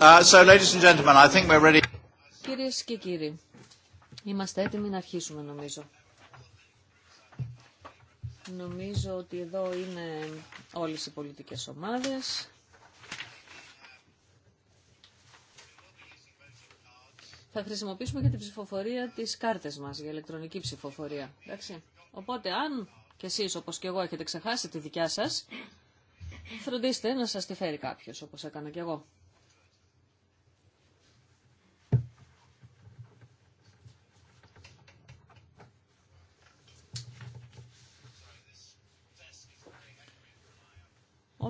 Uh, Κυρίες και κύριοι, είμαστε έτοιμοι να αρχίσουμε νομίζω. Νομίζω ότι εδώ είναι όλες οι πολιτικές ομάδες. Θα χρησιμοποιήσουμε και την ψηφοφορία τις κάρτες μας για ηλεκτρονική ψηφοφορία. Εντάξει. Οπότε αν και εσείς όπως και εγώ έχετε ξεχάσει τη δικιά σας, φροντίστε να σας τη φέρει κάποιος όπως έκανα κι εγώ.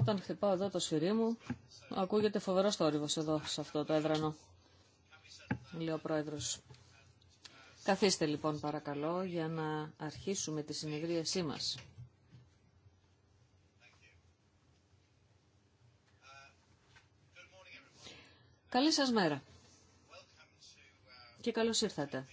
Όταν χτυπάω εδώ το σφυρί μου, ακούγεται φοβερό τόρυβο εδώ, σε αυτό το έδρανο. Λέει ο πρόεδρο. Καθίστε λοιπόν παρακαλώ για να αρχίσουμε τη συνεδρίασή μας. Καλή σας μέρα και καλώς ήρθατε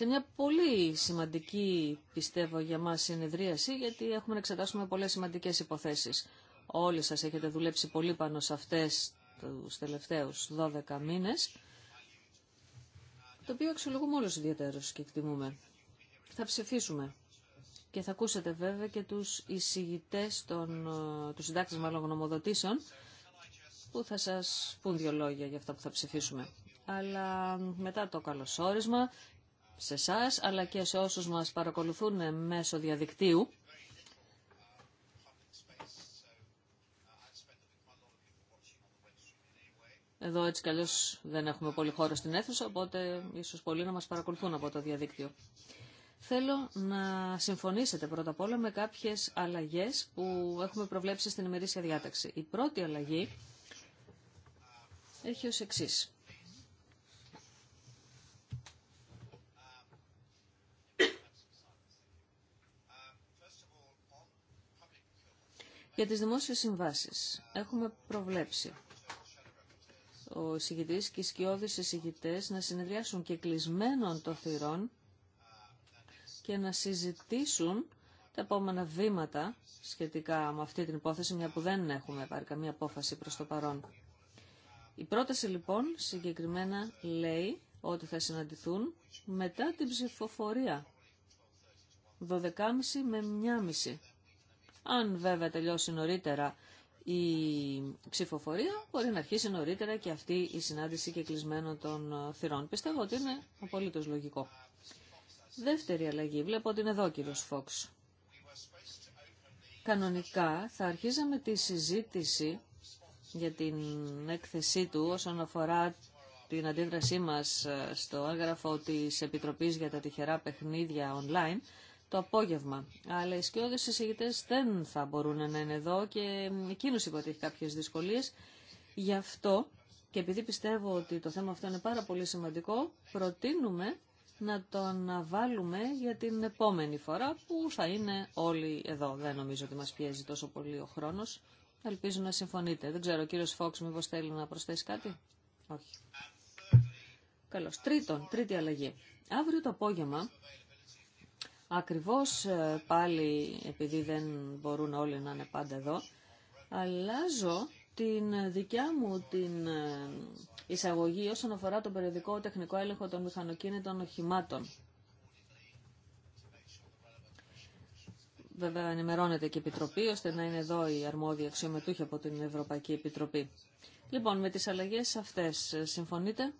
σε μια πολύ σημαντική, πιστεύω, για μας συνεδρίαση, γιατί έχουμε να εξετάσουμε πολλές σημαντικές υποθέσεις. Όλοι σας έχετε δουλέψει πολύ πάνω σε αυτές τους τελευταίους 12 μήνες, το οποίο αξιολογούμε όλους ιδιαίτερους και εκτιμούμε. Θα ψηφίσουμε και θα ακούσετε βέβαια και τους εισηγητές των, του συντάξεις μάλλον γνωμοδοτήσεων, που θα σας πούν δύο λόγια για αυτά που θα ψηφίσουμε αλλά μετά το καλωσόρισμα σε εσά, αλλά και σε όσους μας παρακολουθούν μέσω διαδικτύου. Εδώ έτσι κι δεν έχουμε πολύ χώρο στην αίθουσα, οπότε ίσως πολλοί να μας παρακολουθούν από το διαδίκτυο. Θέλω να συμφωνήσετε πρώτα απ' όλα με κάποιες αλλαγές που έχουμε προβλέψει στην ημερήσια διάταξη. Η πρώτη αλλαγή έχει ως εξής. Για τις δημόσιες συμβάσεις έχουμε προβλέψει ο εισηγητής και οι σκιώδεις εισηγητές να συνεδριάσουν και κλεισμένων των θυρών και να συζητήσουν τα επόμενα βήματα σχετικά με αυτή την υπόθεση, μια που δεν έχουμε πάρει καμία απόφαση προς το παρόν. Η πρόταση λοιπόν συγκεκριμένα λέει ότι θα συναντηθούν μετά την ψηφοφορία 12.30 με 1.30 αν βέβαια τελειώσει νωρίτερα η ψηφοφορία, μπορεί να αρχίσει νωρίτερα και αυτή η συνάντηση και κλεισμένο των ε, θυρών. Πιστεύω ότι είναι απολύτως λογικό. Δεύτερη αλλαγή. Βλέπω ότι είναι εδώ ο κύριος Φόξ. Κανονικά θα αρχίζαμε τη συζήτηση για την έκθεσή του όσον αφορά την αντίδρασή μας ε, στο έγγραφο της Επιτροπής για τα τυχερά παιχνίδια online το απόγευμα. Αλλά οι σκιώδες εισηγητές δεν θα μπορούν να είναι εδώ και εκείνος είπε ότι έχει κάποιες δυσκολίες. Γι' αυτό και επειδή πιστεύω ότι το θέμα αυτό είναι πάρα πολύ σημαντικό, προτείνουμε να το αναβάλουμε για την επόμενη φορά που θα είναι όλοι εδώ. Δεν νομίζω ότι μας πιέζει τόσο πολύ ο χρόνος. Ελπίζω να συμφωνείτε. Δεν ξέρω, ο κύριος Φόξ μήπως θέλει να προσθέσει κάτι. Όχι. Καλώς. Τρίτον, τρίτη αλλαγή. Αύριο το απόγευμα Ακριβώς ε, πάλι επειδή δεν μπορούν όλοι να είναι πάντα εδώ, αλλάζω την δικιά μου την ε, εισαγωγή όσον αφορά τον περιοδικό τεχνικό έλεγχο των μηχανοκίνητων οχημάτων. Βέβαια ενημερώνεται και η Επιτροπή, ώστε να είναι εδώ η αρμόδια αξιωμετούχη από την Ευρωπαϊκή Επιτροπή. Λοιπόν, με τις αλλαγές αυτές ε, συμφωνείτε.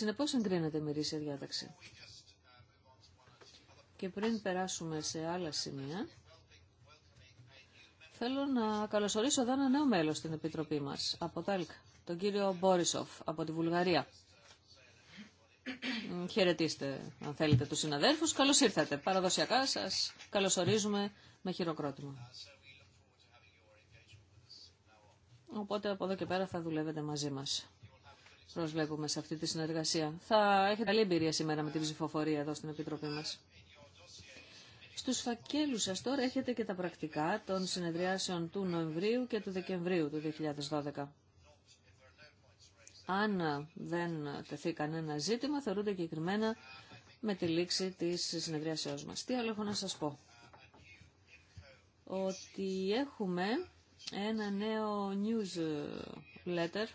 Συνεπώς εγκρίνεται η διάταξη. Και πριν περάσουμε σε άλλα σημεία, θέλω να καλωσορίσω εδώ ένα νέο μέλος στην Επιτροπή μας, από ΤΑΛΚ, τον κύριο Μπόρισοφ, από τη Βουλγαρία. Χαιρετίστε, αν θέλετε, τους συναδέρφους. Καλώς ήρθατε. Παραδοσιακά σας καλωσορίζουμε με χειροκρότημα. Οπότε από εδώ και πέρα θα δουλεύετε μαζί μας προσβλέπουμε σε αυτή τη συνεργασία. Θα έχετε καλή εμπειρία σήμερα με την ψηφοφορία εδώ στην Επιτροπή μας. Στους φακέλους σας τώρα έχετε και τα πρακτικά των συνεδριάσεων του Νοεμβρίου και του Δεκεμβρίου του 2012. Αν δεν τεθεί κανένα ζήτημα, θεωρούνται εγκεκριμένα με τη λήξη της συνεδριάσεώς μας. Τι άλλο έχω να σας πω. Ότι έχουμε ένα νέο newsletter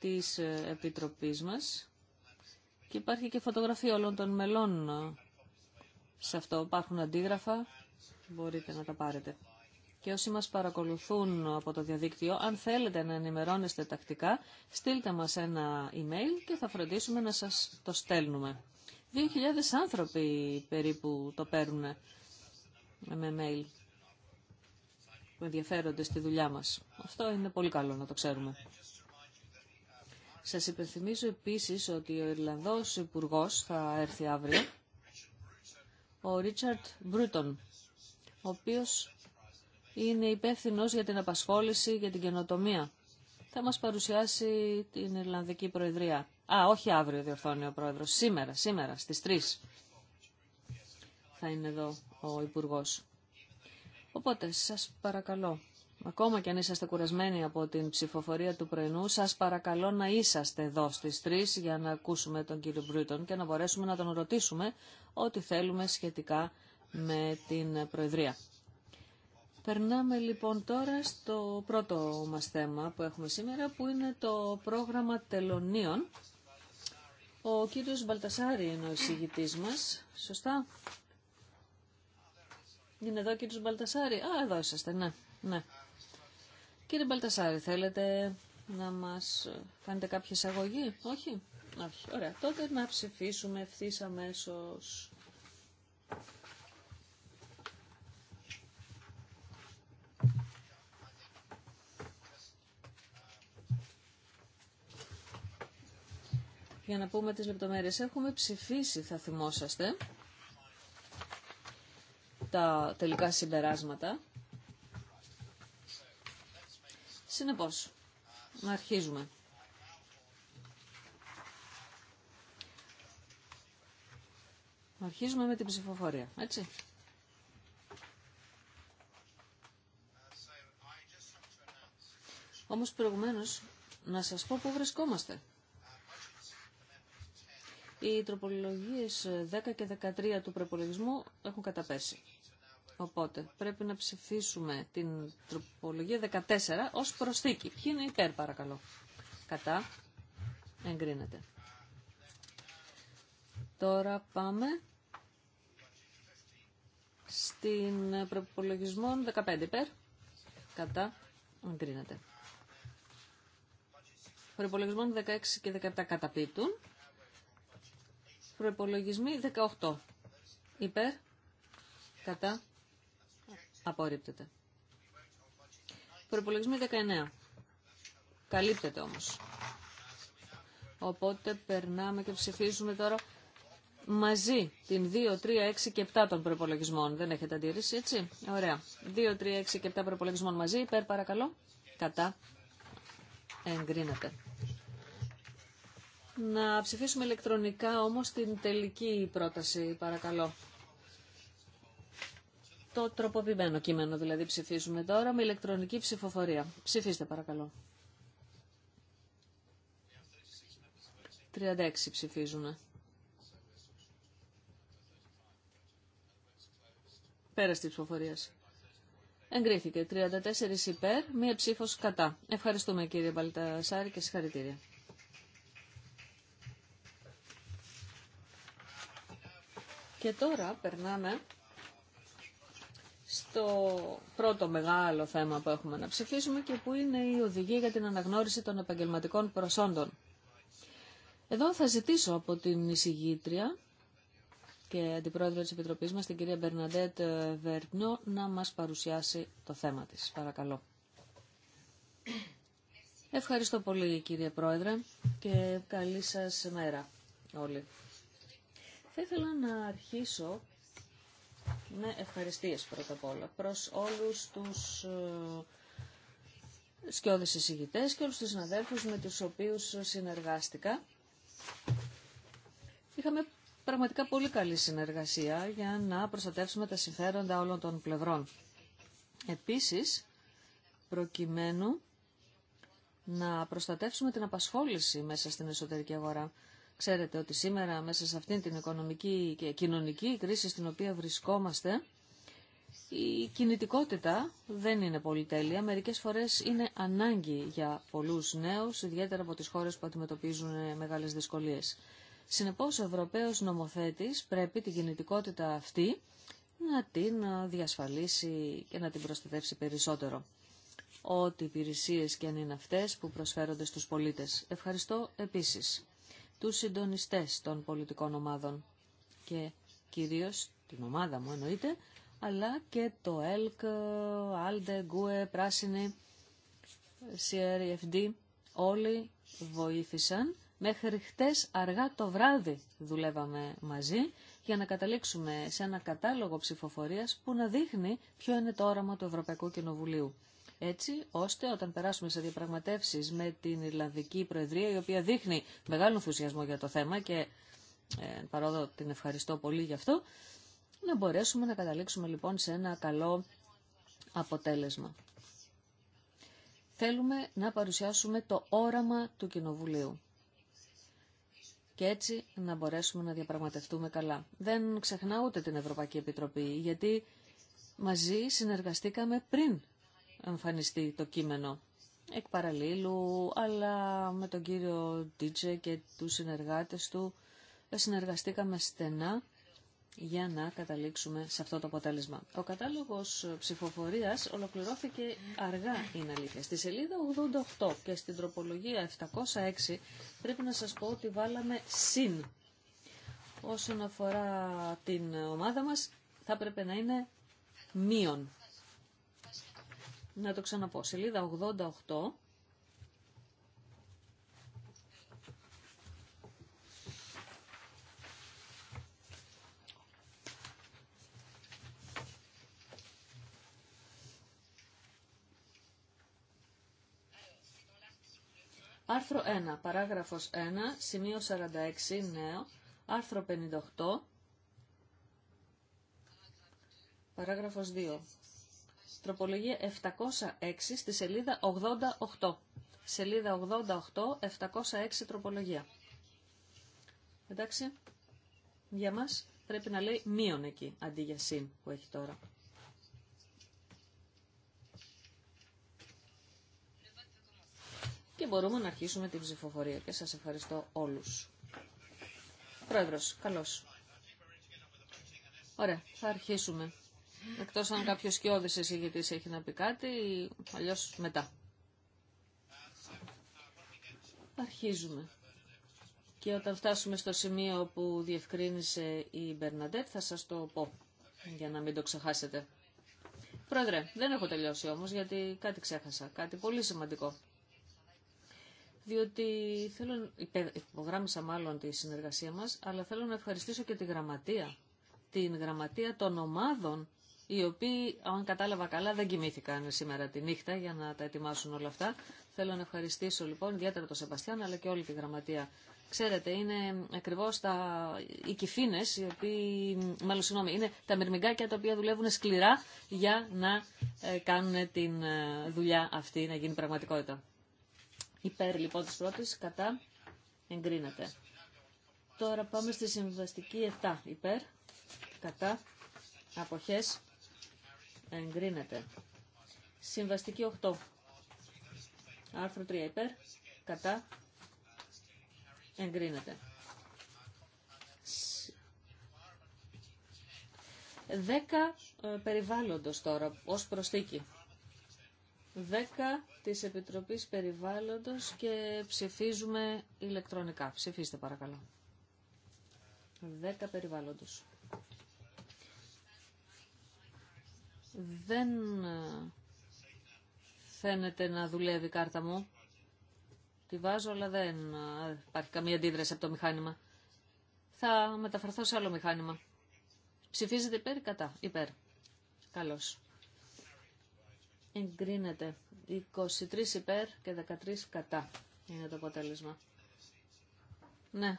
της Επιτροπής μας και υπάρχει και φωτογραφία όλων των μελών σε αυτό. Υπάρχουν αντίγραφα, μπορείτε να τα πάρετε. Και όσοι μας παρακολουθούν από το διαδίκτυο, αν θέλετε να ενημερώνεστε τακτικά, στείλτε μας ένα email και θα φροντίσουμε να σας το στέλνουμε. 2.000 άνθρωποι περίπου το παίρνουν με mail που ενδιαφέρονται στη δουλειά μας. Αυτό είναι πολύ καλό να το ξέρουμε. Σας υπενθυμίζω επίσης ότι ο Ιρλανδός υπουργό θα έρθει αύριο, ο Ρίτσαρτ Μπρούτον, ο οποίος είναι υπεύθυνο για την απασχόληση για την καινοτομία. Θα μας παρουσιάσει την Ιρλανδική Προεδρία. Α, όχι αύριο διορθώνει ο Πρόεδρος. Σήμερα, σήμερα, στις 3 θα είναι εδώ ο Υπουργός. Οπότε, σας παρακαλώ, Ακόμα και αν είσαστε κουρασμένοι από την ψηφοφορία του πρωινού, σας παρακαλώ να είσαστε εδώ στι 3 για να ακούσουμε τον κύριο Μπρούτον και να μπορέσουμε να τον ρωτήσουμε ό,τι θέλουμε σχετικά με την Προεδρία. Περνάμε λοιπόν τώρα στο πρώτο μας θέμα που έχουμε σήμερα, που είναι το πρόγραμμα τελωνίων. Ο κύριος Μπαλτασάρη είναι ο εισηγητής μας, σωστά. Είναι εδώ ο κύριος Μπαλτασάρη. Α, εδώ είσαστε, ναι, ναι. Κύριε Μπαλτασάρη, θέλετε να μας κάνετε κάποια εισαγωγή, όχι? Όχι, ωραία. Τότε να ψηφίσουμε ευθύ αμέσω. Για να πούμε τις λεπτομέρειες. Έχουμε ψηφίσει, θα θυμόσαστε, τα τελικά συμπεράσματα Συνεπώς, να αρχίζουμε. Αρχίζουμε με την ψηφοφορία, έτσι. Όμως προηγουμένως να σας πω πού βρισκόμαστε. Οι τροπολογίες 10 και 13 του προπολογισμού έχουν καταπέσει. Οπότε πρέπει να ψηφίσουμε την τροπολογία 14 ως προσθήκη. Ποιοι είναι υπέρ παρακαλώ. Κατά. Εγκρίνεται. Τώρα πάμε στην προπολογισμό 15 υπέρ. Κατά. Εγκρίνεται. Προπολογισμό 16 και 17 καταπίπτουν. Προπολογισμοί 18 υπέρ. Κατά Απορρίπτεται. Προπολογισμό 19. Καλύπτεται όμως. Οπότε περνάμε και ψηφίζουμε τώρα μαζί την 2, 3, 6 και 7 των προπολογισμών. Δεν έχετε αντίρρηση, έτσι. Ωραία. 2, 3, 6 και 7 προπολογισμών μαζί. Υπέρ παρακαλώ. Κατά. Εγκρίνεται. Να ψηφίσουμε ηλεκτρονικά όμως την τελική πρόταση, παρακαλώ. Το τροποποιημένο κείμενο δηλαδή ψηφίζουμε τώρα με ηλεκτρονική ψηφοφορία. Ψηφίστε παρακαλώ. 36 ψηφίζουν. Πέραστη τη ψηφοφορία. Εγκρίθηκε. 34 υπέρ, μία ψήφος κατά. Ευχαριστούμε κύριε Παλτασάρη, και συγχαρητήρια. Και τώρα περνάμε στο πρώτο μεγάλο θέμα που έχουμε να ψηφίσουμε και που είναι η οδηγία για την αναγνώριση των επαγγελματικών προσόντων. Εδώ θα ζητήσω από την εισηγήτρια και αντιπρόεδρο της Επιτροπής μας, την κυρία Μπερναντέτ Βερνιό, να μας παρουσιάσει το θέμα της. Παρακαλώ. Ευχαριστώ πολύ κύριε Πρόεδρε και καλή σας μέρα όλοι. Θα ήθελα να αρχίσω με ευχαριστίες πρώτα απ' όλα προς όλους τους ε, σκιώδες εισηγητές και όλους τους συναδέλφους με τους οποίους συνεργάστηκα. Είχαμε πραγματικά πολύ καλή συνεργασία για να προστατεύσουμε τα συμφέροντα όλων των πλευρών. Επίσης, προκειμένου να προστατεύσουμε την απασχόληση μέσα στην εσωτερική αγορά. Ξέρετε ότι σήμερα μέσα σε αυτήν την οικονομική και κοινωνική κρίση στην οποία βρισκόμαστε, η κινητικότητα δεν είναι πολυτέλεια. Μερικές φορές είναι ανάγκη για πολλούς νέους, ιδιαίτερα από τις χώρες που αντιμετωπίζουν μεγάλες δυσκολίες. Συνεπώς, ο Ευρωπαίος νομοθέτης πρέπει την κινητικότητα αυτή να την διασφαλίσει και να την προστατεύσει περισσότερο. Ό,τι υπηρεσίε και αν είναι αυτές που προσφέρονται στους πολίτες. Ευχαριστώ επίσης τους συντονιστές των πολιτικών ομάδων και κυρίως την ομάδα μου εννοείται, αλλά και το ΕΛΚ, ΑΛΔΕ, ΓΚΟΕ, Πράσινη, CRFD, ε όλοι βοήθησαν. Μέχρι χτες αργά το βράδυ δουλεύαμε μαζί για να καταλήξουμε σε ένα κατάλογο ψηφοφορίας που να δείχνει ποιο είναι το όραμα του Ευρωπαϊκού Κοινοβουλίου έτσι ώστε όταν περάσουμε σε διαπραγματεύσεις με την Ιρλανδική Προεδρία, η οποία δείχνει μεγάλο ενθουσιασμό για το θέμα και ε, παρόδο την ευχαριστώ πολύ γι' αυτό, να μπορέσουμε να καταλήξουμε λοιπόν σε ένα καλό αποτέλεσμα. Θέλουμε να παρουσιάσουμε το όραμα του Κοινοβουλίου και έτσι να μπορέσουμε να διαπραγματευτούμε καλά. Δεν ξεχνά ούτε την Ευρωπαϊκή Επιτροπή, γιατί μαζί συνεργαστήκαμε πριν εμφανιστεί το κείμενο εκ παραλίλου, αλλά με τον κύριο Τίτσε και τους συνεργάτες του ε, συνεργαστήκαμε στενά για να καταλήξουμε σε αυτό το αποτέλεσμα. Ο κατάλογος ψηφοφορίας ολοκληρώθηκε αργά, είναι αλήθεια. Στη σελίδα 88 και στην τροπολογία 706 πρέπει να σας πω ότι βάλαμε συν. Όσον αφορά την ομάδα μας θα πρέπει να είναι μείον. Να το ξαναπώ. Σελίδα 88. Άρθρο 1, παράγραφος 1, σημείο 46, νέο. Άρθρο 58, παράγραφος 2, Τροπολογία 706 στη σελίδα 88. Σελίδα 88, 706 τροπολογία. Εντάξει, για μας πρέπει να λέει μείον εκεί, αντί για συν που έχει τώρα. Και μπορούμε να αρχίσουμε την ψηφοφορία και σας ευχαριστώ όλους. Πρόεδρος, καλώς. Ωραία, θα αρχίσουμε. Εκτός αν κάποιος σκιώδης εισηγητής έχει να πει κάτι, αλλιώς μετά. Αρχίζουμε. Και όταν φτάσουμε στο σημείο που διευκρίνησε η Μπερναντέτ θα σας το πω, για να μην το ξεχάσετε. Πρόεδρε, δεν έχω τελειώσει όμως γιατί κάτι ξέχασα, κάτι πολύ σημαντικό. Διότι θέλω, υπογράμμισα μάλλον τη συνεργασία μας, αλλά θέλω να ευχαριστήσω και τη γραμματεία. Την γραμματεία των ομάδων οι οποίοι, αν κατάλαβα καλά, δεν κοιμήθηκαν σήμερα τη νύχτα για να τα ετοιμάσουν όλα αυτά. Θέλω να ευχαριστήσω λοιπόν ιδιαίτερα τον Σεμπαστιάν αλλά και όλη τη γραμματεία. Ξέρετε, είναι ακριβώ τα... οι κυφίνε, οι οποίοι, μάλλον συγγνώμη, είναι τα μερμηγκάκια τα οποία δουλεύουν σκληρά για να ε, κάνουν τη ε, δουλειά αυτή να γίνει πραγματικότητα. Υπέρ λοιπόν τη πρώτη, κατά, εγκρίνεται. Τώρα πάμε στη συμβαστική 7. Υπέρ, κατά, αποχές, εγκρίνεται. Συμβαστική 8. Άρθρο 3 υπέρ, κατά, εγκρίνεται. 10 ε, περιβάλλοντος τώρα, ως προσθήκη. 10 της Επιτροπής Περιβάλλοντος και ψηφίζουμε ηλεκτρονικά. Ψηφίστε παρακαλώ. 10 περιβάλλοντος. Δεν ε, φαίνεται να δουλεύει η κάρτα μου. Τη βάζω, αλλά δεν ε, υπάρχει καμία αντίδραση από το μηχάνημα. Θα μεταφερθώ σε άλλο μηχάνημα. Ψηφίζεται υπέρ ή κατά. Υπέρ. Καλώς. Εγκρίνεται. 23 υπέρ και 13 κατά είναι το αποτέλεσμα. Ναι,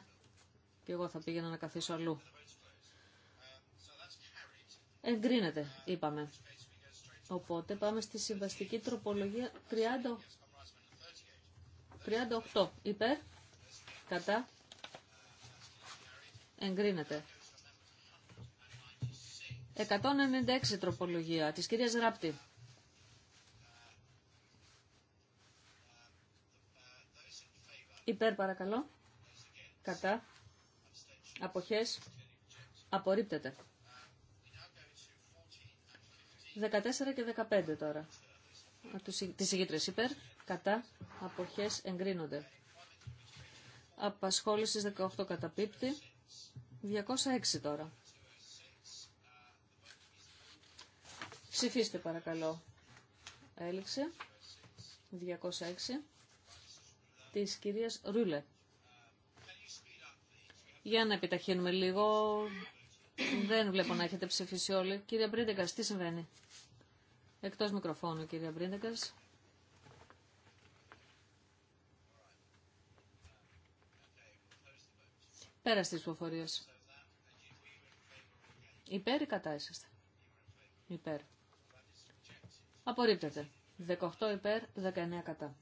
και εγώ θα πήγαινα να καθίσω αλλού. Εγκρίνεται, είπαμε. Οπότε πάμε στη συμβαστική τροπολογία 30... 38. Υπέρ, κατά, εγκρίνεται. 196 τροπολογία της κυρίας Ράπτη. Υπέρ παρακαλώ. Κατά. Αποχές. Απορρίπτεται. 14 και 15 τώρα. Τις συγκήτρες υπέρ, κατά, αποχέ εγκρίνονται. Απασχόληση 18 καταπίπτει. 206 τώρα. Ψηφίστε παρακαλώ. Έληξε. 206. Της κυρίας Ρούλε. Για να επιταχύνουμε λίγο δεν βλέπω να έχετε ψηφίσει όλοι. Κύριε Μπρίντεγκα, τι συμβαίνει. Εκτό μικροφώνου, κύριε Μπρίντεγκα. Πέρα τη ψηφοφορία. Υπέρ ή κατά είσαστε. Υπέρ. Απορρίπτεται. 18 υπέρ, 19 κατά.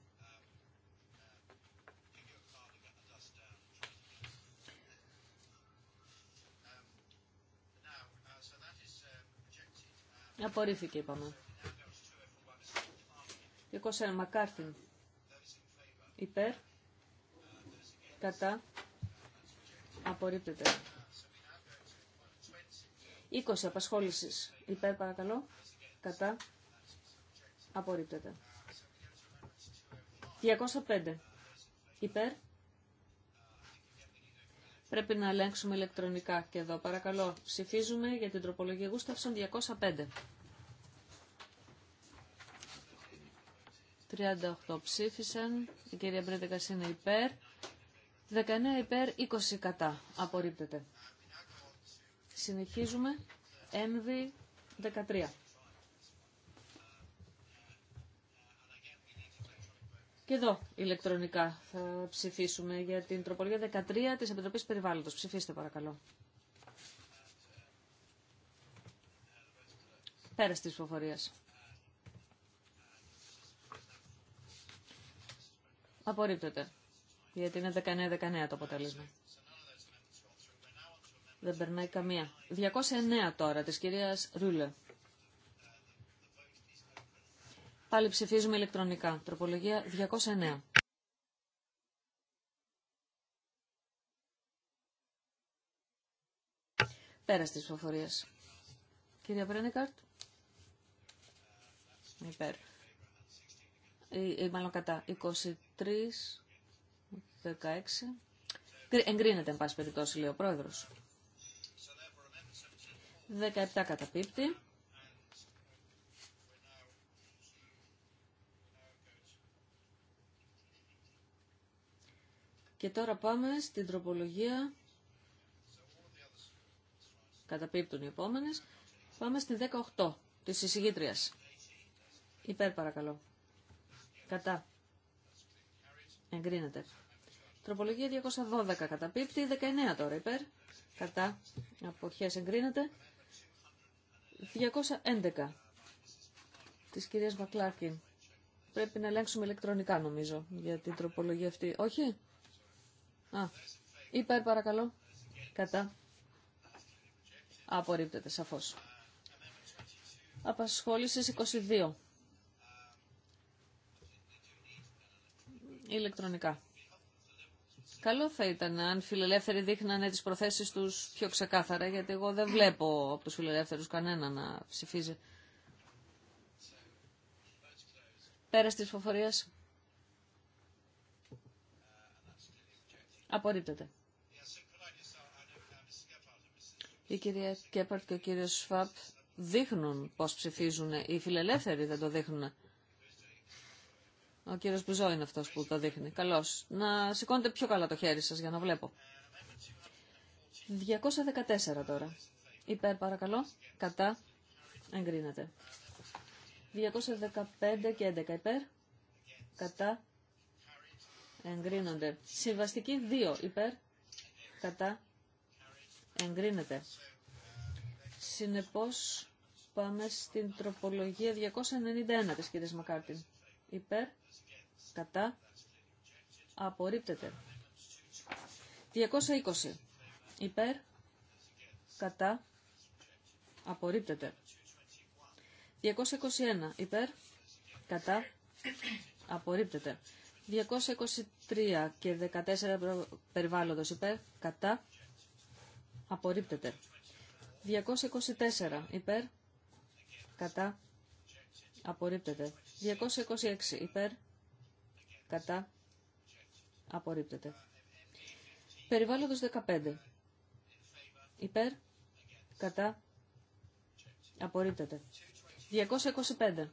Απορρίφθηκε, είπαμε. 21. Μακάρθιν. Υπέρ. Κατά. Απορρίπτεται. 20. Απασχόλησης. Υπέρ, παρακαλώ. Κατά. Απορρίπτεται. 205. Υπέρ. Πρέπει να ελέγξουμε ηλεκτρονικά και εδώ. Παρακαλώ, ψηφίζουμε για την τροπολογία Γούσταυσον 205. 38 ψήφισαν, η κυρία Μπρέντεκας είναι υπέρ, 19 υπέρ, 20 κατά. Απορρίπτεται. Συνεχίζουμε. έμβη 13. Και εδώ ηλεκτρονικά θα ψηφίσουμε για την τροπολογία 13 της Επιτροπής Περιβάλλοντος. Ψηφίστε παρακαλώ. Πέρα της ψηφοφορίας. Απορρίπτεται. Γιατί είναι 19-19 το αποτέλεσμα. Δεν περνάει καμία. 209 τώρα της κυρίας Ρούλε. Πάλι ψηφίζουμε ηλεκτρονικά. Τροπολογία 209. Πέρα στις ψηφοφορία. Κυρία Πρένικαρτ. Υπέρ. Ή, ή, μάλλον κατά. 23, 16. Εγκρίνεται, εν πάση περιπτώσει, λέει ο πρόεδρος. 17 καταπίπτει. Και τώρα πάμε στην τροπολογία. Καταπίπτουν οι επόμενες. Πάμε στην 18 της εισηγήτριας. Υπέρ παρακαλώ. Κατά. Εγκρίνεται. Τροπολογία 212 καταπίπτει. 19 τώρα υπέρ. Κατά. Αποχές εγκρίνεται. 211 της κυρίας Βακλάκη. Πρέπει να ελέγξουμε ηλεκτρονικά νομίζω για την τροπολογία αυτή. Όχι. Α, υπέρ παρακαλώ. Κατά. Απορρίπτεται σαφώς. Απασχόλησης 22. Ηλεκτρονικά. Καλό θα ήταν αν φιλελεύθεροι δείχνανε τις προθέσεις τους πιο ξεκάθαρα, γιατί εγώ δεν βλέπω από τους φιλελεύθερους κανένα να ψηφίζει. Πέρα της ψηφοφορίας. Απορρίπτεται. Η κυρία Κέπαρτ και ο κύριο Σφαπ δείχνουν πώ ψηφίζουν. Οι φιλελεύθεροι δεν το δείχνουν. Ο κύριο Μπουζό είναι αυτό που το δείχνει. Καλώς. Να σηκώνετε πιο καλά το χέρι σα για να βλέπω. 214 τώρα. Υπέρ παρακαλώ. Κατά. Εγκρίνεται. 215 και 11 υπέρ. Κατά εγκρίνονται. Συμβαστική 2 υπέρ, κατά, εγκρίνεται. Συνεπώς πάμε στην τροπολογία 291 της κυρίας Μακάρτιν. Υπέρ, κατά, απορρίπτεται. 220. Υπέρ, κατά, απορρίπτεται. 221. Υπέρ, κατά, απορρίπτεται. 223 και 14 περιβάλλοντος υπέρ, κατά, απορρίπτεται. 224 υπέρ, κατά, απορρίπτεται. 226 υπέρ, κατά, απορρίπτεται. Περιβάλλοντος 15 υπέρ, κατά, απορρίπτεται. 225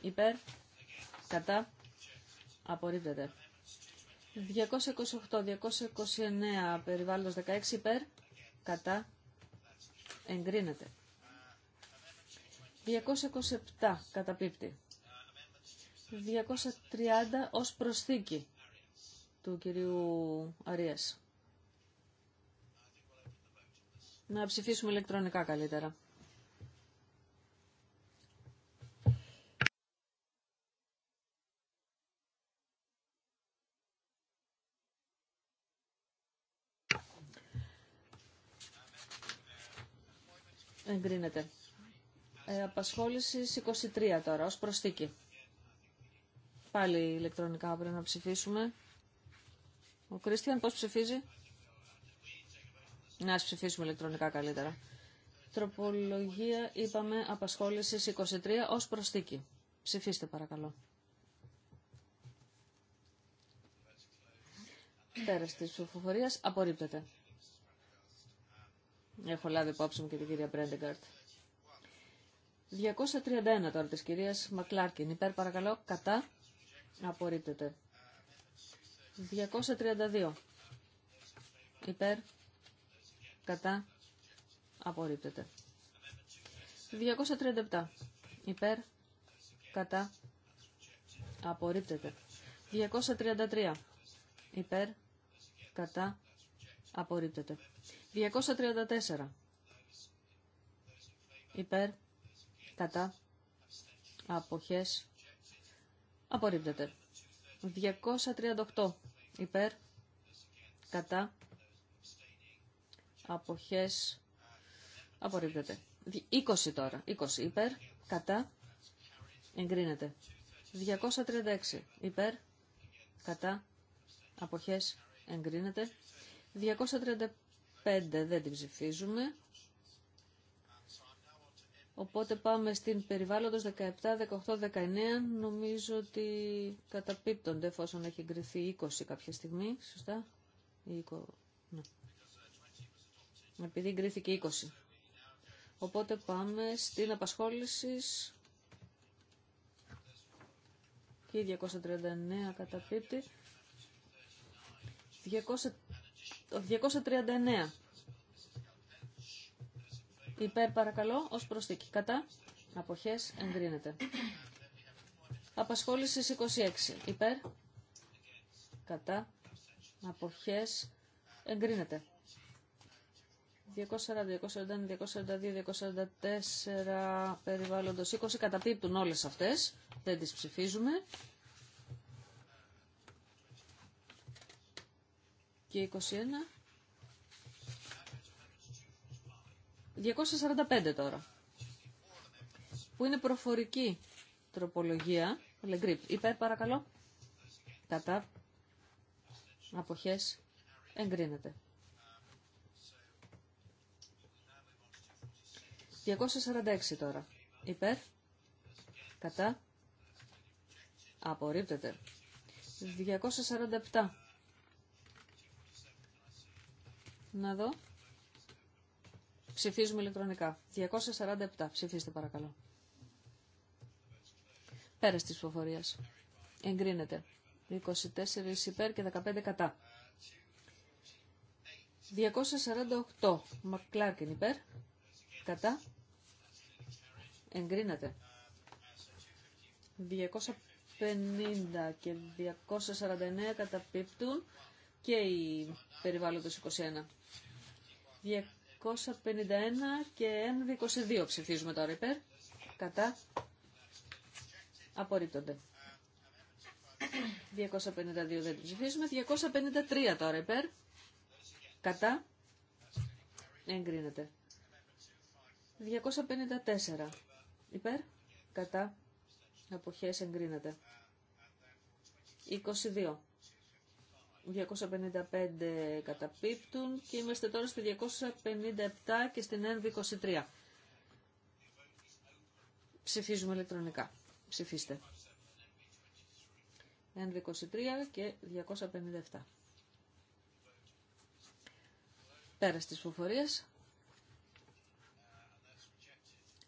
υπέρ, κατά, Απορρίπτεται. 228-229 περιβάλλοντος 16 υπέρ. Κατά. Εγκρίνεται. 227 καταπίπτει. 230 ως προσθήκη του κυρίου Αρίας. Να ψηφίσουμε ηλεκτρονικά καλύτερα. Εγκρίνεται. Ε, Απασχόληση 23 τώρα, ως προστίκη. Πάλι ηλεκτρονικά πρέπει να ψηφίσουμε. Ο Κρίστιαν πώς ψηφίζει? Να ψηφίσουμε ηλεκτρονικά καλύτερα. Τροπολογία, είπαμε, απασχόληση 23 ως προστίκη. Ψηφίστε παρακαλώ. Πέρας της ψηφοφορίας απορρίπτεται. Έχω λάβει υπόψη μου και την κυρία Μπρέντεγκαρτ. 231 τώρα της κυρίας Μακλάρκιν. Υπέρ παρακαλώ, κατά, απορρίπτεται. 232. Υπέρ, κατά, απορρίπτεται. 237. Υπέρ, κατά, απορρίπτεται. 233. Υπέρ, κατά, απορρίπτεται. 234. Υπέρ, κατά, αποχές, απορρίπτεται. 238. Υπέρ, κατά, αποχές, απορρίπτεται. 20 τώρα. 20. Υπέρ, κατά, εγκρίνεται. 236. Υπέρ, κατά, αποχές, εγκρίνεται δεν την ψηφίζουμε. Οπότε πάμε στην περιβάλλοντος 17, 18, 19. Νομίζω ότι καταπίπτονται εφόσον έχει εγκριθεί 20 κάποια στιγμή. Σωστά. 20. Ναι. Επειδή εγκρίθηκε 20. Οπότε πάμε στην απασχόληση. Και η 239 καταπίπτει. Το 239. Υπέρ παρακαλώ, ως προσθήκη. Κατά, αποχές, εγκρίνεται. Απασχόληση 26. Υπέρ, κατά, αποχές, εγκρίνεται. 240, 241, 242, 244, περιβάλλοντος 20, καταπίπτουν όλες αυτές, δεν τις ψηφίζουμε. και 21. 245 τώρα. Που είναι προφορική τροπολογία. Λεγκρίπ. Υπέρ παρακαλώ. Κατά. Αποχές. Εγκρίνεται. 246 τώρα. Υπέρ. Κατά. Απορρίπτεται. 247 Να δω. Ψηφίζουμε ηλεκτρονικά. 247. Ψηφίστε παρακαλώ. Πέρας τη ψηφοφορίας. Εγκρίνεται. 24 υπέρ και 15 κατά. 248. Μακλάρκιν υπέρ. Κατά. Εγκρίνεται. 250 και 249 καταπίπτουν και η περιβάλλοντος 21. 251 και 122 ψηφίζουμε τώρα υπέρ. Κατά. Απορρίπτονται. 252 δεν ψηφίζουμε. 253 τώρα υπέρ. Κατά. Εγκρίνεται. 254 υπέρ. Κατά. Αποχές εγκρίνεται. 22 255 καταπίπτουν και είμαστε τώρα στη 257 και στην ενβ 23 Ψηφίζουμε ηλεκτρονικά. Ψηφίστε. NV23 και 257. Πέρα στις φοφορίες.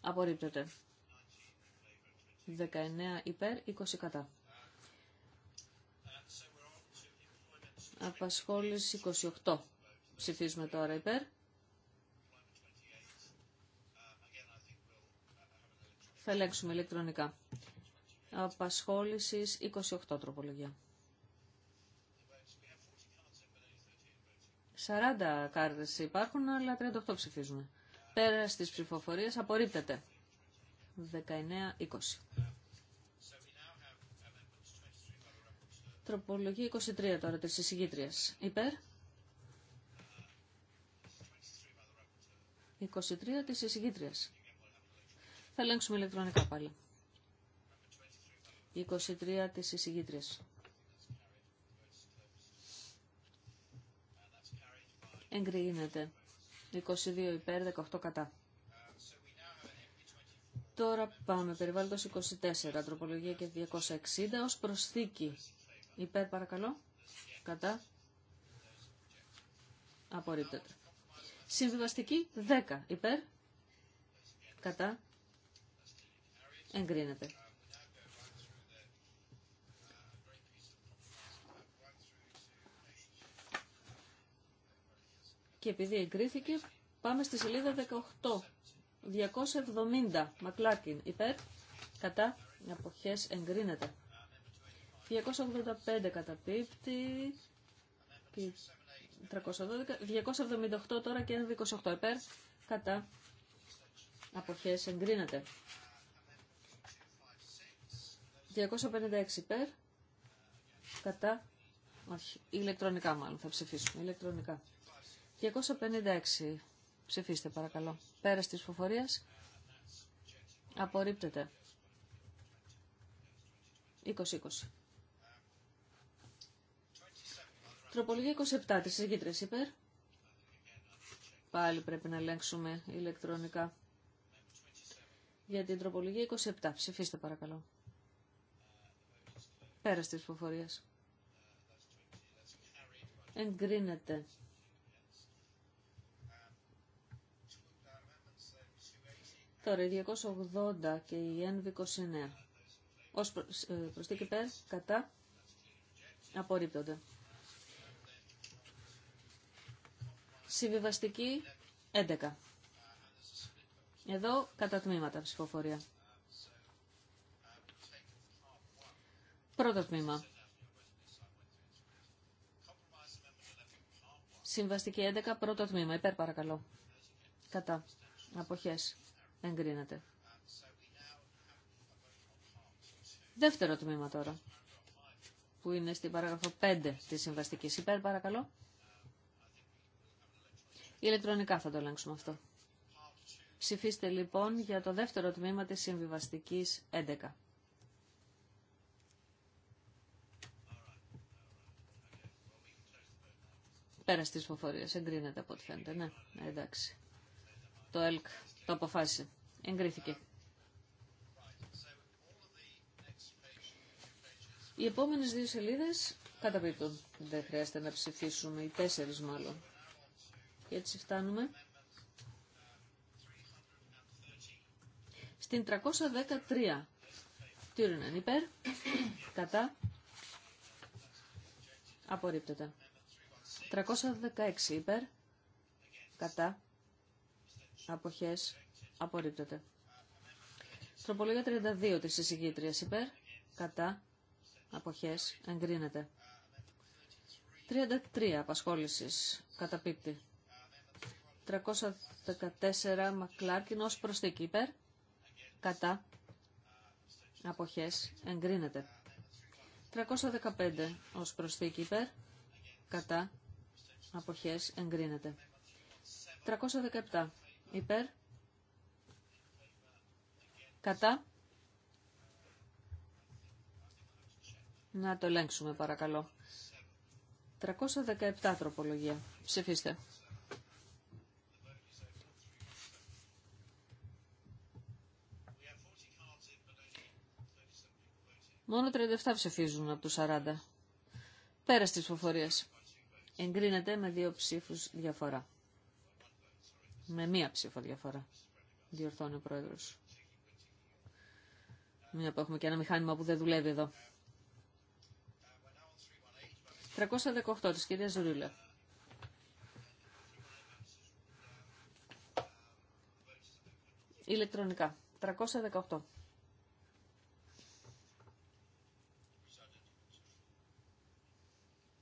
Απορρίπτεται. 19 υπέρ, 20 κατά. Απασχόληση 28. Ψηφίζουμε τώρα υπέρ. Θα ελέγξουμε ηλεκτρονικά. Απασχόληση 28 τροπολογία. 40 κάρτες υπάρχουν, αλλά 38 ψηφίζουμε. Πέρα στις ψηφοφορίες απορρίπτεται. 19-20. Τροπολογία 23 τώρα της εισηγήτριας. Υπέρ. 23 της εισηγήτριας. Θα ελέγξουμε ηλεκτρονικά πάλι. 23 της εισηγήτριας. Εγκρίνεται. 22 υπέρ, 18 κατά. Τώρα πάμε περιβάλλοντος 24, τροπολογία και 260 ως προσθήκη Υπέρ παρακαλώ. Κατά. Απορρίπτεται. Συμβιβαστική 10. Υπέρ. Κατά. Εγκρίνεται. Και επειδή εγκρίθηκε, πάμε στη σελίδα 18. 270. Μακλάκιν. Υπέρ. Κατά. Αποχές εγκρίνεται. 285 καταπίπτει. 312, 278 τώρα και 28 υπέρ. Κατά. Αποχές εγκρίνεται. 256 υπέρ. Κατά. Όχι, ηλεκτρονικά μάλλον θα ψηφίσουμε. Ηλεκτρονικά. 256. Ψηφίστε παρακαλώ. Πέρα της φοφορία. απορριπτεται Απορρίπτεται. 20-20. Τροπολογία 27 της γύτρες υπέρ. Πάλι πρέπει να ελέγξουμε ηλεκτρονικά. Για την τροπολογία 27. Ψηφίστε παρακαλώ. Πέρα της ψηφοφορίας. Εγκρίνεται. Τώρα η 280 και η NV29. Ως ε, προσθήκη πέρα, κατά, απορρίπτονται. Συμβιβαστική 11. Εδώ κατά τμήματα ψηφοφορία. Πρώτο τμήμα. Συμβαστική 11, πρώτο τμήμα. Υπέρ παρακαλώ. Κατά. Αποχές. Εγκρίνεται. Δεύτερο τμήμα τώρα. Που είναι στην παράγραφο 5 της συμβαστικής. Υπέρ παρακαλώ. Ηλεκτρονικά θα το ελέγξουμε αυτό. Ψηφίστε λοιπόν για το δεύτερο τμήμα της συμβιβαστικής 11. Πέρα τη φοφορίες, Εγκρίνεται από ό,τι φαίνεται. Ναι, ναι, εντάξει. Το ΕΛΚ το αποφάσισε. Εγκρίθηκε. Οι επόμενες δύο σελίδες καταπίπτουν. Δεν χρειάζεται να ψηφίσουμε, οι τέσσερις μάλλον και έτσι φτάνουμε στην 313. Τι υπέρ, κατά, απορρίπτεται. 316 υπέρ, κατά, αποχές, απορρίπτεται. Τροπολογία 32 της εισηγήτριας υπέρ, κατά, αποχές, εγκρίνεται. 33 απασχόλησης, καταπίπτει. 314 Μακλάρκιν ως προσθήκη Κατά. Αποχές. Εγκρίνεται. 315 ως προσθήκη Κατά. Αποχές. Εγκρίνεται. 317 υπέρ. Κατά. Να το ελέγξουμε παρακαλώ. 317 τροπολογία. Ψηφίστε. Μόνο 37 ψηφίζουν από τους 40. Πέρα στις ψηφοφορίες. Εγκρίνεται με δύο ψήφους διαφορά. Με μία ψήφο διαφορά. Διορθώνει ο πρόεδρος. Μια που έχουμε και ένα μηχάνημα που δεν δουλεύει εδώ. 318 της κυρία Ζουρίλα. Ηλεκτρονικά. 318.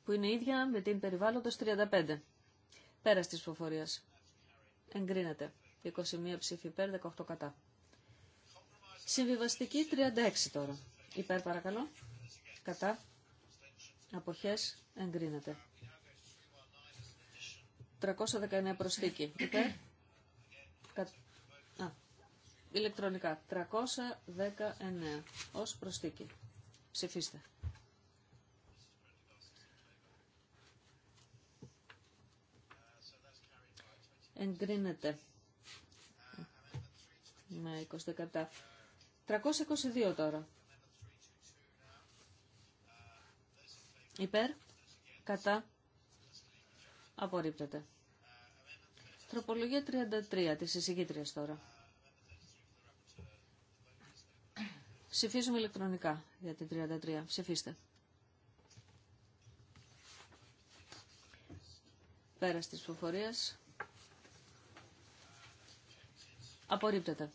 που είναι ίδια με την περιβάλλοντος 35. Πέρας της ψηφοφορίας. Εγκρίνεται. 21 ψήφοι υπέρ, 18 κατά. Συμβιβαστική 36 τώρα. Υπέρ παρακαλώ. Κατά. Αποχές. Εγκρίνεται. 319 προσθήκη. Υπέρ. Κα... ηλεκτρονικά. 319 ως προσθήκη. Ψηφίστε. εγκρίνεται με 20 322 τώρα. Υπέρ, κατά, απορρίπτεται. Τροπολογία 33 της εισηγήτριας τώρα. Ψηφίζουμε ηλεκτρονικά για την 33. Ψηφίστε. Πέρας της Απορρίπτεται.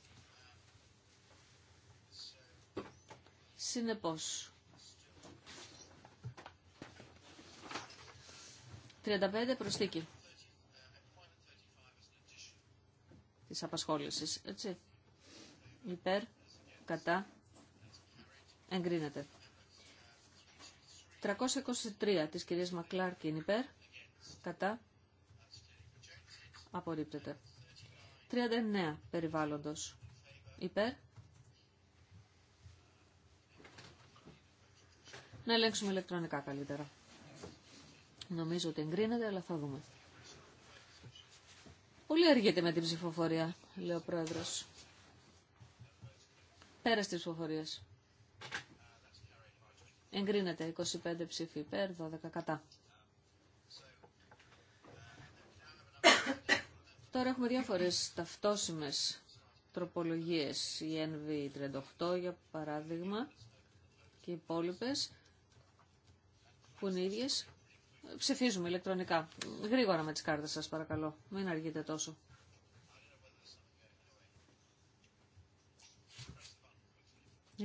Συνεπώς. 35 προσθήκη της απασχόλησης, έτσι. Υπέρ, κατά, εγκρίνεται. 323 της κυρίας Μακλάρκιν υπέρ, κατά, απορρίπτεται. 39 περιβάλλοντος. Υπέρ. Να ελέγξουμε ηλεκτρονικά καλύτερα. Νομίζω ότι εγκρίνεται, αλλά θα δούμε. Πολύ αργείται με την ψηφοφορία, λέει ο πρόεδρος. Πέρα στις ψηφοφορίες. Εγκρίνεται 25 ψηφί. υπέρ, 12 κατά. Τώρα έχουμε διάφορες ταυτόσιμες τροπολογίες, η NV38 για παράδειγμα και οι υπόλοιπε που είναι ίδιες. Ψηφίζουμε ηλεκτρονικά. Γρήγορα με τις κάρτες σας παρακαλώ. Μην αργείτε τόσο.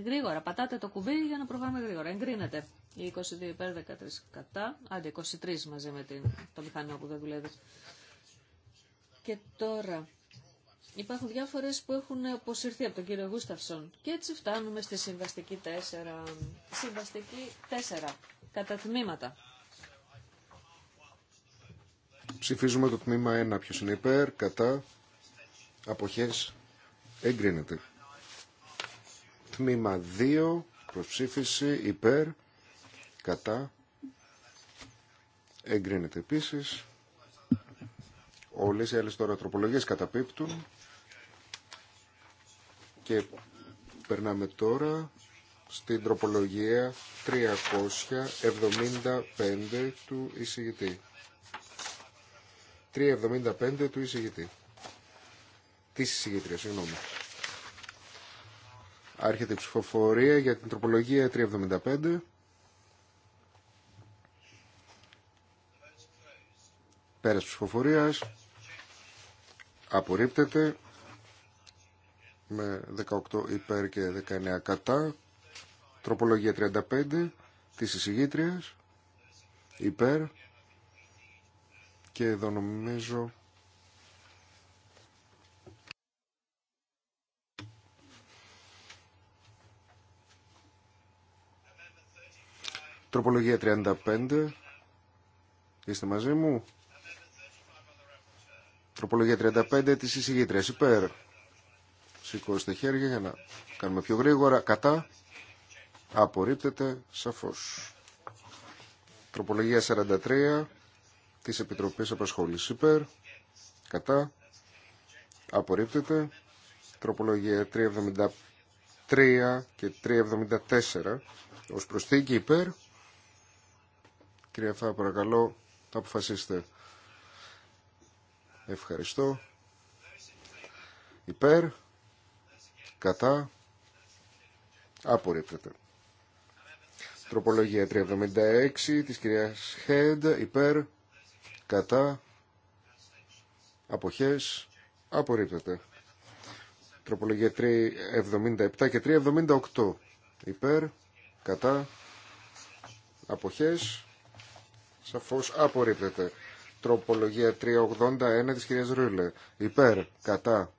Γρήγορα. Πατάτε το κουμπί για να προχωράμε γρήγορα. Εγκρίνεται. Η 22 υπέρ 13 κατά. Άντε 23 μαζί με την, το μηχανό που δεν δουλεύει. Και τώρα υπάρχουν διάφορες που έχουν αποσυρθεί από τον κύριο Γούσταυσον. Και έτσι φτάνουμε στη συμβαστική 4. Συμβαστική 4. Κατά τμήματα. Ψηφίζουμε το τμήμα 1. Ποιος είναι υπέρ, κατά, αποχές, εγκρίνεται. Τμήμα 2, προσψήφιση, υπέρ, κατά, εγκρίνεται επίσης. Όλες οι άλλες τώρα τροπολογίες καταπίπτουν και περνάμε τώρα στην τροπολογία 375 του εισηγητή. 375 του εισηγητή. Τη εισηγήτρια, συγγνώμη. Άρχεται η ψηφοφορία για την τροπολογία 375. Πέρας ψηφοφορίας απορρίπτεται με 18 υπέρ και 19 κατά. Τροπολογία 35 της εισηγήτριας υπέρ και εδώ νομίζω Τροπολογία 35 Είστε μαζί μου Τροπολογία 35 της εισηγήτριας υπέρ. Σηκώστε χέρια για να κάνουμε πιο γρήγορα. Κατά. Απορρίπτεται σαφώς. Τροπολογία 43 της Επιτροπής Απασχόλησης υπέρ. Κατά. Απορρίπτεται. Τροπολογία 373 και 3.74 ως προσθήκη υπέρ. Κυρία Φά, παρακαλώ, αποφασίστε. Ευχαριστώ. Υπέρ. Κατά. Απορρίπτεται. Τροπολογία 376 της κυρίας Χέντ. Υπέρ. Κατά. Αποχές. Απορρίπτεται. Τροπολογία 377 και 378. Υπέρ. Κατά. Αποχές. Σαφώς απορρίπτεται. Τροπολογία 381 της κυρίας Ρούλε. Υπέρ, κατά,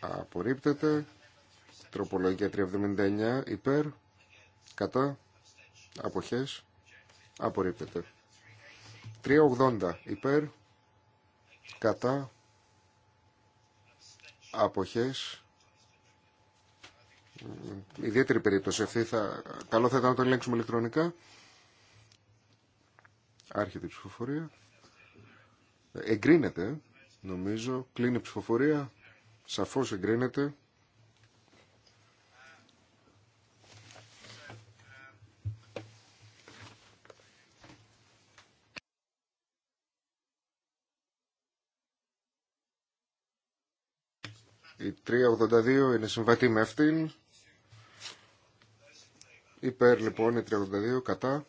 απορρίπτεται. Τροπολογία 379, υπέρ, κατά, αποχές, απορρίπτεται. 380, υπέρ, κατά, αποχές, ιδιαίτερη περίπτωση αυτή, θα... καλό θα ήταν να το ελέγξουμε ηλεκτρονικά. Άρχεται η ψηφοφορία. Εγκρίνεται, νομίζω. Κλείνει ψηφοφορία. Σαφώς εγκρίνεται. Η 382 είναι συμβατή με αυτήν. Υπέρ λοιπόν η 382 κατά.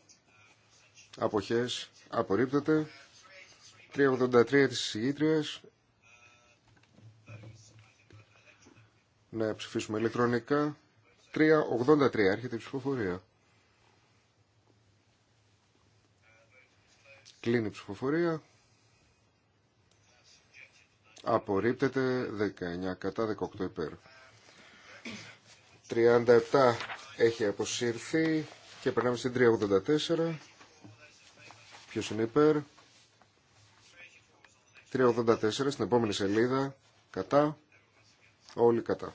Αποχές απορρίπτεται. 383 της εισηγήτριας Να ψηφίσουμε ηλεκτρονικά. 383 έρχεται η ψηφοφορία. Κλείνει η ψηφοφορία. Απορρίπτεται 19 κατά 18 υπέρ. 37 έχει αποσύρθει και περνάμε στην 384. Ποιος είναι υπέρ. 384 στην επόμενη σελίδα. Κατά. Όλοι κατά.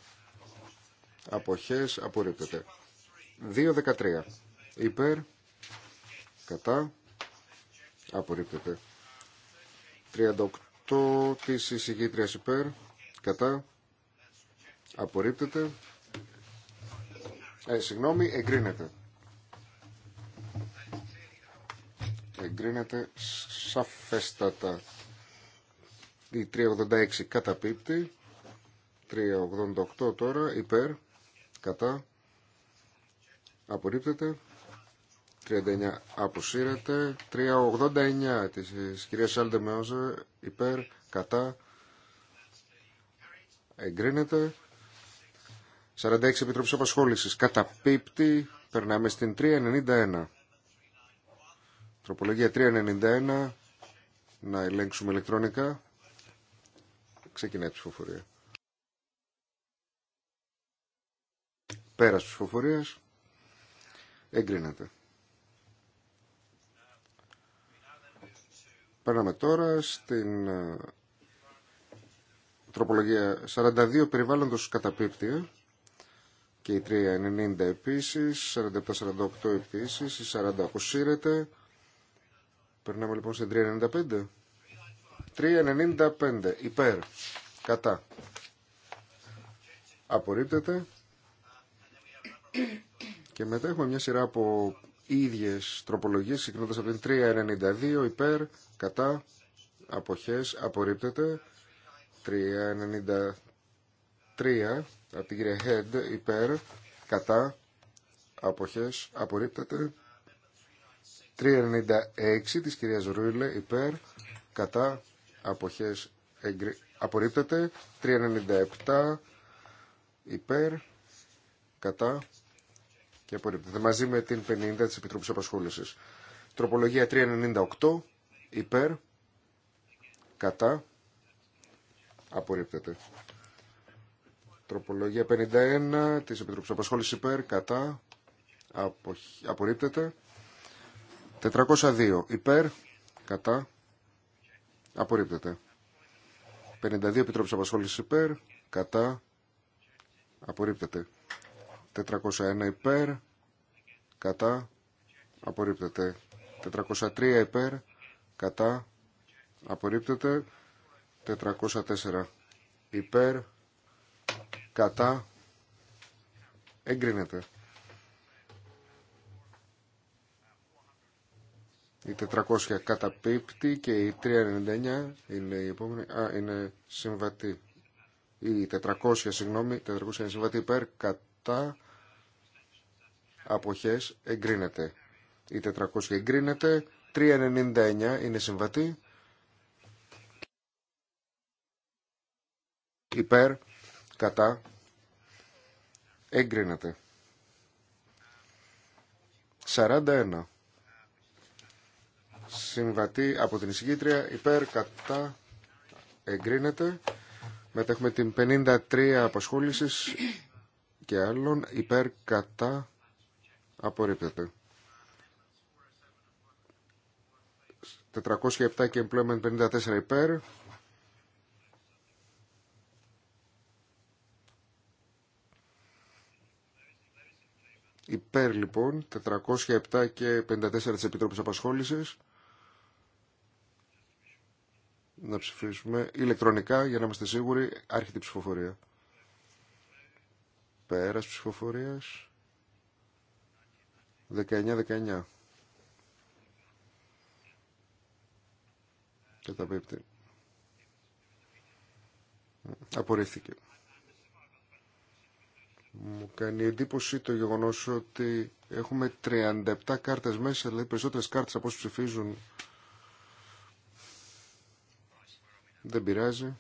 Αποχές απορρίπτεται. 2.13. Υπέρ. Κατά. Απορρίπτεται. 38 της εισηγήτριας υπέρ. Κατά. Απορρίπτεται. Ε, συγγνώμη, εγκρίνεται. Εγκρίνεται σαφέστατα. Η 386 καταπίπτει. 388 τώρα υπέρ. Κατά. Απορρίπτεται. 39 αποσύρεται. 389 της κυρίας Σάλντε Μεόζε υπέρ. Κατά. Εγκρίνεται. 46 Επιτροπής Απασχόλησης καταπίπτει. Περνάμε στην 391. Τροπολογία 391. Να ελέγξουμε ηλεκτρονικά. Ξεκινάει η ψηφοφορία. τη ψηφοφορία Εγκρίνεται. Περνάμε τώρα στην ε, τροπολογία 42 περιβάλλοντος καταπίπτεια ε. και η 390 επίσης, 47-48 επίσης, η 40 αποσύρεται. Περνάμε λοιπόν στην 395. 3.95 υπέρ κατά απορρίπτεται και μετά έχουμε μια σειρά από ίδιες τροπολογίες ξεκινώντας από την 3.92 υπέρ κατά αποχές απορρίπτεται 3.93 από την κυρία Head υπέρ κατά αποχές απορρίπτεται 3.96 της κυρίας Ρούιλε υπέρ κατά αποχές εγκρι... απορρίπτεται 397 υπέρ κατά και απορρίπτεται μαζί με την 50 της Επιτροπής Απασχόλησης τροπολογία 398 υπέρ κατά απορρίπτεται τροπολογία 51 της Επιτροπής Απασχόλησης υπέρ κατά απο... απορρίπτεται 402 υπέρ κατά Απορρίπτεται. 52 επιτρόπους απασχόλησης υπέρ. Κατά. Απορρίπτεται. 401 υπέρ. Κατά. Απορρίπτεται. 403 υπέρ. Κατά. Απορρίπτεται. 404 υπέρ. Κατά. Εγκρίνεται. Η 400 καταπίπτει και η 399 είναι η επόμενη. Α, είναι συμβατή. Η 400, συγγνώμη, 400 είναι συμβατή υπέρ, κατά, αποχές, εγκρίνεται. Η 400 εγκρίνεται, 399 είναι συμβατή. Υπέρ, κατά, εγκρίνεται. 41 συμβατή από την εισηγήτρια υπέρ κατά εγκρίνεται. Μετά έχουμε την 53 απασχόλησης και άλλων υπέρ κατά απορρίπτεται. 407 και employment 54 υπέρ. Υπέρ λοιπόν 407 και 54 της Επιτρόπης Απασχόλησης να ψηφίσουμε ηλεκτρονικά για να είμαστε σίγουροι. Άρχεται η ψηφοφορία. Πέρας ψηφοφορίας. 19-19. Καταπίπτει. Απορρίφθηκε. Μου κάνει εντύπωση το γεγονός ότι έχουμε 37 κάρτες μέσα, δηλαδή περισσότερες κάρτες από όσους ψηφίζουν Δεν πειράζει.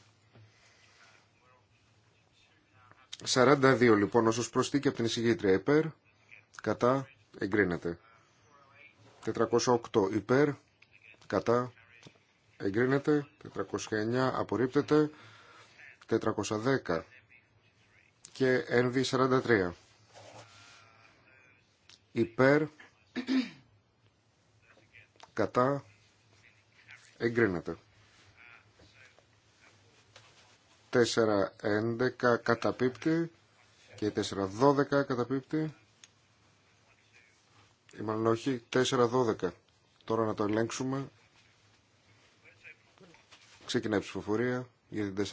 42 λοιπόν όσος προστίκη από την εισηγήτρια υπέρ, κατά, εγκρίνεται. 408 υπέρ, κατά, εγκρίνεται. 409 απορρίπτεται. 410 και NV43. Υπέρ, κατά, εγκρίνεται. 4-11 4-11 καταπίπτει και 4-12 4-12 καταπίπτει ή μάλλον όχι 4-12. τώρα να το ελέγξουμε ξεκινάει η ψηφοφορία για την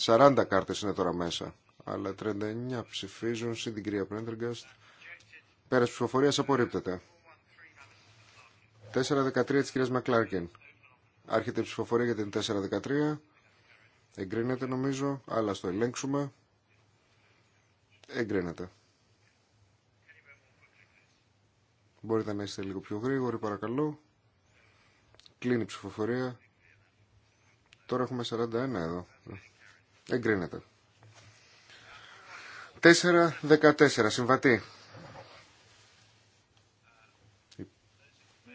4-12. 40 κάρτες είναι τώρα μέσα αλλά 39 ψηφίζουν στην την κυρία πρεντεργκαστ πέρας ψηφοφορίας απορρίπτεται απορρίπτεται. 4-13 της κυρίας Μακλάρκεν Άρχεται η ψηφοφορία για την 4-13. Εγκρίνεται νομίζω, αλλά στο ελέγξουμε. Εγκρίνεται. Μπορείτε να είστε λίγο πιο γρήγοροι παρακαλώ. Κλείνει η ψηφοφορία. Τώρα έχουμε 41 εδώ. Εγκρίνεται. 4-14. Συμβατή.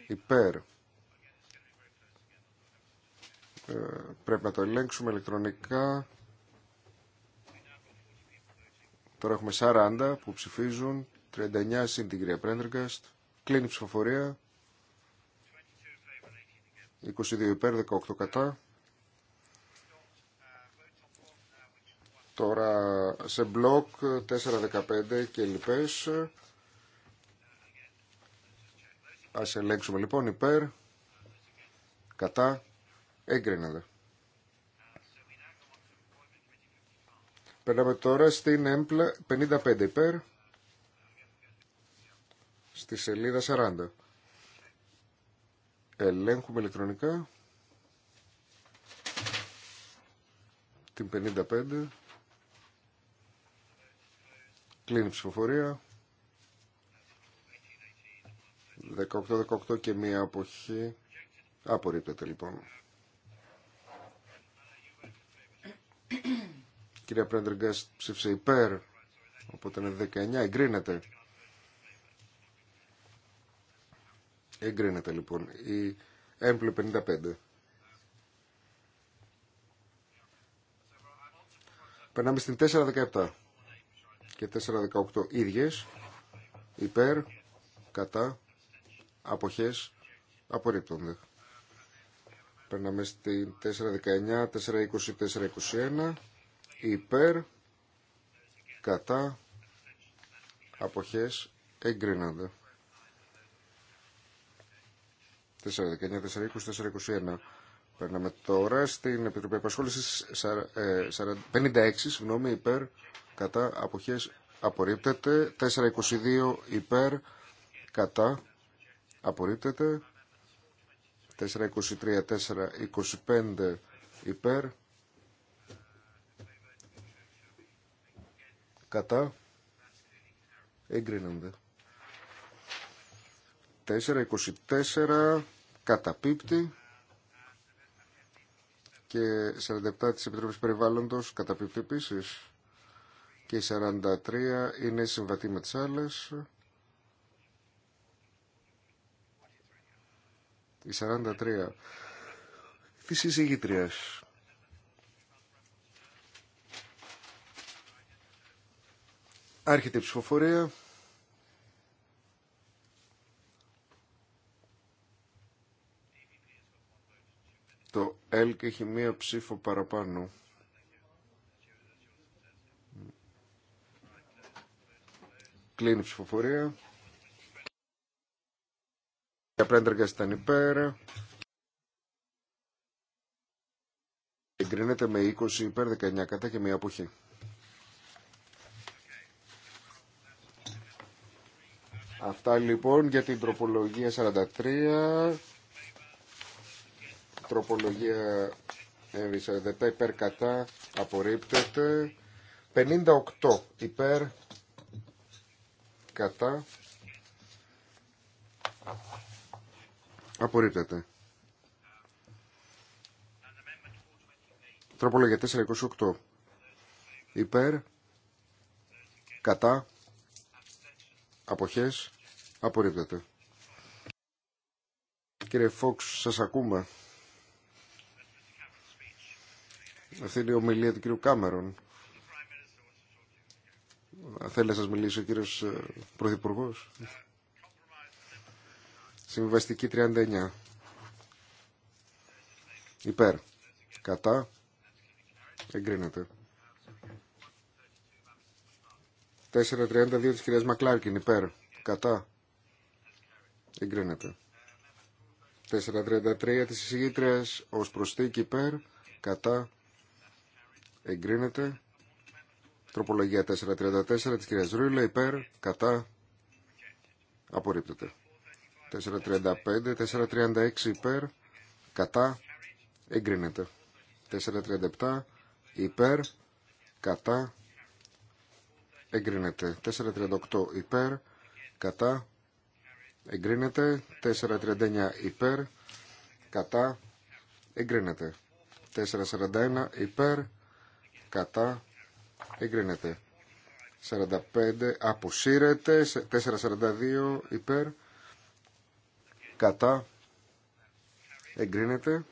Υπέρ. Ε, πρέπει να το ελέγξουμε ηλεκτρονικά. Τώρα έχουμε 40 που ψηφίζουν, 39 συν την κυρία Κλείνει η ψηφοφορία. 22 υπέρ, 18 κατά. Τώρα σε μπλοκ 4-15 και λοιπές. Ας ελέγξουμε λοιπόν υπέρ, κατά, Έγκρινεται. Περνάμε τώρα στην έμπλα 55 υπέρ στη σελίδα 40. Ελέγχουμε ηλεκτρονικά την 55. Κλείνει η ψηφοφορία. 18-18 και μία αποχή. Απορρίπτεται λοιπόν. κυρία Πρέντεργκας ψήφισε υπέρ, οπότε είναι 19, εγκρίνεται. Εγκρίνεται λοιπόν η έμπλε 55. Περνάμε στην 4.17 και 4.18 ίδιες, υπέρ, κατά, αποχές, απορρίπτονται. Περνάμε στην 4.19, 4.20, 4.21 υπέρ κατά αποχές εγκρίνονται 419, 420, 421 Περνάμε τώρα στην Επιτροπή Επασχόληση 56, ε, συγγνώμη, υπέρ, κατά, αποχές, απορρίπτεται. 422 υπέρ, κατά, απορρίπτεται. 423, 425 υπέρ, κατά εγκρίνονται 424 καταπίπτει και 47 της Επιτροπής Περιβάλλοντος καταπίπτει επίσης και 43 είναι συμβατή με τις άλλες η 43 της Άρχεται η ψηφοφορία. Το ΕΛΚ έχει μία ψήφο παραπάνω. Κλείνει η ψηφοφορία. Η Απρέντεργας ήταν υπέρ. Εγκρίνεται με 20 υπέρ 19 κατά και μία αποχή. Αυτά λοιπόν για την τροπολογία 43, τροπολογία ε, ε, δετά υπέρ κατά απορρίπτεται, 58 υπέρ κατά απορρίπτεται. Τροπολογία 428 υπέρ κατά αποχές Απορρίπτεται. Κύριε Φόξ, σας ακούμε. Αυτή είναι η ομιλία του κύριου Κάμερον. Θέλει να σας μιλήσει ο κύριος ε, Πρωθυπουργός. Συμβαστική 39. Υπέρ. Κατά. Εγκρίνεται. 4.32 της κυρίας Μακλάρκιν. Υπέρ. Κατά. Εγκρίνεται. 433 της εισηγήτριας ως προσθήκη υπέρ, κατά, εγκρίνεται. Τροπολογία 434 της κυρίας Ρούιλε υπέρ, κατά, απορρίπτεται. 435, 436 υπέρ, κατά, εγκρίνεται. 437 υπέρ, κατά, εγκρίνεται. 438 υπέρ, κατά, εγκρίνεται. 439 υπέρ, κατά, εγκρίνεται. 441 υπέρ, κατά, εγκρίνεται. 45 αποσύρεται, 442 υπέρ, κατά, εγκρίνεται.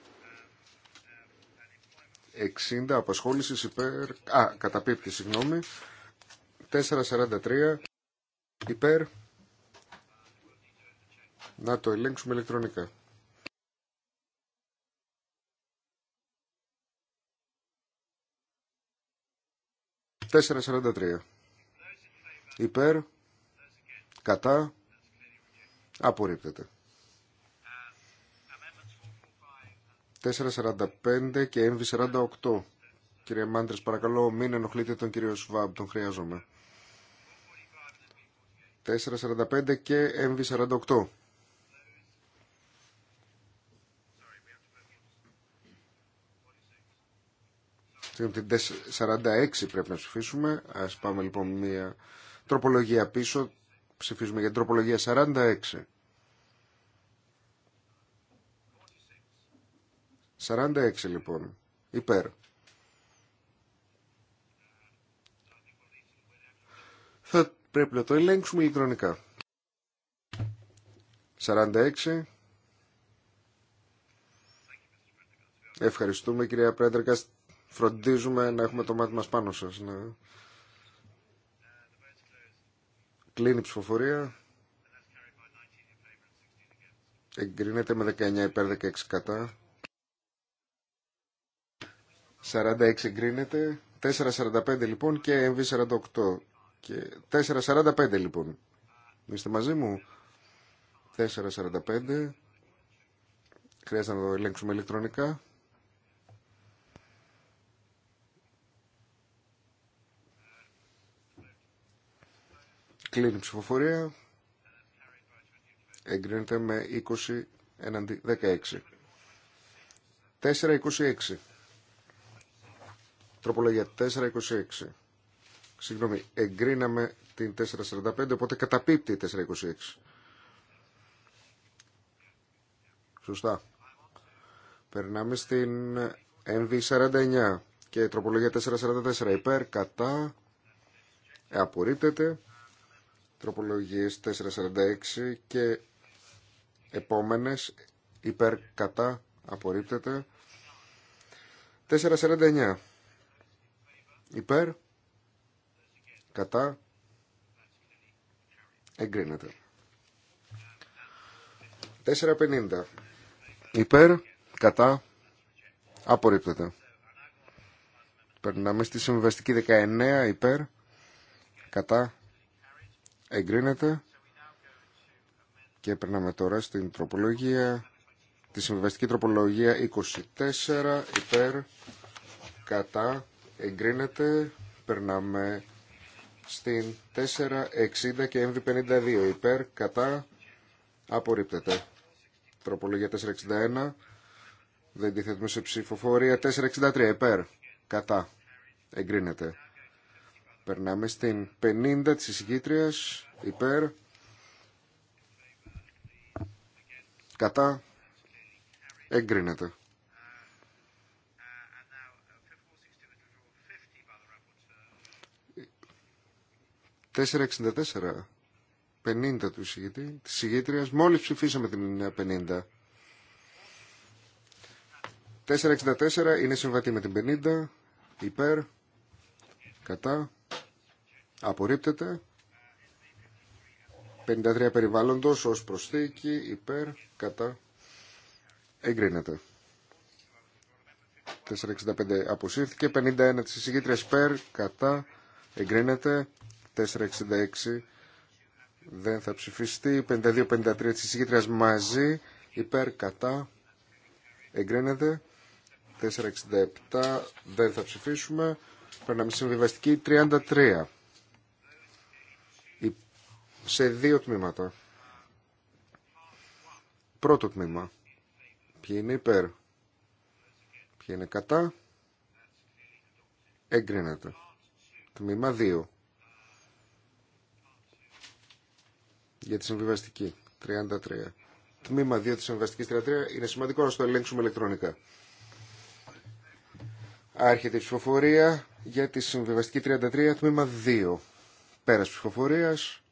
60 απασχόληση υπέρ, α, καταπίπτει, συγγνώμη, 443 υπέρ, να το ελέγξουμε ηλεκτρονικά. Τέσσερα Υπέρ. Κατά. Απορρίπτεται. 4.45 και MV48. Κύριε Μάντρες, παρακαλώ μην ενοχλείτε τον κύριο Σβάμπ, τον χρειάζομαι. 4.45 και MV48. Στην 46 πρέπει να ψηφίσουμε. Ας πάμε λοιπόν μία τροπολογία πίσω. Ψηφίζουμε για την τροπολογία 46. 46 λοιπόν. Υπέρ. Θα πρέπει να το ελέγξουμε ηλεκτρονικά. 46. Ευχαριστούμε κυρία Πρέντερκα φροντίζουμε να έχουμε το μάτι μας πάνω σας. Ναι. Κλείνει η ψηφοφορία. Εγκρίνεται με 19 υπέρ 16 κατά. 46 εγκρίνεται. 4.45 λοιπόν και MV48. Και 4.45 λοιπόν. Είστε μαζί μου. 4.45. Χρειάζεται να το ελέγξουμε ηλεκτρονικά. Κλείνει η ψηφοφορία. Εγκρίνεται με 20 16. 4-26. Τροπολογία 4-26. Συγγνώμη, εγκρίναμε την 445, οπότε καταπίπτει η 426. Σωστά. Περνάμε στην NV49 και τροπολογία 444 υπέρ, κατά, απορρίπτεται τροπολογίες 446 και επόμενες υπέρ κατά απορρίπτεται 449 υπέρ κατά εγκρίνεται 450 υπέρ κατά απορρίπτεται περνάμε στη συμβαστική 19 υπέρ κατά εγκρίνεται και περνάμε τώρα στην τροπολογία τη συμβιβαστική τροπολογία 24 υπέρ κατά εγκρίνεται περνάμε στην 460 και MV52 υπέρ κατά απορρίπτεται τροπολογία 461 δεν τη θέτουμε σε ψηφοφορία 463 υπέρ κατά εγκρίνεται Περνάμε στην 50 της εισηγήτριας, υπέρ, κατά, εγκρίνεται. 464, 50 του εισηγητή. της εισηγήτριας, μόλις ψηφίσαμε την 50. 464 είναι συμβατή με την 50, υπέρ, κατά, Απορρίπτεται. 53 περιβάλλοντος ως προσθήκη υπέρ κατά εγκρίνεται. 465 αποσύρθηκε. 51 της εισηγήτριας υπέρ κατά εγκρίνεται. 466 δεν θα ψηφιστεί. 52-53 της εισηγήτριας μαζί υπέρ κατά εγκρίνεται. 467 δεν θα ψηφίσουμε. Περνάμε στη συμβιβαστική 33 σε δύο τμήματα. Πρώτο τμήμα. Ποιοι είναι υπέρ. Ποιοι είναι κατά. Εγκρίνεται. Τμήμα 2. Για τη συμβιβαστική. 33. Τμήμα 2 της συμβιβαστικής 33. Είναι σημαντικό να το ελέγξουμε ηλεκτρονικά. Άρχεται η ψηφοφορία για τη συμβιβαστική 33, τμήμα 2. Πέρας ψηφοφορίας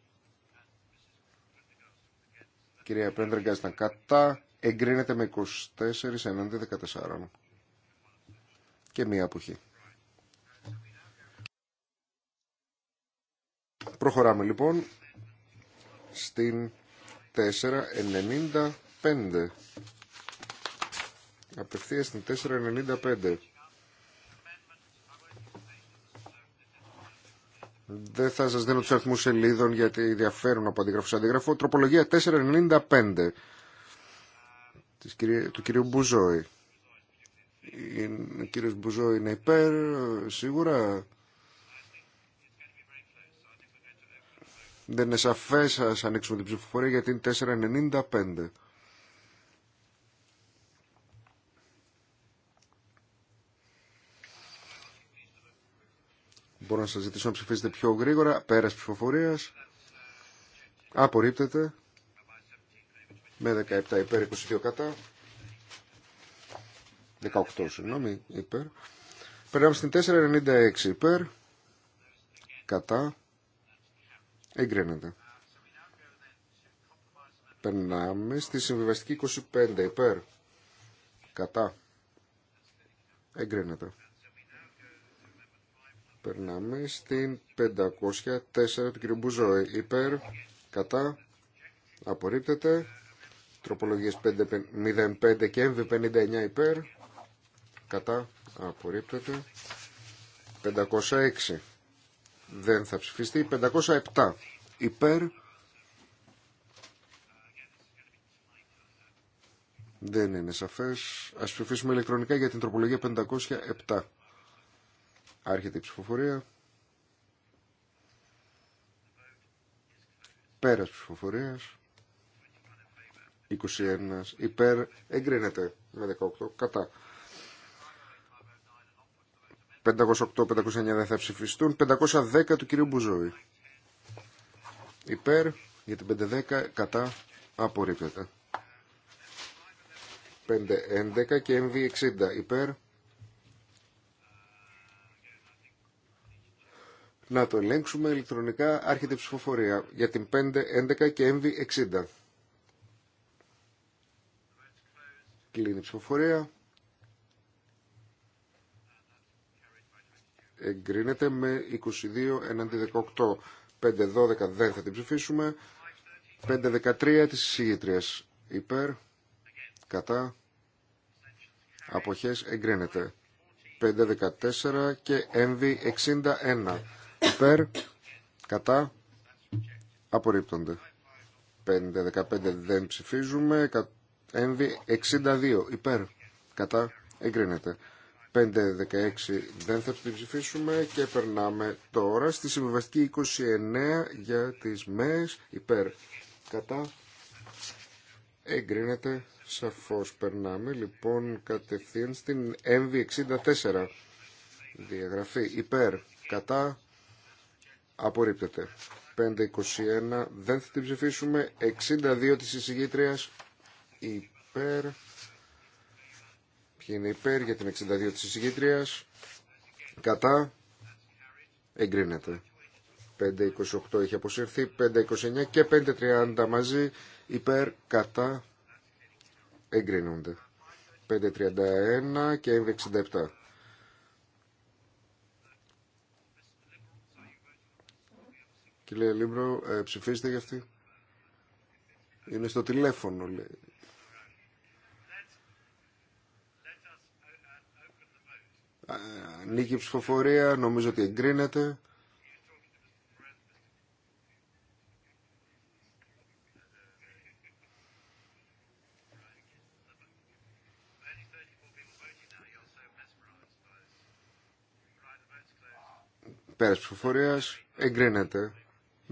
Κυρία Πέντρεγκα ήταν κατά. Εγκρίνεται με 24 ενάντια 14. Και μία αποχή. Προχωράμε λοιπόν στην 495. Απευθείας στην 495. Δεν θα σα δίνω του αριθμού σελίδων γιατί διαφέρουν από αντίγραφο σε αντίγραφο. Τροπολογία 495 της κυρί... του κυρίου Μπουζόη. Ο κύριος Μπουζόη είναι υπέρ, σίγουρα. Δεν είναι σαφές, ας ανοίξουμε την ψηφοφορία γιατί είναι 495. Μπορώ να σας ζητήσω να ψηφίσετε πιο γρήγορα. Πέρας ψηφοφορία. Απορρίπτεται. Με 17 υπέρ, 22 κατά. 18, συγγνώμη, υπέρ. Περνάμε στην 496 υπέρ. Κατά. Εγκρίνεται. Περνάμε στη συμβιβαστική 25 υπέρ. Κατά. Εγκρίνεται. Περνάμε στην 504 του κ. Μπουζόη. Υπέρ, κατά, απορρίπτεται. Τροπολογίες 05 και MV59 υπέρ, κατά, απορρίπτεται. 506 δεν θα ψηφιστεί. 507 υπέρ. Δεν είναι σαφές. Ας ψηφίσουμε ηλεκτρονικά για την τροπολογία 507. Άρχεται η ψηφοφορία. Πέρας ψηφοφορίας. 21 υπέρ εγκρίνεται με 18 κατά. 508-509 δεν θα ψηφιστούν. 510 του κυρίου Μπουζόη. Υπέρ για την 510 κατά απορρίπτεται. 511 και MV60 υπέρ να το ελέγξουμε ηλεκτρονικά. Άρχεται ψηφοφορία για την 5, 11 και MV60. Κλείνει η ψηφοφορία. Εγκρίνεται με 22 εναντί 18. 5-12 δεν θα την ψηφίσουμε. 5-13 της εισηγήτριας. Υπέρ. Κατά. Αποχές εγκρίνεται. 5-14 και MV61. Υπέρ. Κατά. Απορρίπτονται. 5-15 δεν ψηφίζουμε. Εμβι. 62. Υπέρ. Κατά. Εγκρίνεται. 5-16 δεν θα την ψηφίσουμε και περνάμε τώρα στη συμβιβαστική 29 για τις ΜΕΣ υπέρ κατά εγκρίνεται σαφώς περνάμε λοιπόν κατευθείαν στην Εμβι. 64 διαγραφή υπέρ κατά Απορρίπτεται. 521. Δεν θα την ψηφίσουμε. 62 της εισηγήτριας. Υπέρ. Ποιοι είναι υπέρ για την 62 της εισηγήτριας. Κατά. Εγκρίνεται. 528 έχει αποσυρθεί. 529 και 530 μαζί. Υπέρ. Κατά. Εγκρίνονται. 531 και 67. Κύριε Λίμπρο, ε, ψηφίστε για αυτή. Είναι στο τηλέφωνο, λέει. Νίκη ψηφοφορία, νομίζω ότι εγκρίνεται. Πέρας ψηφοφορίας, εγκρίνεται.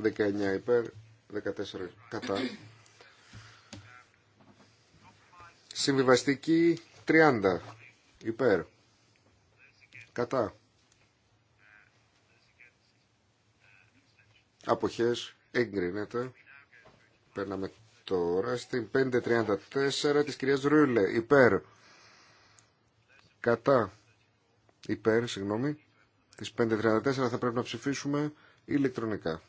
19 υπέρ, 14 κατά. Συμβιβαστική 30 υπέρ, κατά. Αποχές εγκρίνεται. Παίρναμε τώρα στην 534 της κυρίας Ρούλε, υπέρ, κατά, υπέρ, συγγνώμη. Τις 534 θα πρέπει να ψηφίσουμε ηλεκτρονικά.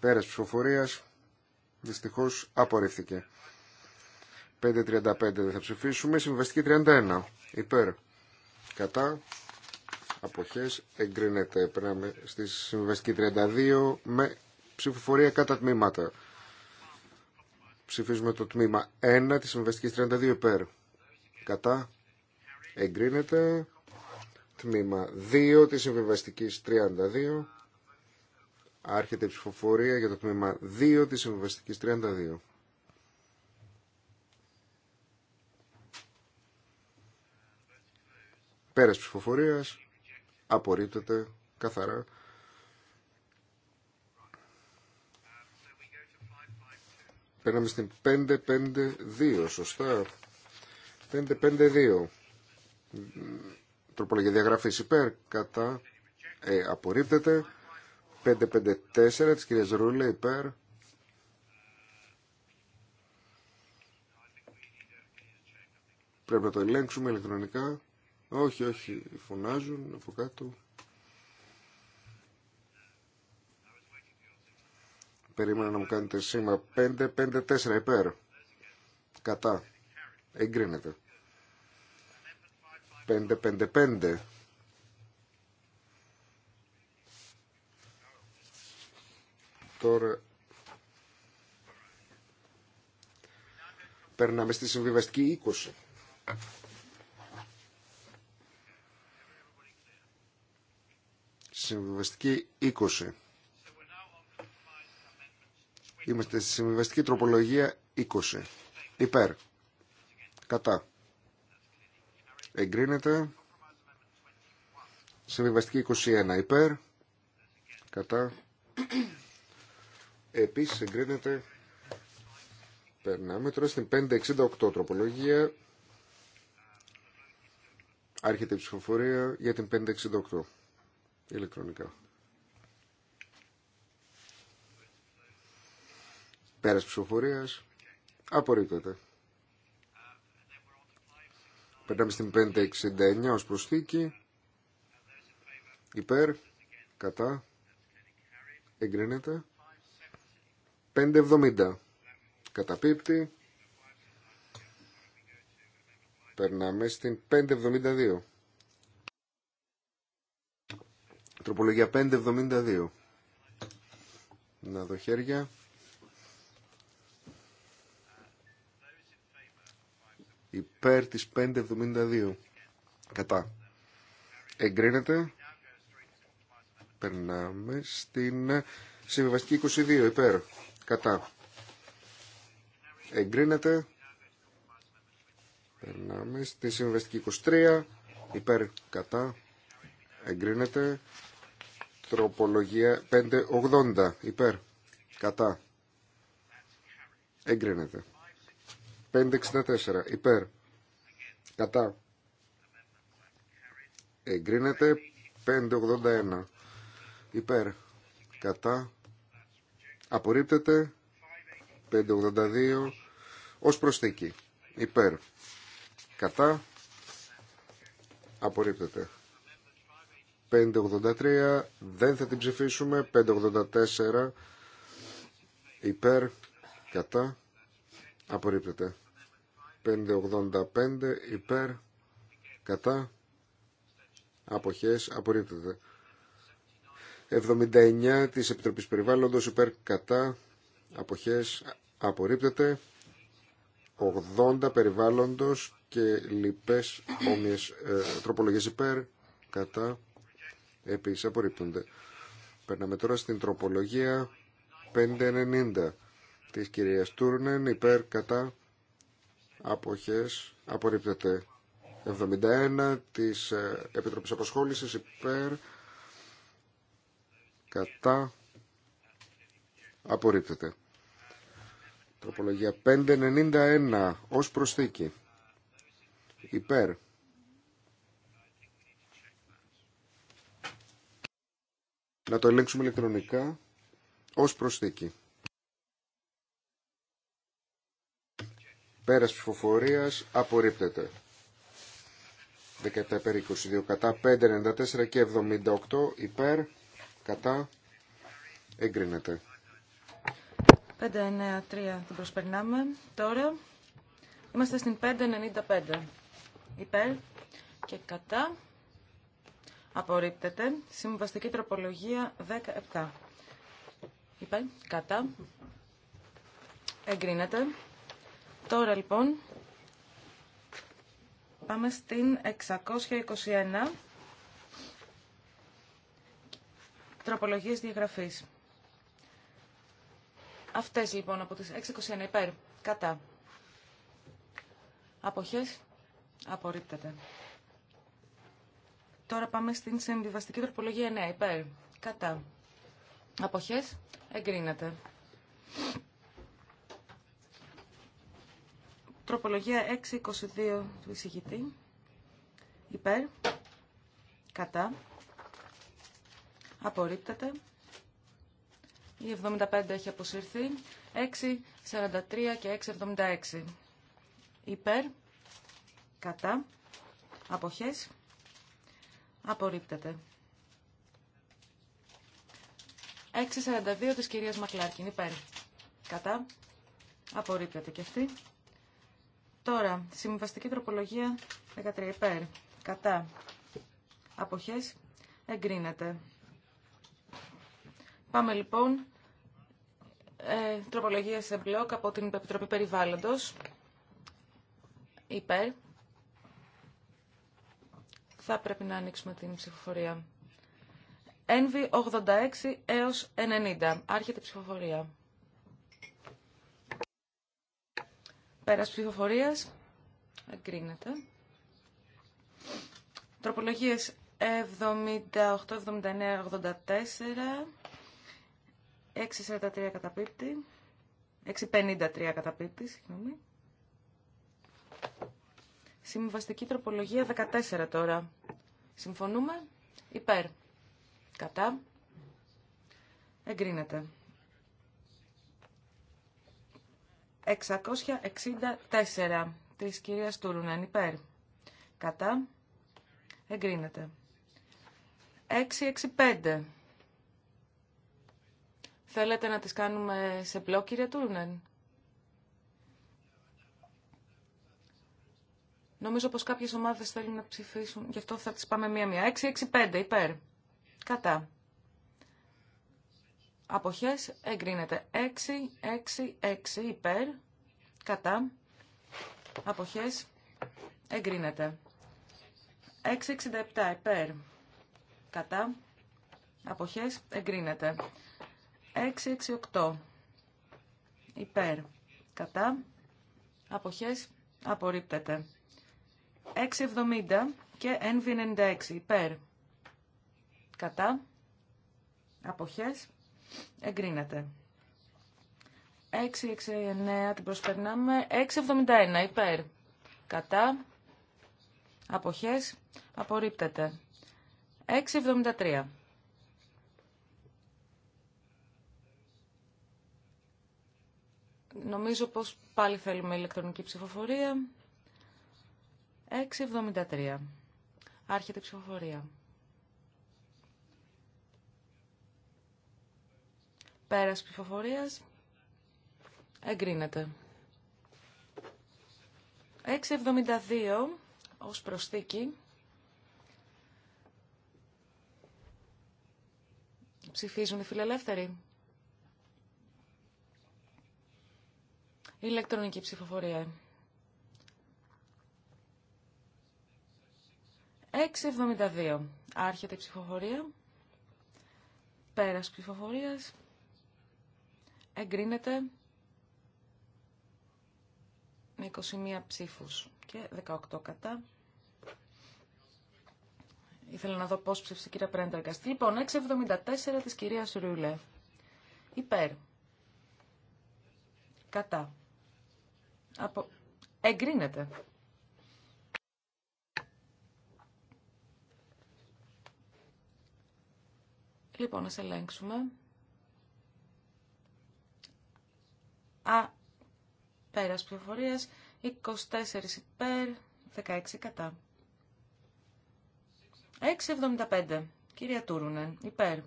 Πέρας ψηφοφορίας δυστυχώς απορρίφθηκε. 5.35 δεν θα ψηφίσουμε. Συμβαστική 31. Υπέρ. Κατά. Αποχές. Εγκρίνεται. Περνάμε στη συμβαστική 32 με ψηφοφορία κατά τμήματα. Ψηφίζουμε το τμήμα 1 της συμβαστικής 32 υπέρ. Κατά. Εγκρίνεται. Τμήμα 2 της συμβαστικής 32 Άρχεται η ψηφοφορία για το τμήμα 2 της συμβαστικής 32. Πέρας ψηφοφορίας απορρίπτεται καθαρά. Παίρναμε στην 5-5-2, σωστά. 5-5-2. Τροπολογία διαγραφής υπέρ, κατά, ε, απορρίπτεται. 554 της κυρίας Ρούλε υπέρ. Πρέπει να το ελέγξουμε ηλεκτρονικά. Όχι, όχι, φωνάζουν από κάτω. Περίμενα να μου κάνετε σήμα 5-5-4 υπέρ. Κατά. Εγκρίνεται. 5-5-5 Τώρα περνάμε στη συμβιβαστική 20. Συμβιβαστική 20. Είμαστε στη συμβιβαστική τροπολογία 20. Υπέρ. Κατά. Εγκρίνεται. Συμβιβαστική 21. Υπέρ. Κατά. Επίσης εγκρίνεται. Περνάμε τώρα στην 568 τροπολογία. Άρχεται η ψηφοφορία για την 568 ηλεκτρονικά. Πέρας ψηφοφορίας απορρίπτεται. Περνάμε στην 569 ως προσθήκη. Υπέρ, κατά, εγκρίνεται. 570 καταπίπτει. Περνάμε στην 572. Τροπολογία 572. Να δω χέρια. Υπέρ της 572. Κατά. Εγκρίνεται. Περνάμε στην συμβιβαστική 22. Υπέρ κατά εγκρίνεται περνάμε στη συμβεστική 23 υπέρ κατά εγκρίνεται τροπολογία 580 υπέρ κατά εγκρίνεται 564 υπέρ κατά εγκρίνεται 581 υπέρ κατά Απορρίπτεται. 582 ως προσθήκη. Υπέρ. Κατά. Απορρίπτεται. 583 δεν θα την ψηφίσουμε. 584 υπέρ. Κατά. Απορρίπτεται. 585 υπέρ. Κατά. Αποχές. Απορρίπτεται. 79 της Επιτροπής Περιβάλλοντος υπέρ κατά αποχές απορρίπτεται 80 περιβάλλοντος και λοιπές όμοιες ε, τροπολογίες υπέρ κατά επίσης απορρίπτονται. Περνάμε τώρα στην τροπολογία 590 της κυρίας Τούρνεν υπέρ κατά αποχές απορρίπτεται 71 της ε, Επιτροπής Αποσχόλησης υπέρ κατά απορρίπτεται. Τροπολογία 591 ως προσθήκη. Υπέρ. Να το ελέγξουμε ηλεκτρονικά ως προσθήκη. Πέρας ψηφοφορίας απορρίπτεται. 17 περί 22 κατά 594 και 78 υπέρ κατά εγκρίνεται. 593 την προσπερνάμε. Τώρα είμαστε στην 595. Υπέρ και κατά απορρίπτεται. Συμβαστική τροπολογία 17. Υπέρ, κατά. Εγκρίνεται. Τώρα λοιπόν πάμε στην 621 Τροπολογίε διαγραφή. Αυτέ λοιπόν από τι 6.21 υπέρ, κατά. Αποχέ. απορρίπτεται. Τώρα πάμε στην συνδυαστική τροπολογία 9 υπέρ, κατά. Κατά. εγκρίνεται. Τροπολογία 6.22 του εισηγητή, υπέρ, κατά απορρίπτεται. Η 75 έχει αποσυρθεί. 6.43 και 6.76. Υπέρ, κατά, αποχές, απορρίπτεται. 6.42 της κυρίας Μακλάρκιν, υπέρ, κατά, απορρίπτεται και αυτή. Τώρα, συμβαστική τροπολογία 13 υπέρ, κατά, αποχές, εγκρίνεται. Πάμε λοιπόν. Ε, τροπολογία σε μπλοκ από την Επιτροπή Περιβάλλοντος. Υπέρ. Θα πρέπει να ανοίξουμε την ψηφοφορία. Ένβη 86 έως 90. Άρχεται η ψηφοφορία. Πέρας ψηφοφορίας. Εγκρίνεται. Τροπολογίες 78, 79, 84... 6.43 καταπίπτει. 6.53 καταπίπτει, συγγνώμη. Συμβαστική τροπολογία 14 τώρα. Συμφωνούμε. Υπέρ. Κατά. Εγκρίνεται. 664 της κυρίας Τούρουνεν υπέρ. Κατά. Εγκρίνεται. 665 Θέλετε να τις κάνουμε σε πλό, κύριε Τούρνεν. Νομίζω πως κάποιες ομάδες θέλουν να ψηφίσουν, γι' αυτό θα τις πάμε μία-μία. 6-6-5, υπέρ. Κατά. Αποχές εγκρίνεται. 6-6-6 υπέρ. Κατά. Αποχές εγκρίνεται. 6-67 υπέρ. Κατά. Αποχές εγκρίνεται. 668 υπέρ κατά αποχές απορρίπτεται 670 και NV96 υπέρ κατά αποχές εγκρίνεται 669 την προσπερνάμε 671 υπέρ κατά αποχές απορρίπτεται 673 Νομίζω πως πάλι θέλουμε ηλεκτρονική ψηφοφορία. 6.73. Άρχεται η ψηφοφορία. Πέρας ψηφοφορίας. Εγκρίνεται. 6.72 ως προσθήκη. Ψηφίζουν οι φιλελεύθεροι. ηλεκτρονική ψηφοφορία. 6.72. Άρχεται η ψηφοφορία. Πέρας ψηφοφορίας. Εγκρίνεται 21 ψήφους και 18 κατά. Ήθελα να δω πώς ψήφισε η κυρία Πρένταρκας. Λοιπόν, 6.74 της κυρίας Ρούλε. Υπέρ. Κατά. Απο... Εγκρίνεται. Λοιπόν, να σε ελέγξουμε. Α, πέρας πληροφορίας, 24 υπέρ, 16 κατά. 6,75. Κυρία Τούρουνεν, υπέρ.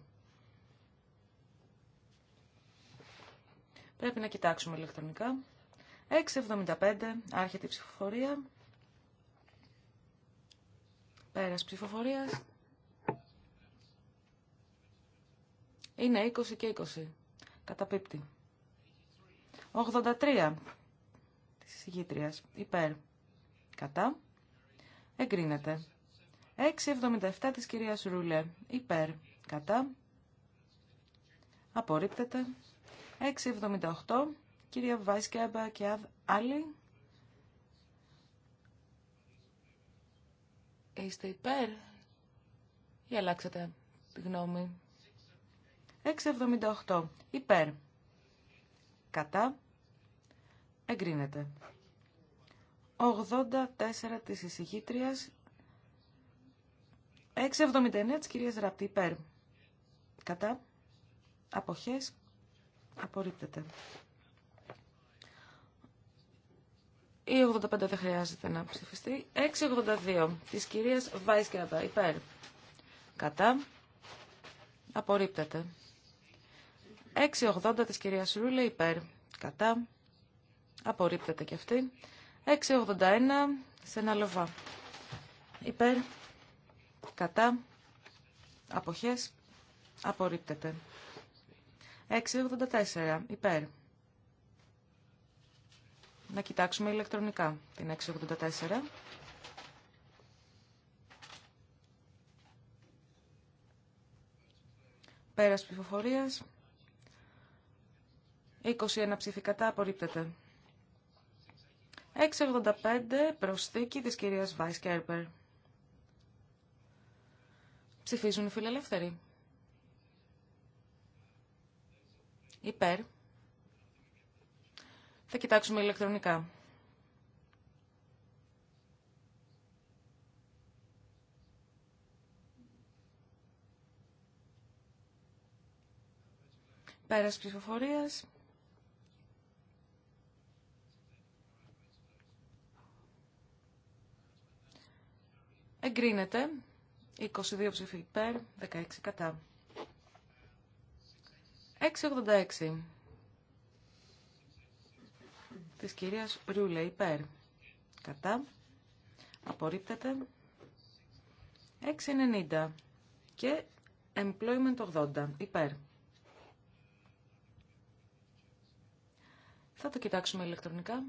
Πρέπει να κοιτάξουμε ηλεκτρονικά. 6.75 άρχεται η ψηφοφορία. Πέρας ψηφοφορίας. Είναι 20 και 20. Καταπίπτει. 83 της συγγήτριας. Υπέρ. Κατά. Εγκρίνεται. 6.77 της κυρίας Ρούλε. Υπέρ. Κατά. Απορρίπτεται. 6.78 κυρία Βάσκεμπα και άλλοι. Είστε υπέρ ή αλλάξατε τη γνώμη. 678. Υπέρ. Κατά. Εγκρίνεται. 84 της εισηγήτριας. 679 της κυρίας Ράπτη. Υπέρ. Κατά. Αποχές. Απορρίπτεται. Η 85 δεν χρειάζεται να ψηφιστεί. 682 της κυρίας Βάισκεδα. υπέρ. Κατά. Απορρίπτεται. 680 της κυρίας Ρούλε υπέρ. Κατά. Απορρίπτεται κι αυτή. 681 σε ένα λοβά. Υπέρ. Κατά. Αποχές. Απορρίπτεται. 684 υπέρ να κοιτάξουμε ηλεκτρονικά την 684. Πέρας ψηφοφορίας. 21 ψηφικάτα απορρίπτεται. 685 προσθήκη της κυρίας Βάις Κέρπερ. Ψηφίζουν οι φιλελεύθεροι. Υπέρ. Θα κοιτάξουμε ηλεκτρονικά. Πέρας ψηφοφορίας. Εγκρίνεται. 22 ψήφι υπέρ, 16 κατά. 686 της κυρίας Ρούλε υπέρ. Κατά. Απορρίπτεται. 6,90 και employment 80 υπέρ. Θα το κοιτάξουμε ηλεκτρονικά.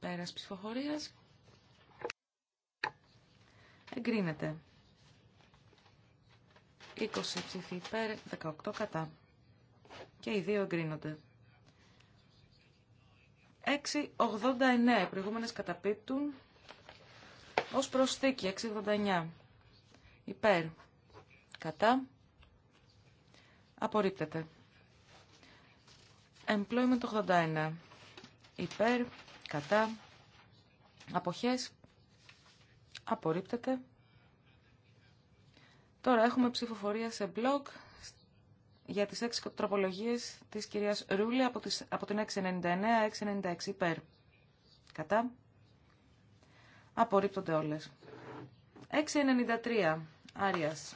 Πέρας ψηφοφορίας. Εγκρίνεται. 20 ψήφοι υπέρ, 18 κατά. Και οι δύο εγκρίνονται. 689. Προηγούμενες καταπίπτουν ως προσθήκη. 689. Υπέρ. Κατά. Απορρίπτεται. Employment 81. Υπέρ. Κατά. Αποχές. Απορρίπτεται. Τώρα έχουμε ψηφοφορία σε μπλοκ για τις έξι τροπολογίες της κυρίας Ρούλη από, τις, από την 699-696 υπέρ. Κατά. Απορρίπτονται όλες. 693 Άριας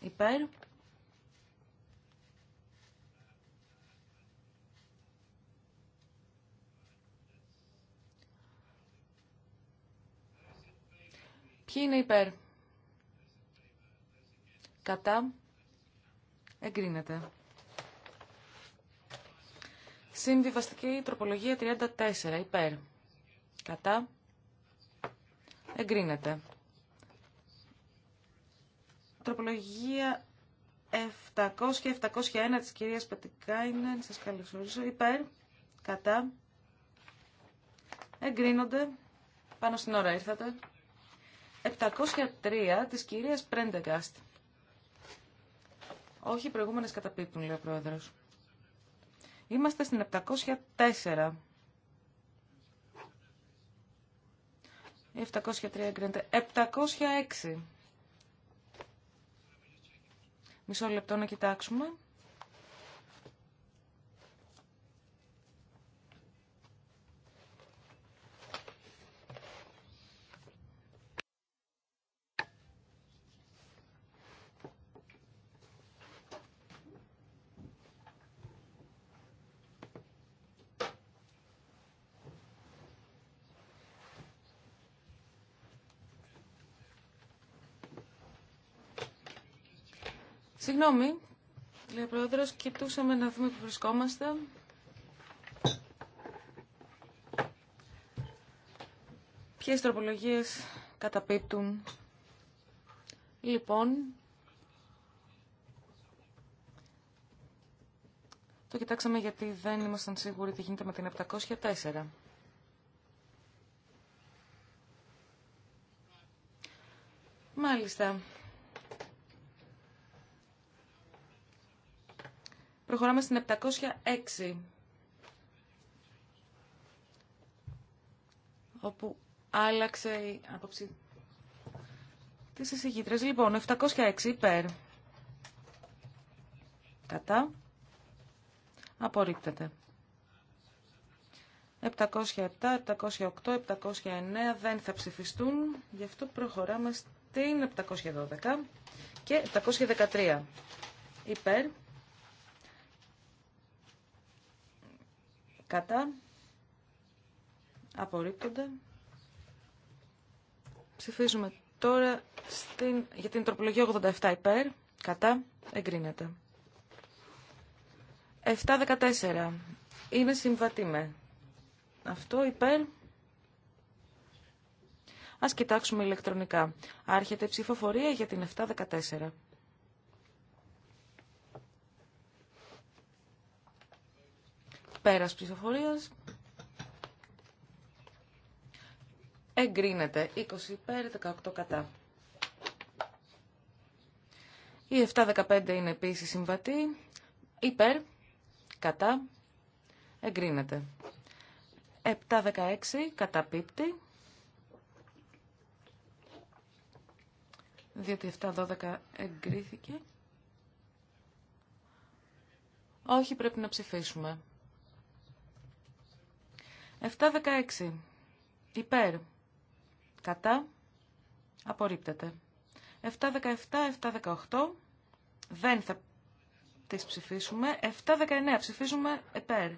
υπέρ. Ποιοι είναι υπέρ. Κατά. Εγκρίνεται. Συμβιβαστική τροπολογία 34. Υπέρ. Κατά. Εγκρίνεται. Τροπολογία 700 και 701 της κυρίας Πετικάινεν. Σας καλωσορίζω. Υπέρ. Κατά. Εγκρίνονται. Πάνω στην ώρα ήρθατε. 703 της κυρίας Πρέντεγκαστ. Όχι, οι προηγούμενε καταπίπτουν, λέει ο πρόεδρο. Είμαστε στην 704. Η 703 εγκρίνεται. 706. Μισό λεπτό να κοιτάξουμε. Συγγνώμη, λέει ο Πρόεδρος, κοιτούσαμε να δούμε που βρισκόμαστε. Ποιες τροπολογίες καταπίπτουν. Λοιπόν, το κοιτάξαμε γιατί δεν ήμασταν σίγουροι τι γίνεται με την 704. Μάλιστα. Προχωράμε στην 706. όπου άλλαξε η άποψη της εισηγήτρες. Λοιπόν, 706 υπέρ. Κατά. Απορρίπτεται. 707, 708, 709 δεν θα ψηφιστούν. Γι' αυτό προχωράμε στην 712 και 713. Υπέρ. Κατά. Απορρίπτονται. Ψηφίζουμε τώρα στην, για την τροπολογία 87 υπέρ. Κατά. Εγκρίνεται. 7-14. Είναι συμβατή με. Αυτό υπέρ. Ας κοιτάξουμε ηλεκτρονικά. Άρχεται ψηφοφορία για την 7-14. Πέρας ψηφοφορίας. Εγκρίνεται 20 υπέρ, 18 κατά. Η 7-15 είναι επίσης συμβατή. Υπέρ, κατά, εγκρίνεται. 716 καταπίπτει. Διότι 7-12 εγκρίθηκε. Όχι, πρέπει να ψηφίσουμε. 716. Υπέρ. Κατά. Απορρίπτεται. 717, 718. Δεν θα τις ψηφίσουμε. 719 ψηφίζουμε υπέρ.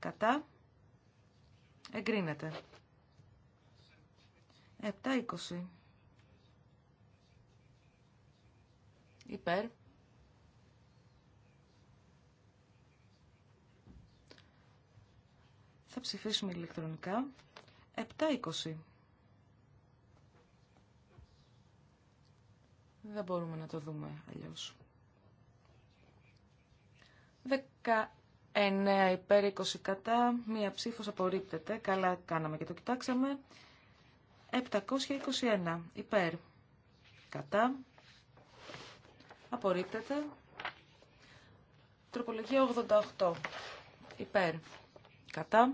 Κατά. Εγκρίνεται. 720. Υπέρ. Θα ψηφίσουμε ηλεκτρονικά. 7.20. Δεν μπορούμε να το δούμε αλλιώς. 19 υπέρ 20 κατά, μία ψήφος απορρίπτεται. Καλά κάναμε και το κοιτάξαμε. 721 υπέρ κατά, απορρίπτεται. Τροπολογία 88 υπέρ Κατά.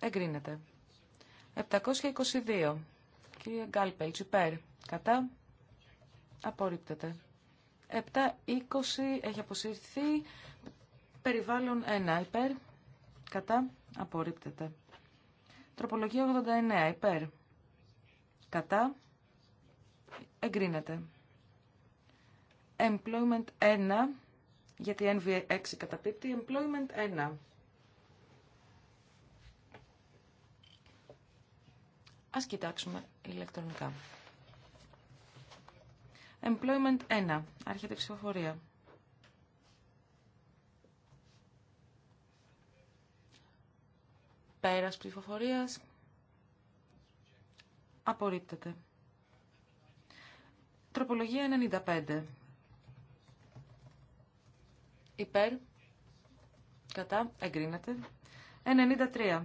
Εγκρίνεται. 722. Κύριε Γκάλπελτς, υπέρ. Κατά. Απορρίπτεται. 720 έχει αποσυρθεί. Περιβάλλον 1 υπέρ. Κατά. Απορρίπτεται. Τροπολογία 89 υπέρ. Κατά. Εγκρίνεται. Employment 1 γιατί NV6 καταπίπτει employment 1. Ας κοιτάξουμε ηλεκτρονικά. Employment 1. Άρχεται η ψηφοφορία. Πέρας ψηφοφορίας. Απορρίπτεται. Τροπολογία 95 υπέρ, κατά, εγκρίνεται. 93.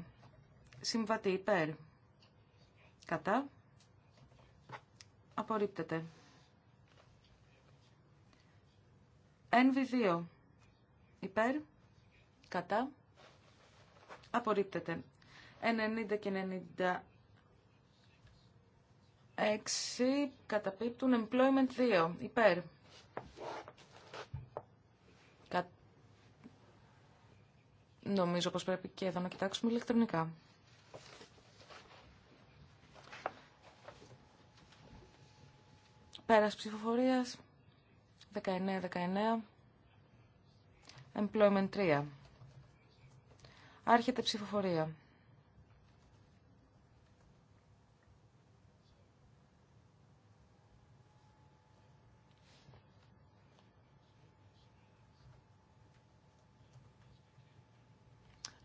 Συμβατή υπέρ, κατά, απορρίπτεται. NV2 υπέρ, κατά, απορρίπτεται. 90 και 96 καταπίπτουν employment 2 υπέρ, Νομίζω πως πρέπει και εδώ να κοιτάξουμε ηλεκτρονικά. Πέρας ψηφοφορίας, 19-19, employment 3. Άρχεται ψηφοφορία.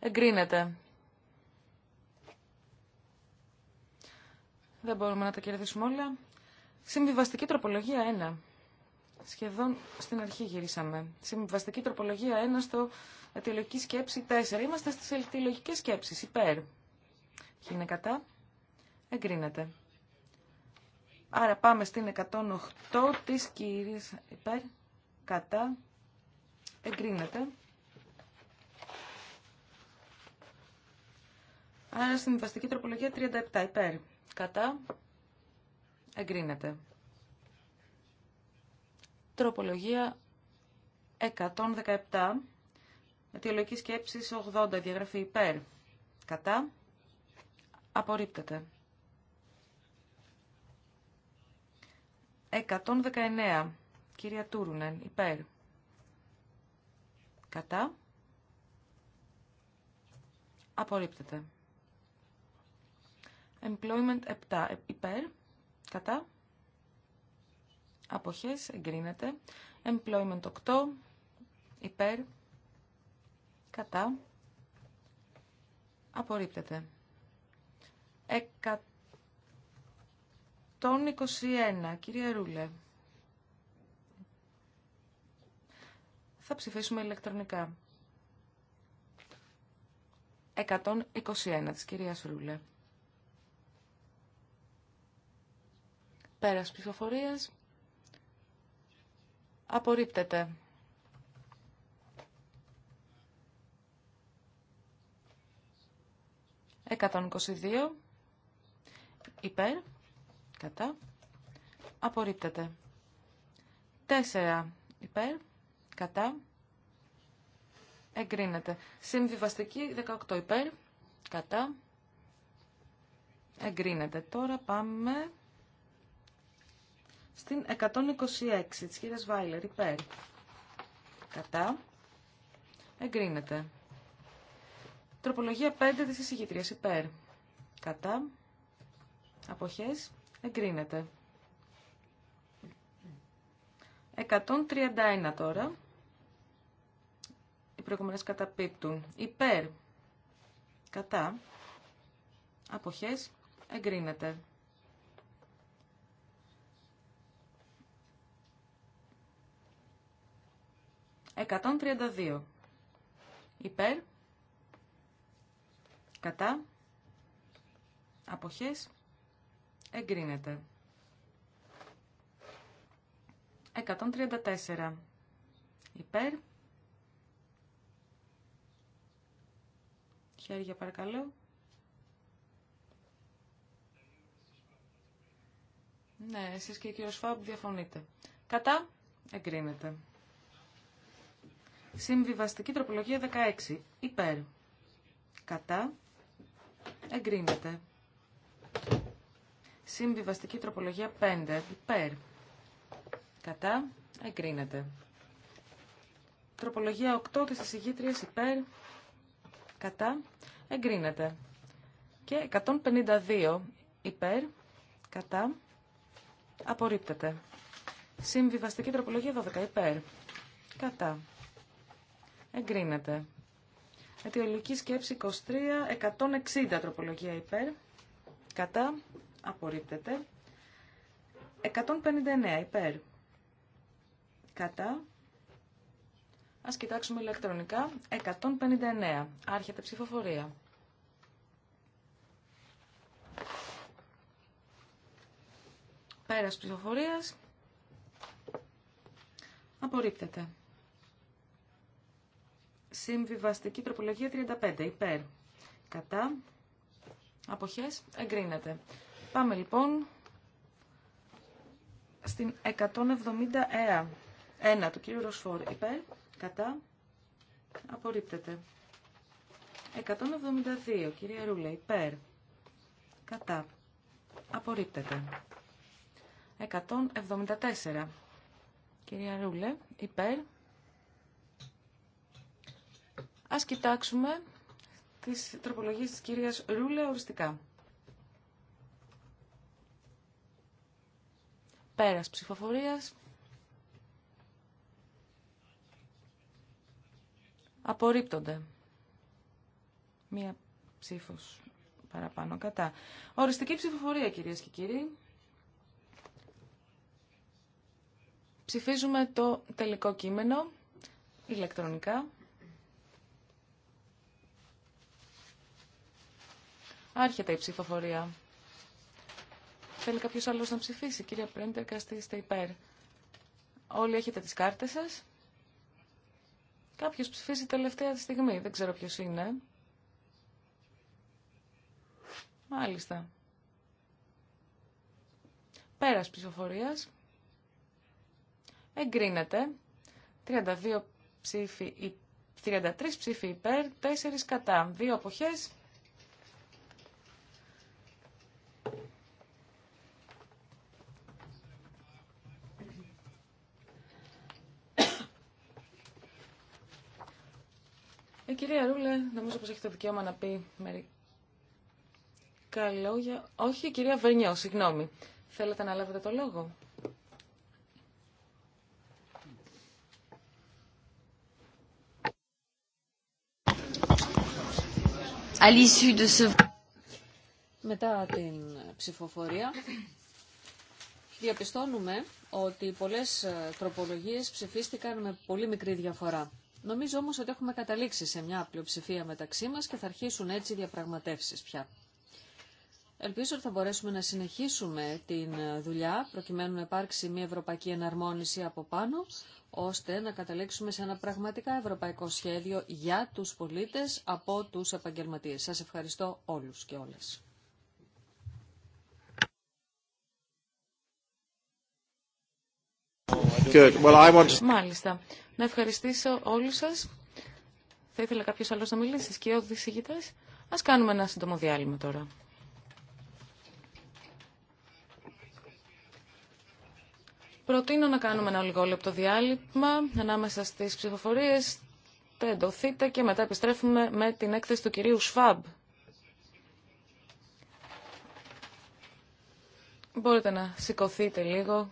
Εγκρίνεται. Δεν μπορούμε να τα κερδίσουμε όλα. Συμβιβαστική τροπολογία 1. Σχεδόν στην αρχή γυρίσαμε. Συμβιβαστική τροπολογία 1 στο αιτιολογική σκέψη 4. Είμαστε στις αιτιολογικές σκέψεις. Υπέρ. Και είναι κατά. Εγκρίνεται. Άρα πάμε στην 108 της κυρίας υπέρ. Κατά. Εγκρίνεται. Άρα στην βαστική τροπολογία 37 υπέρ. Κατά. Εγκρίνεται. Τροπολογία 117. Αιτιολογική σκέψη 80. Διαγραφή υπέρ. Κατά. Απορρίπτεται. 119. Κυρία Τούρουνεν. Υπέρ. Κατά. Απορρίπτεται. Employment 7 υπέρ, κατά, αποχές, εγκρίνεται. Employment 8 υπέρ, κατά, απορρίπτεται. 121, κυρία Ρούλε. Θα ψηφίσουμε ηλεκτρονικά. 121 της κυρίας Ρούλε. Πέρας ψηφοφορίας. Απορρίπτεται. 122 Υπέρ. Κατά. Απορρίπτεται. 4. Υπέρ. Κατά. Εγκρίνεται. Συμβιβαστική 18 υπέρ. Κατά. Εγκρίνεται. Τώρα πάμε στην 126 της κυρίας Βάιλερ, υπέρ. Κατά. Εγκρίνεται. Τροπολογία 5 της εισηγητρίας, υπέρ. Κατά. Αποχές. Εγκρίνεται. 131 τώρα. Οι προηγούμενες καταπίπτουν. Υπέρ. Κατά. Αποχές. Εγκρίνεται. 132. Υπέρ. Κατά. Αποχές. Εγκρίνεται. 134. Υπέρ. Χέρια παρακαλώ. Ναι, εσείς και ο κύριος Φαμπ διαφωνείτε. Κατά, εγκρίνεται. Συμβιβαστική τροπολογία 16. Υπέρ. Κατά. Εγκρίνεται. Συμβιβαστική τροπολογία 5. Υπέρ. Κατά. Εγκρίνεται. Τροπολογία 8 της εισηγήτριας υπέρ. Κατά. Εγκρίνεται. Και 152 υπέρ. Κατά. Απορρίπτεται. Συμβιβαστική τροπολογία 12 υπέρ. Κατά εγκρίνεται. Αιτιολογική σκέψη 23, 160 τροπολογία υπέρ, κατά, απορρίπτεται. 159 υπέρ, κατά, ας κοιτάξουμε ηλεκτρονικά, 159, άρχεται ψηφοφορία. Πέρας ψηφοφορίας, απορρίπτεται. Συμβιβαστική τροπολογία 35. Υπέρ. Κατά. Αποχές. Εγκρίνεται. Πάμε λοιπόν στην 171 Ένα, του κύριου Ροσφόρ. Υπέρ. Κατά. Απορρίπτεται. 172. Κυρία Ρούλε. Υπέρ. Κατά. Απορρίπτεται. 174. Κυρία Ρούλε. Υπέρ. Ας κοιτάξουμε τις τροπολογίες της κυρίας Ρούλε οριστικά. Πέρας ψηφοφορίας. Απορρίπτονται. Μία ψήφος παραπάνω κατά. Οριστική ψηφοφορία κυρίες και κύριοι. Ψηφίζουμε το τελικό κείμενο ηλεκτρονικά. Άρχεται η ψηφοφορία. Θέλει κάποιος άλλος να ψηφίσει. Κυρία Πρέντερ, είστε υπέρ. Όλοι έχετε τις κάρτες σας. Κάποιος ψηφίζει τελευταία στιγμή. Δεν ξέρω ποιος είναι. Μάλιστα. Πέρας ψηφοφορίας. Εγκρίνεται. 32 ψήφοι, 33 ψήφοι υπέρ, 4 κατά, 2 αποχές. κυρία Ρούλε, νομίζω πως έχει το δικαίωμα να πει μερικά λόγια. Όχι, κυρία Βερνιό, συγγνώμη. Θέλετε να λάβετε το λόγο. Μετά την ψηφοφορία διαπιστώνουμε ότι πολλές ε, τροπολογίες ψηφίστηκαν με πολύ μικρή διαφορά. Νομίζω όμως ότι έχουμε καταλήξει σε μια πλειοψηφία μεταξύ μας και θα αρχίσουν έτσι οι διαπραγματεύσεις πια. Ελπίζω ότι θα μπορέσουμε να συνεχίσουμε την δουλειά προκειμένου να υπάρξει μια ευρωπαϊκή εναρμόνιση από πάνω ώστε να καταλήξουμε σε ένα πραγματικά ευρωπαϊκό σχέδιο για τους πολίτες από τους επαγγελματίες. Σας ευχαριστώ όλους και όλες. Μάλιστα. Να ευχαριστήσω όλους σας. Θα ήθελα κάποιος άλλος να μιλήσει, όχι συγγητές. Ας κάνουμε ένα σύντομο διάλειμμα τώρα. Προτείνω να κάνουμε ένα λιγό λεπτό διάλειμμα ανάμεσα στις ψηφοφορίες. Τεντωθείτε και μετά επιστρέφουμε με την έκθεση του κυρίου Σφάμπ. Μπορείτε να σηκωθείτε λίγο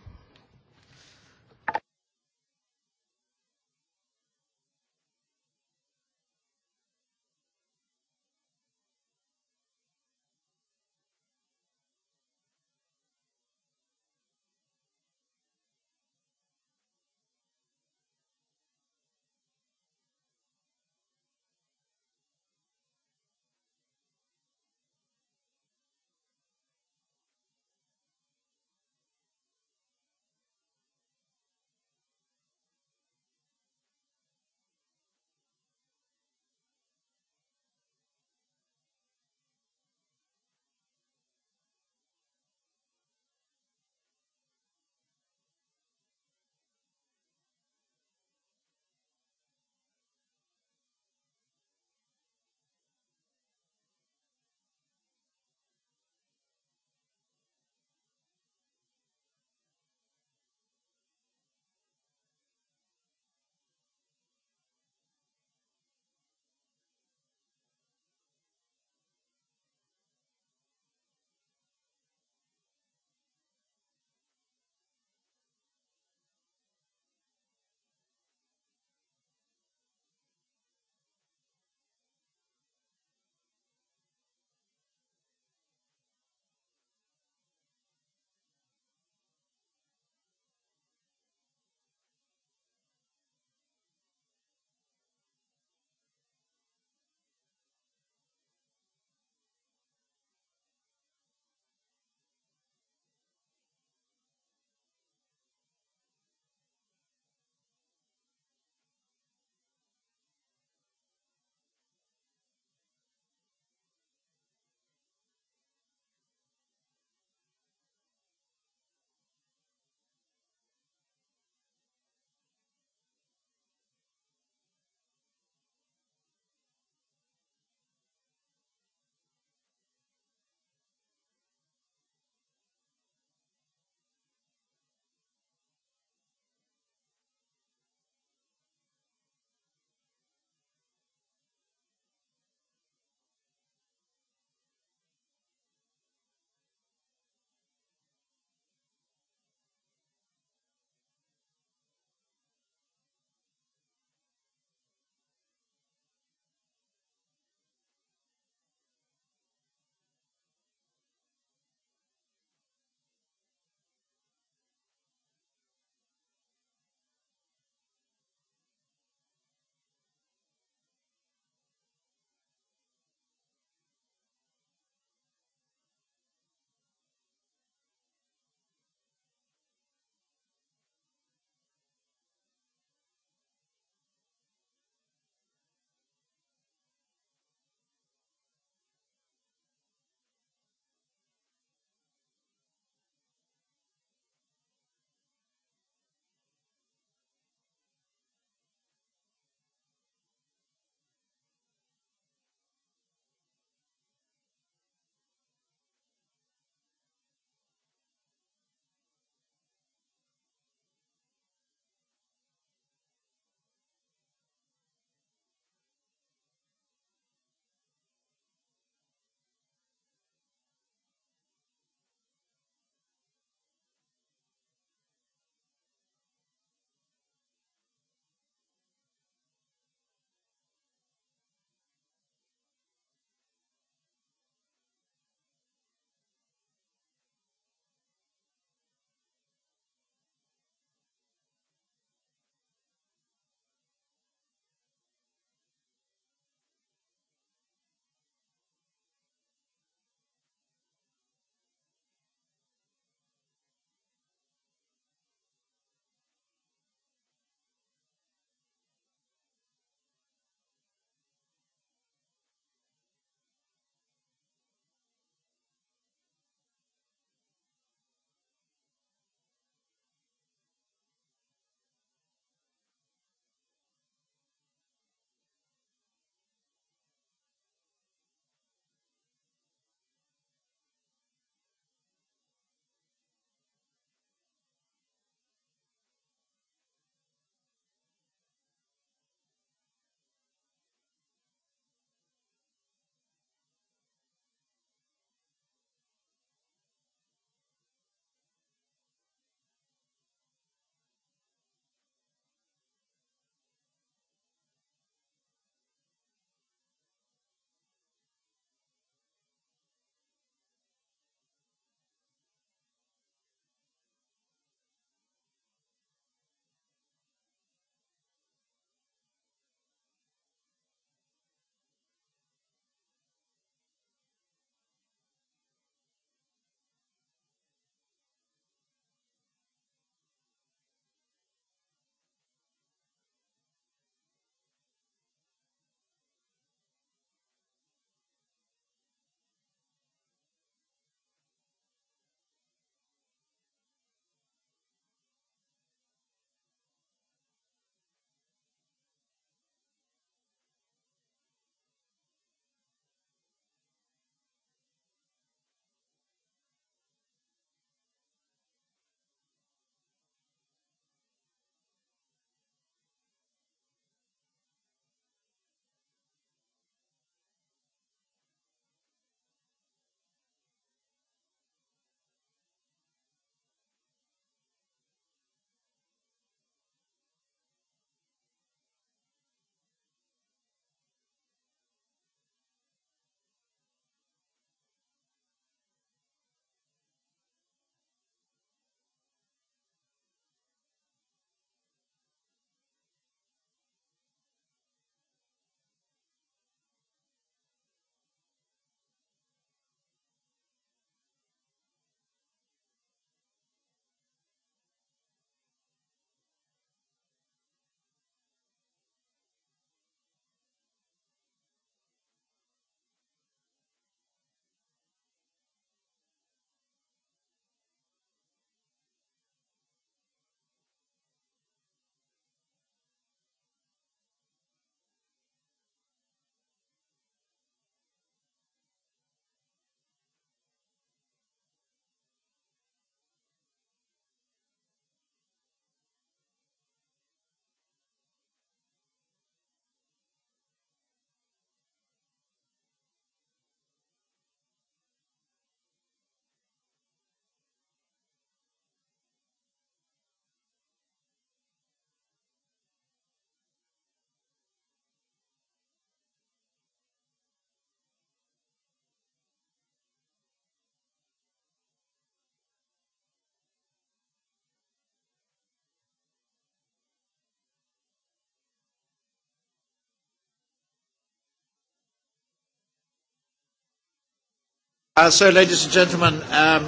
Uh, so, um,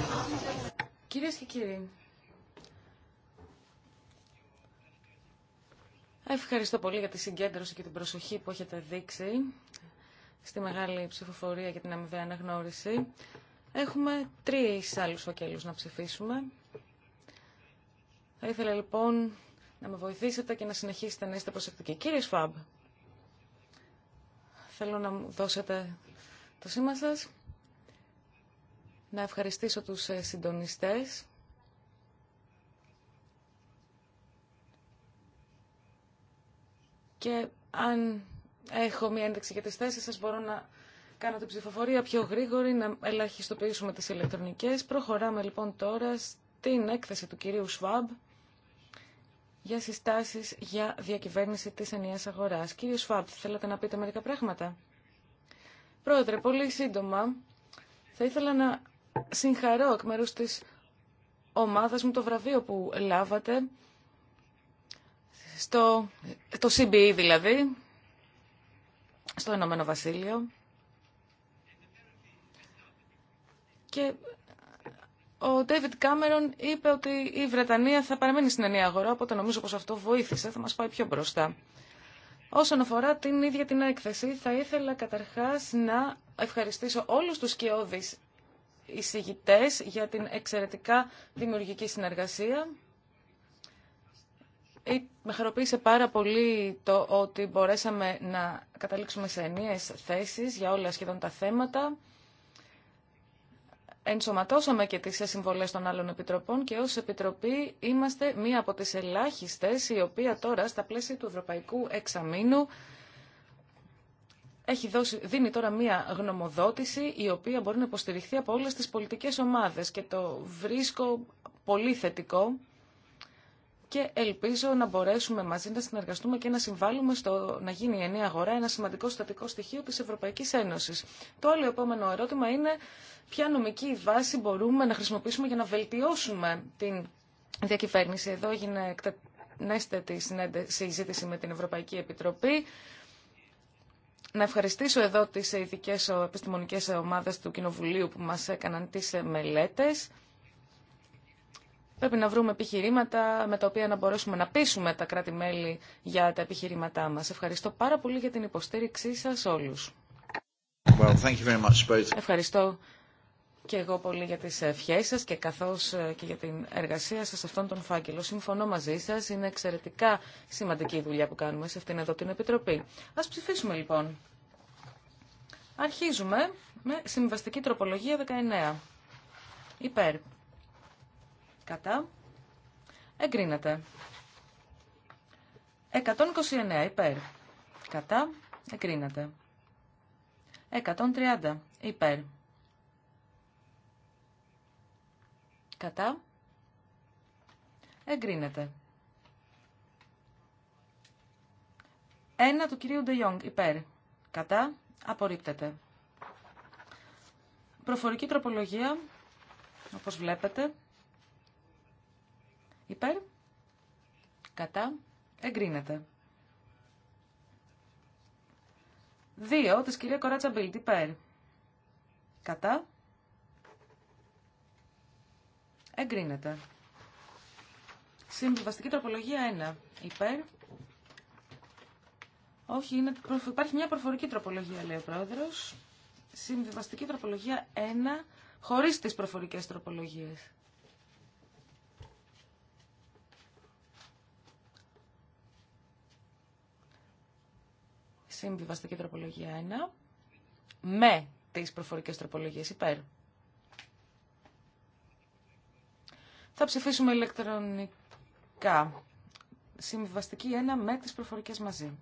Κυρίες και κύριοι, ευχαριστώ πολύ για τη συγκέντρωση και την προσοχή που έχετε δείξει στη μεγάλη ψηφοφορία για την αμοιβή αναγνώριση. Έχουμε τρεις άλλους φακέλους να ψηφίσουμε. Θα ήθελα λοιπόν να με βοηθήσετε και να συνεχίσετε να είστε προσεκτικοί. Κύριε Σφάμπ, θέλω να μου δώσετε το σήμα σας να ευχαριστήσω τους ε, συντονιστές και αν έχω μία ένδειξη για τις θέσεις σας μπορώ να κάνω την ψηφοφορία πιο γρήγορη, να ελαχιστοποιήσουμε τις ηλεκτρονικές. Προχωράμε λοιπόν τώρα στην έκθεση του κυρίου Σβάμπ για συστάσεις για διακυβέρνηση της ενιαίας αγοράς. Κύριε Σφάμπ, θέλετε να πείτε μερικά πράγματα. Πρόεδρε, πολύ σύντομα θα ήθελα να συγχαρώ εκ μέρους της ομάδας μου το βραβείο που λάβατε, στο, το CBE δηλαδή, στο Ενωμένο Βασίλειο. Και ο David Κάμερον είπε ότι η Βρετανία θα παραμείνει στην ενιαία αγορά, οπότε νομίζω πως αυτό βοήθησε, θα μας πάει πιο μπροστά. Όσον αφορά την ίδια την έκθεση, θα ήθελα καταρχάς να ευχαριστήσω όλους τους σκιώδεις εισηγητές για την εξαιρετικά δημιουργική συνεργασία. Ε, με χαροποίησε πάρα πολύ το ότι μπορέσαμε να καταλήξουμε σε ενίες θέσεις για όλα σχεδόν τα θέματα. Ενσωματώσαμε και τις συμβολές των άλλων επιτροπών και ως Επιτροπή είμαστε μία από τις ελάχιστες η οποία τώρα στα πλαίσια του Ευρωπαϊκού Εξαμήνου έχει δώσει, δίνει τώρα μία γνωμοδότηση η οποία μπορεί να υποστηριχθεί από όλες τις πολιτικές ομάδες και το βρίσκω πολύ θετικό και ελπίζω να μπορέσουμε μαζί να συνεργαστούμε και να συμβάλλουμε στο να γίνει η ενή αγορά ένα σημαντικό στατικό στοιχείο της Ευρωπαϊκής Ένωσης. Το άλλο επόμενο ερώτημα είναι ποια νομική βάση μπορούμε να χρησιμοποιήσουμε για να βελτιώσουμε την διακυβέρνηση. Εδώ έγινε συνέντε... συζήτηση με την Ευρωπαϊκή Επιτροπή να ευχαριστήσω εδώ τις ειδικέ επιστημονικές ομάδες του Κοινοβουλίου που μας έκαναν τις μελέτες. Πρέπει να βρούμε επιχειρήματα με τα οποία να μπορέσουμε να πείσουμε τα κράτη-μέλη για τα επιχειρήματά μας. Ευχαριστώ πάρα πολύ για την υποστήριξή σας όλους. Well, thank you very much, Ευχαριστώ και εγώ πολύ για τις ευχές σας και καθώς ε, και για την εργασία σας σε αυτόν τον φάκελο. Συμφωνώ μαζί σας, είναι εξαιρετικά σημαντική η δουλειά που κάνουμε σε αυτήν εδώ την Επιτροπή. Ας ψηφίσουμε λοιπόν. Αρχίζουμε με συμβαστική τροπολογία 19. Υπέρ. Κατά. Εγκρίνεται. 129 υπέρ. Κατά. Εγκρίνεται. 130 υπέρ. Κατά. Εγκρίνεται. Ένα του κυρίου Ντεγιόγκ υπέρ. Κατά. Απορρίπτεται. Προφορική τροπολογία, όπως βλέπετε, υπέρ, κατά, εγκρίνεται. Δύο, της κυρία Κοράτσα Μπίλτ, υπέρ, κατά, Εγκρίνεται. Συμβιβαστική τροπολογία 1. Υπέρ. Όχι, είναι, υπάρχει μια προφορική τροπολογία, λέει ο πρόεδρο. Συμβιβαστική τροπολογία 1, χωρίς τις προφορικέ τροπολογίε. Συμβιβαστική τροπολογία 1, με τις προφορικές τροπολογίες υπέρ. Θα ψηφίσουμε ηλεκτρονικά. Συμβιβαστική ένα με τις προφορικές μαζί.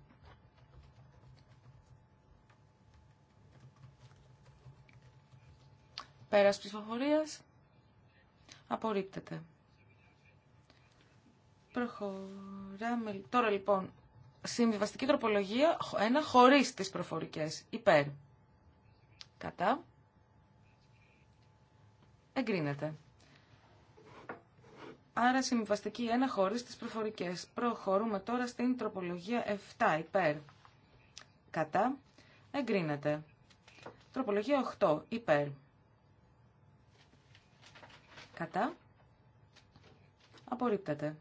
Πέρας ψηφοφορίας. Απορρίπτεται. Προχωράμε. Τώρα λοιπόν, συμβιβαστική τροπολογία 1 χωρίς τις προφορικές. Υπέρ. Κατά. Εγκρίνεται. Άρα συμβιβαστική 1 χωρίς τις προφορικές. Προχωρούμε τώρα στην τροπολογία 7 υπέρ. Κατά. Εγκρίνεται. Τροπολογία 8 υπέρ. Κατά. Απορρίπτεται.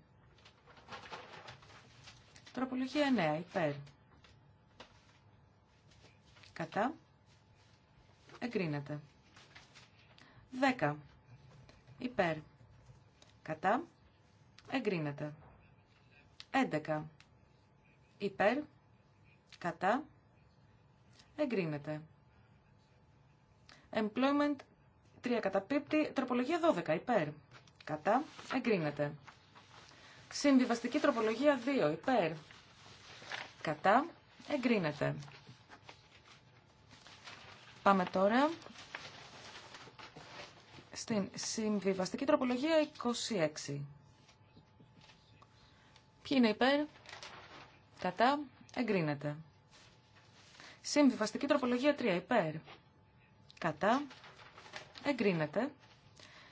Τροπολογία 9 υπέρ. Κατά. Εγκρίνεται. 10 υπέρ. Κατά. Εγκρίνεται. 11. Υπέρ. Κατά. Εγκρίνεται. Employment 3 καταπίπτει. Τροπολογία 12. Υπέρ. Κατά. Εγκρίνεται. Συμβιβαστική τροπολογία 2. Υπέρ. Κατά. Εγκρίνεται. Πάμε τώρα στην συμβιβαστική τροπολογία 26. Ποιοι είναι υπέρ, κατά, εγκρίνεται. Συμβιβαστική τροπολογία 3 υπέρ, κατά, εγκρίνεται.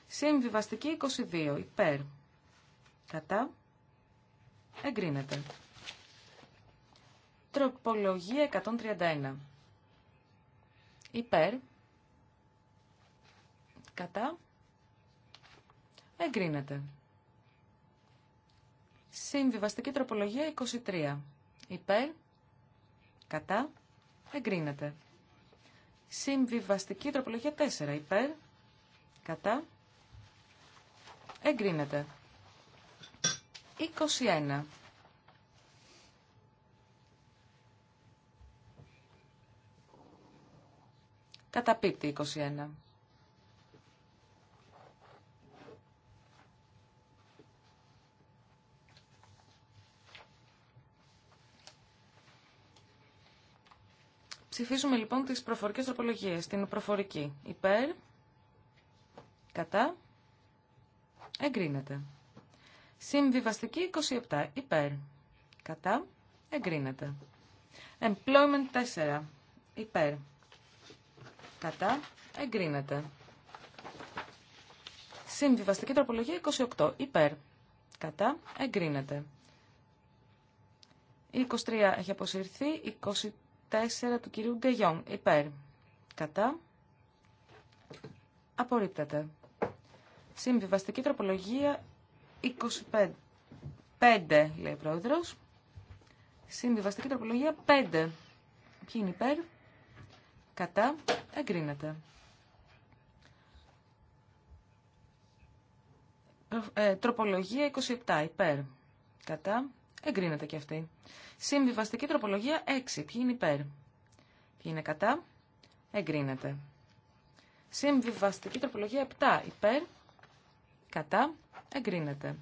Συμβιβαστική 22 υπέρ, κατά, εγκρίνεται. Τροπολογία 131. Υπέρ, Κατά. Εγκρίνεται. Συμβιβαστική τροπολογία 23. Υπέρ. Κατά. Εγκρίνεται. Συμβιβαστική τροπολογία 4. Υπέρ. Κατά. Εγκρίνεται. 21. Καταπίπτει 21. Ψηφίζουμε λοιπόν τις προφορικές τροπολογίες. Την προφορική υπέρ, κατά, εγκρίνεται. Συμβιβαστική 27 υπέρ, κατά, εγκρίνεται. Employment 4 υπέρ, κατά, εγκρίνεται. Συμβιβαστική τροπολογία 28 υπέρ, κατά, εγκρίνεται. Η 23 έχει αποσυρθεί, 24 του κυρίου Ντεγιόν. Υπέρ. Κατά. Απορρίπτεται. Συμβιβαστική τροπολογία 25. 5, λέει ο πρόεδρο. Συμβιβαστική τροπολογία 5. Ποιοι είναι υπέρ. Κατά. Εγκρίνεται. Ε, τροπολογία 27. Υπέρ. Κατά. Εγκρίνεται και αυτή. Συμβιβαστική τροπολογία 6. Ποιοι είναι υπέρ. Ποιοι είναι κατά. Εγκρίνεται. Συμβιβαστική τροπολογία 7. Υπέρ. Κατά. Εγκρίνεται.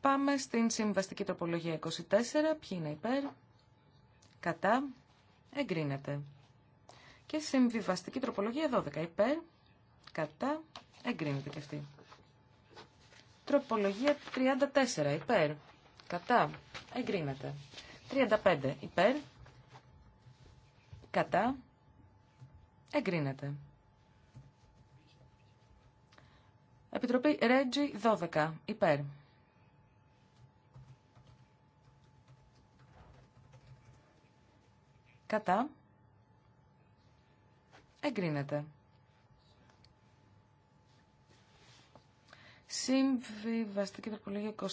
Πάμε στην συμβιβαστική τροπολογία 24. Ποιοι είναι υπέρ. Κατά. Εγκρίνεται. Και συμβιβαστική τροπολογία 12. Υπέρ. Κατά. Εγκρίνεται και αυτή. Τροπολογία 34 υπέρ. Κατά. Εγκρίνεται. 35 υπέρ. Κατά. Εγκρίνεται. Επιτροπή Ρέτζι 12 υπέρ. Κατά. Εγκρίνεται. Συμβιβαστική τροπολογία 23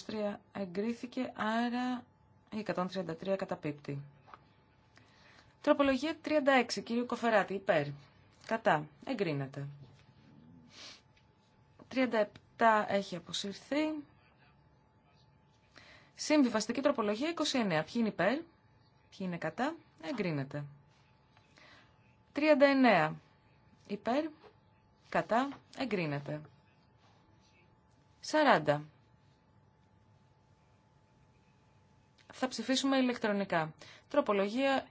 εγκρίθηκε, άρα η 133 καταπίπτει. Τροπολογία 36, κύριο Κοφεράτη, υπέρ. Κατά, εγκρίνεται. 37 έχει αποσυρθεί. Συμβιβαστική τροπολογία 29. Ποιοι είναι υπέρ, ποιοι είναι κατά, εγκρίνεται. 39. Υπέρ, κατά, εγκρίνεται. 40. Θα ψηφίσουμε ηλεκτρονικά. Τροπολογία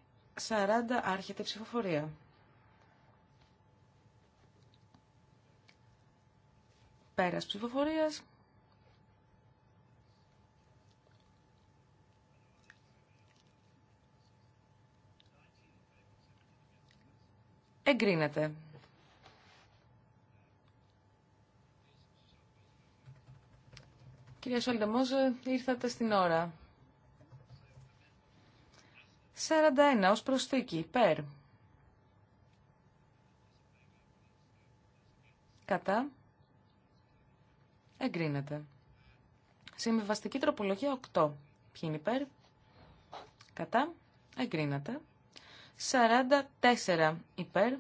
40 άρχεται ψηφοφορία. Πέρας ψηφοφορίας. Εγκρίνεται. Κυρία Σολτεμόζε, ήρθατε στην ώρα. 41 ως προσθήκη, υπέρ. Κατά. Εγκρίνεται. Συμβιβαστική τροπολογία 8. Ποιοι είναι υπέρ. Κατά. Εγκρίνεται. 44 υπέρ.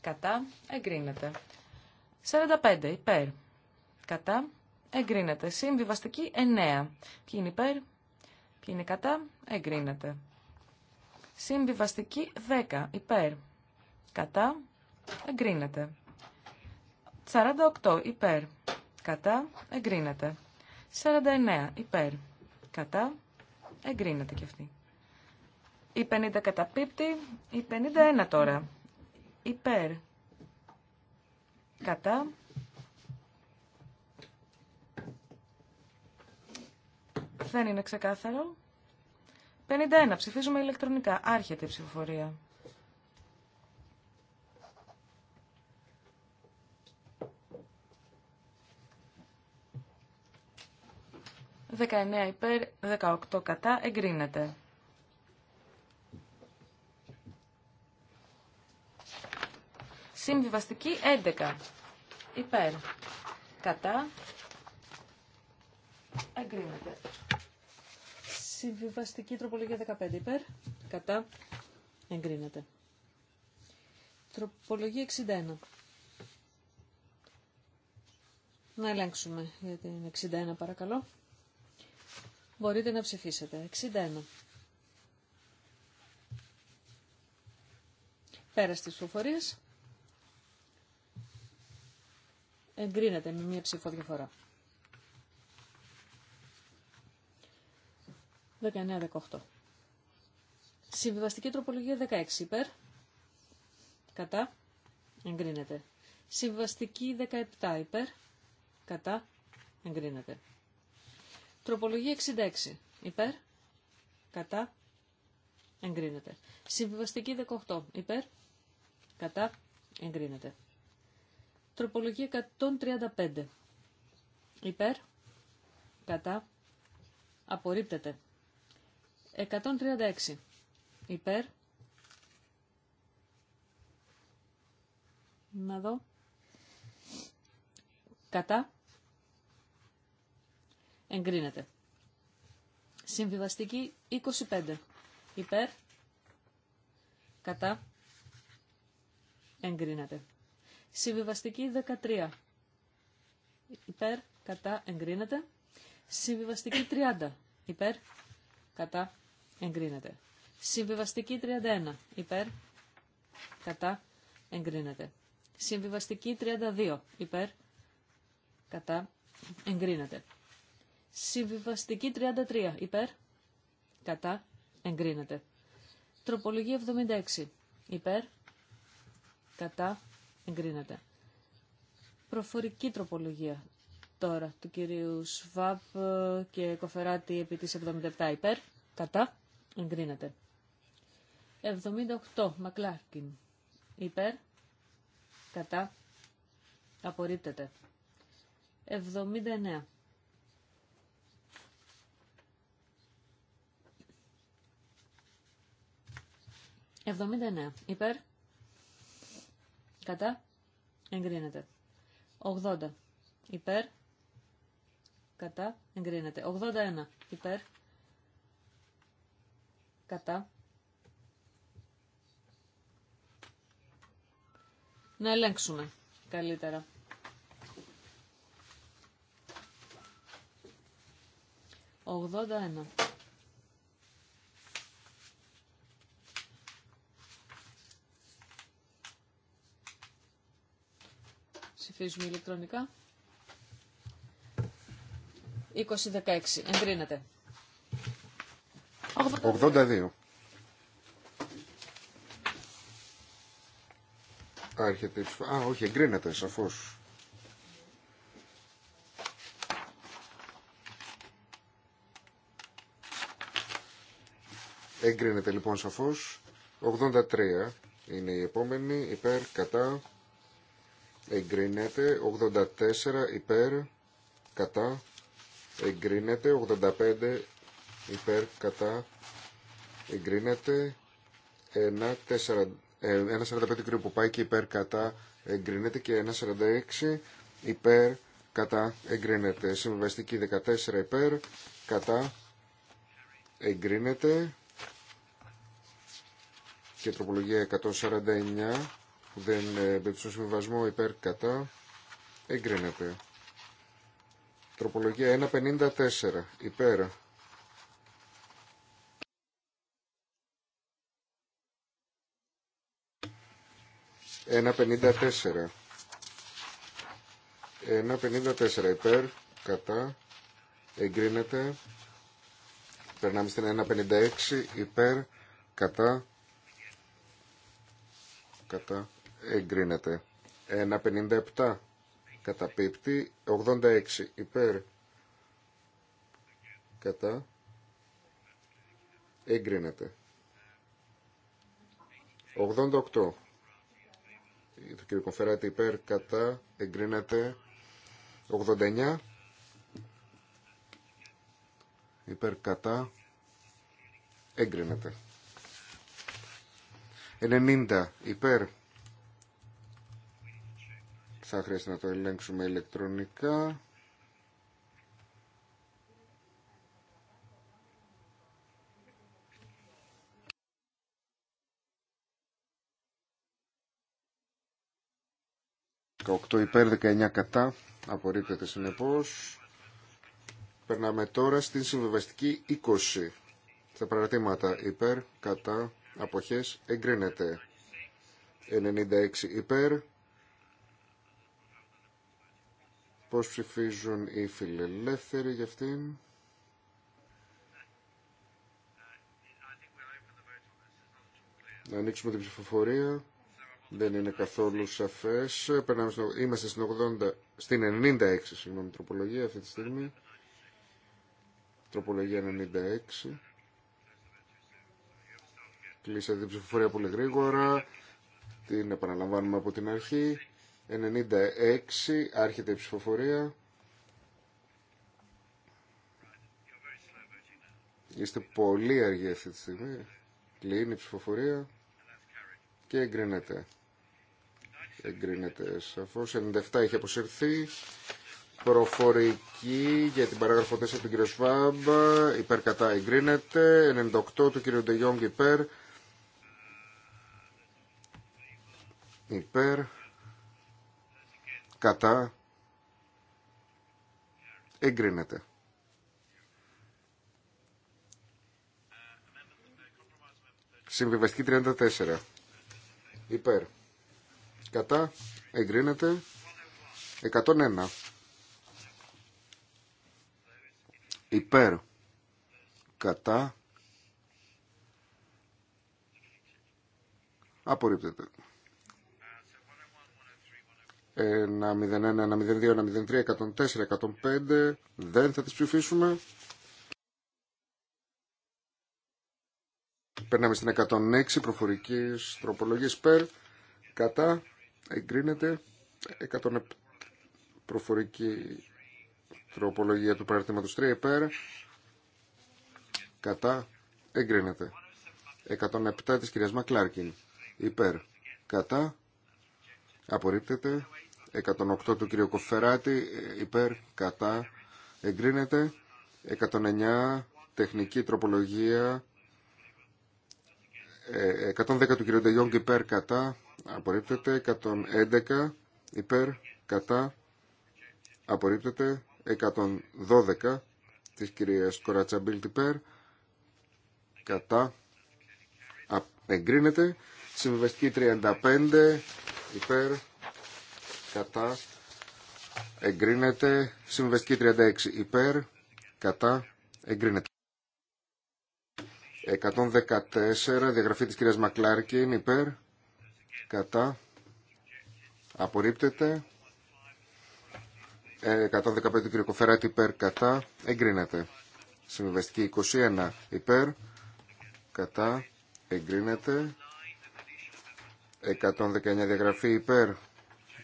Κατά. Εγκρίνεται. 45 υπέρ. Κατά εγκρίνεται. Συμβιβαστική 9. Ποιοι είναι υπέρ, ποιοι είναι κατά, εγκρίνεται. Συμβιβαστική 10. Υπέρ, κατά, εγκρίνεται. 48. Υπέρ, κατά, εγκρίνεται. 49. Υπέρ, κατά, εγκρίνεται κι αυτή. Η 50 καταπίπτει, η 51 τώρα. Υπέρ, κατά, Δεν είναι ξεκάθαρο. 51. Ψηφίζουμε ηλεκτρονικά. Άρχεται η ψηφοφορία. 19 υπέρ, 18 κατά, εγκρίνεται. Συμβιβαστική 11. Υπέρ. Κατά. Εγκρίνεται. Συμβιβαστική τροπολογία 15 υπέρ. Κατά. Εγκρίνεται. Τροπολογία 61. Να ελέγξουμε για την 61 παρακαλώ. Μπορείτε να ψηφίσετε. 61. Πέρα στις ψηφοφορίες. Εγκρίνεται με μία ψηφοδιαφορά. διαφορά. 19-18. Συμβιβαστική τροπολογία 16 υπέρ. Κατά. Εγκρίνεται. Συμβαστική 17 υπέρ. Κατά. Εγκρίνεται. Τροπολογία 66 υπέρ. Κατά. Εγκρίνεται. Συμβιβαστική 18 υπέρ. συμβιβαστικη 17 υπερ κατα εγκρινεται Εγκρίνεται. Τροπολογία 135 υπέρ. Κατά. Απορρίπτεται. 136 υπέρ. Να δω. Κατά. Εγκρίνεται. Συμβιβαστική 25 υπέρ. Κατά. Εγκρίνεται. Συμβιβαστική 13 υπέρ. Κατά. Εγκρίνεται. Συμβιβαστική 30 υπέρ. Κατά εγκρίνεται. Συμβιβαστική 31 υπέρ, κατά, εγκρίνεται. Συμβιβαστική 32 υπέρ, κατά, εγκρίνεται. Συμβιβαστική 33 υπέρ, κατά, εγκρίνεται. Τροπολογία 76 υπέρ, κατά, εγκρίνεται. Προφορική τροπολογία τώρα του κυρίου Σβάπ και Κοφεράτη επί της 77 υπέρ, κατά, Εγκρίνεται. 78. Μακλάρκιν. Υπέρ. Κατά. Απορρίπτεται. 79. 79. Υπέρ. Κατά. Εγκρίνεται. 80. Υπέρ. Κατά. Εγκρίνεται. 81. Υπέρ. Κατά. Να ελέγξουμε 81 Ογδόντα ένα. Ψηφίζουμε ηλεκτρονικά. 20-16. Εγκρίνεται. 82. Άρχεται η Α, όχι, εγκρίνεται, σαφώς. Εγκρίνεται λοιπόν σαφώς. 83 είναι η επόμενη. Υπέρ, κατά. Εγκρίνεται. 84 υπέρ, κατά. Εγκρίνεται. 85 υπέρ κατά εγκρίνεται 1.45 κρύο που πάει και υπέρ κατά εγκρίνεται και 1.46 υπέρ κατά εγκρίνεται συμβαστική 14 υπέρ κατά εγκρίνεται και τροπολογία 149 που δεν ε, μπει στο συμβεβασμό υπέρ κατά εγκρίνεται τροπολογία 1.54 υπέρ 1.54 1.54 υπέρ κατά εγκρίνεται περνάμε στην 1.56 υπέρ κατά κατά εγκρίνεται 1.57 καταπίπτει 86 υπέρ κατά εγκρίνεται 88 ε, το κύριο Κοφεράτη υπέρ κατά εγκρίνεται 89 υπέρ κατά εγκρίνεται 90 υπέρ θα χρειάζεται να το ελέγξουμε ηλεκτρονικά 18 υπέρ 19 κατά. Απορρίπτεται συνεπώς. Περνάμε τώρα στην συμβεβαστική 20. Στα παρατήματα υπέρ, κατά, αποχές, εγκρίνεται. 96 υπέρ. Πώς ψηφίζουν οι φιλελεύθεροι για αυτήν. Να ανοίξουμε την ψηφοφορία. Δεν είναι καθόλου σαφές. είμαστε στην, 80, στην 96 συγγνώμη, τροπολογία αυτή τη στιγμή. Τροπολογία 96. Κλείσατε την ψηφοφορία πολύ γρήγορα. Την επαναλαμβάνουμε από την αρχή. 96. Άρχεται η ψηφοφορία. Είστε πολύ αργοί αυτή τη στιγμή. Κλείνει η ψηφοφορία και εγκρίνεται. Εγκρίνεται σαφώ. 97 έχει αποσυρθεί. Προφορική για την παράγραφο 4 του κ. Σβάμπ. Υπέρ κατά εγκρίνεται. 98 του κ. Ντεγιόγκ υπέρ. Υπέρ. Κατά. Εγκρίνεται. Συμβιβαστική 34 υπέρ κατά εγκρίνεται 101 υπέρ κατά απορρίπτεται 1, 01, 103, 02, 03, 104, 105 δεν θα τις ψηφίσουμε Περνάμε στην 106 προφορική τροπολογία περ. Κατά. Εγκρίνεται. 107 προφορική τροπολογία του παραρτήματο 3 υπέρ. Κατά. Εγκρίνεται. 107 τη κυρία Μακλάρκιν. Υπέρ. Κατά. Απορρίπτεται. 108 του κυρίου Κοφεράτη. Υπέρ. Κατά. Εγκρίνεται. 109 τεχνική τροπολογία 110 του κ. Ντεγιόγκ υπέρ κατά απορρίπτεται. 111 υπέρ κατά απορρίπτεται. 112 της κυρίας Κορατσαμπίλτ υπέρ κατά εγκρίνεται. 35 υπέρ κατά εγκρίνεται. Συμβεβαστική 36 υπέρ κατά εγκρίνεται. 114, διαγραφή της κυρίας Μακλάρκιν, υπέρ, κατά, απορρίπτεται. 115 ε, του κ. Κοφεράτη υπέρ, κατά, εγκρίνεται. Συμβεβαστική 21 υπέρ, κατά, εγκρίνεται. 119 διαγραφή υπέρ,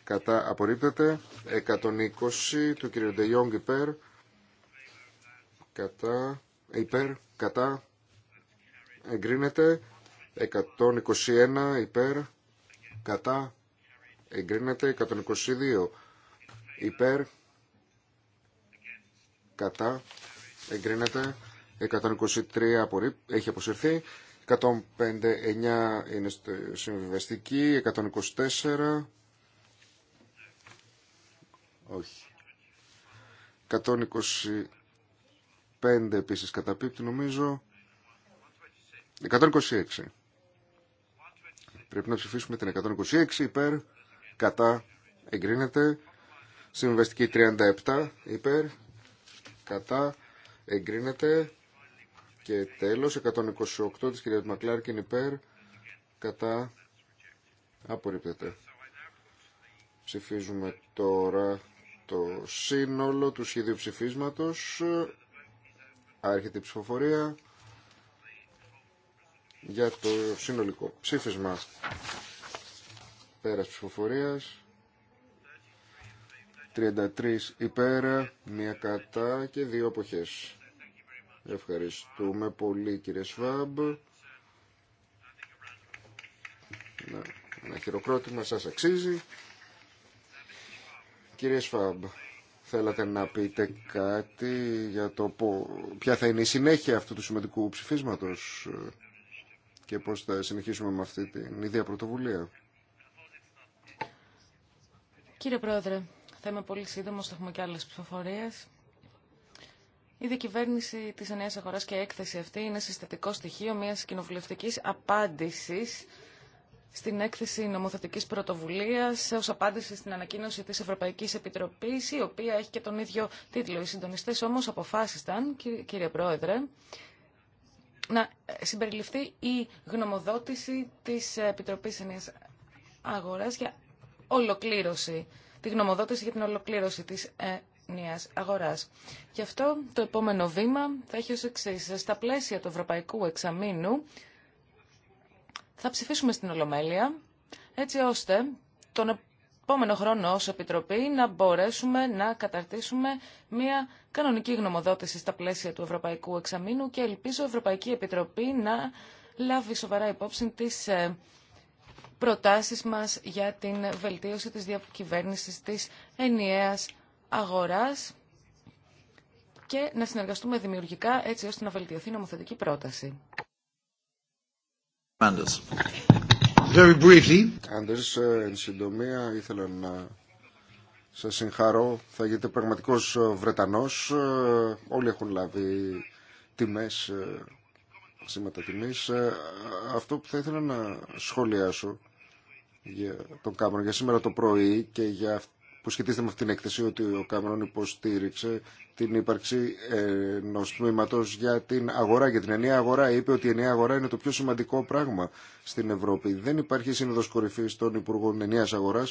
κατά, απορρίπτεται. 120 του κ. Ντεγιόγκ υπέρ, κατά, υπέρ, κατά, εγκρίνεται 121 υπέρ κατά εγκρίνεται 122 υπέρ κατά εγκρίνεται 123 έχει αποσυρθεί 159 είναι συμβιβαστική 124 όχι 125 επίσης καταπίπτει νομίζω 126. Πρέπει να ψηφίσουμε την 126 υπέρ, κατά, εγκρίνεται. Συμβεστική 37 υπέρ, κατά, εγκρίνεται. Και τέλος, 128 της κυρίας Μακλάρκιν υπέρ, κατά, απορρίπτεται. Ψηφίζουμε τώρα το σύνολο του σχεδίου ψηφίσματος. Άρχεται η ψηφοφορία για το συνολικό ψήφισμα πέρας ψηφοφορίας 33 υπέρ, μία κατά και δύο αποχές. Ευχαριστούμε πολύ κύριε Σφάμπ Να, ένα χειροκρότημα σας αξίζει. Κύριε Σφάμπ, θέλατε να πείτε κάτι για το ποια θα είναι η συνέχεια αυτού του σημαντικού ψηφίσματος και πώς θα συνεχίσουμε με αυτή την ίδια πρωτοβουλία. Κύριε Πρόεδρε, θα είμαι πολύ σύντομος, θα έχουμε και άλλες ψηφοφορίες. Η διακυβέρνηση της νέας αγοράς και η έκθεση αυτή είναι συστατικό στοιχείο μιας κοινοβουλευτικής απάντησης στην έκθεση νομοθετικής πρωτοβουλίας ως απάντηση στην ανακοίνωση της Ευρωπαϊκής Επιτροπής, η οποία έχει και τον ίδιο τίτλο. Οι συντονιστές όμως αποφάσισταν, κύριε Πρόεδρε, να συμπεριληφθεί η γνωμοδότηση της Επιτροπής Ενίας Αγοράς για ολοκλήρωση, τη γνωμοδότηση για την ολοκλήρωση της ενίας αγοράς. Γι' αυτό το επόμενο βήμα θα έχει ως εξή. Στα πλαίσια του Ευρωπαϊκού Εξαμήνου θα ψηφίσουμε στην Ολομέλεια, έτσι ώστε τον επόμενο χρόνο ως Επιτροπή να μπορέσουμε να καταρτήσουμε μια κανονική γνωμοδότηση στα πλαίσια του Ευρωπαϊκού Εξαμήνου και ελπίζω η Ευρωπαϊκή Επιτροπή να λάβει σοβαρά υπόψη τις ε, προτάσεις μας για την βελτίωση της διακυβέρνησης της ενιαίας αγοράς και να συνεργαστούμε δημιουργικά έτσι ώστε να βελτιωθεί η νομοθετική πρόταση. Very briefly. Ε, εν συντομία ήθελα να σας συγχαρώ. Θα γίνετε πραγματικός ε, Βρετανός. Ε, όλοι έχουν λάβει τιμές, σήματα τιμής. Αυτό που θα ήθελα να σχολιάσω για τον Κάμερον για σήμερα το πρωί και για που σχετίζεται με αυτή την έκθεση ότι ο Κάμερον υποστήριξε την ύπαρξη ε, ενό τμήματο για την αγορά, για την ενιαία αγορά. Είπε ότι η ενιαία αγορά είναι το πιο σημαντικό πράγμα στην Ευρώπη. Δεν υπάρχει σύνοδο κορυφή των Υπουργών Ενιαία Αγορά.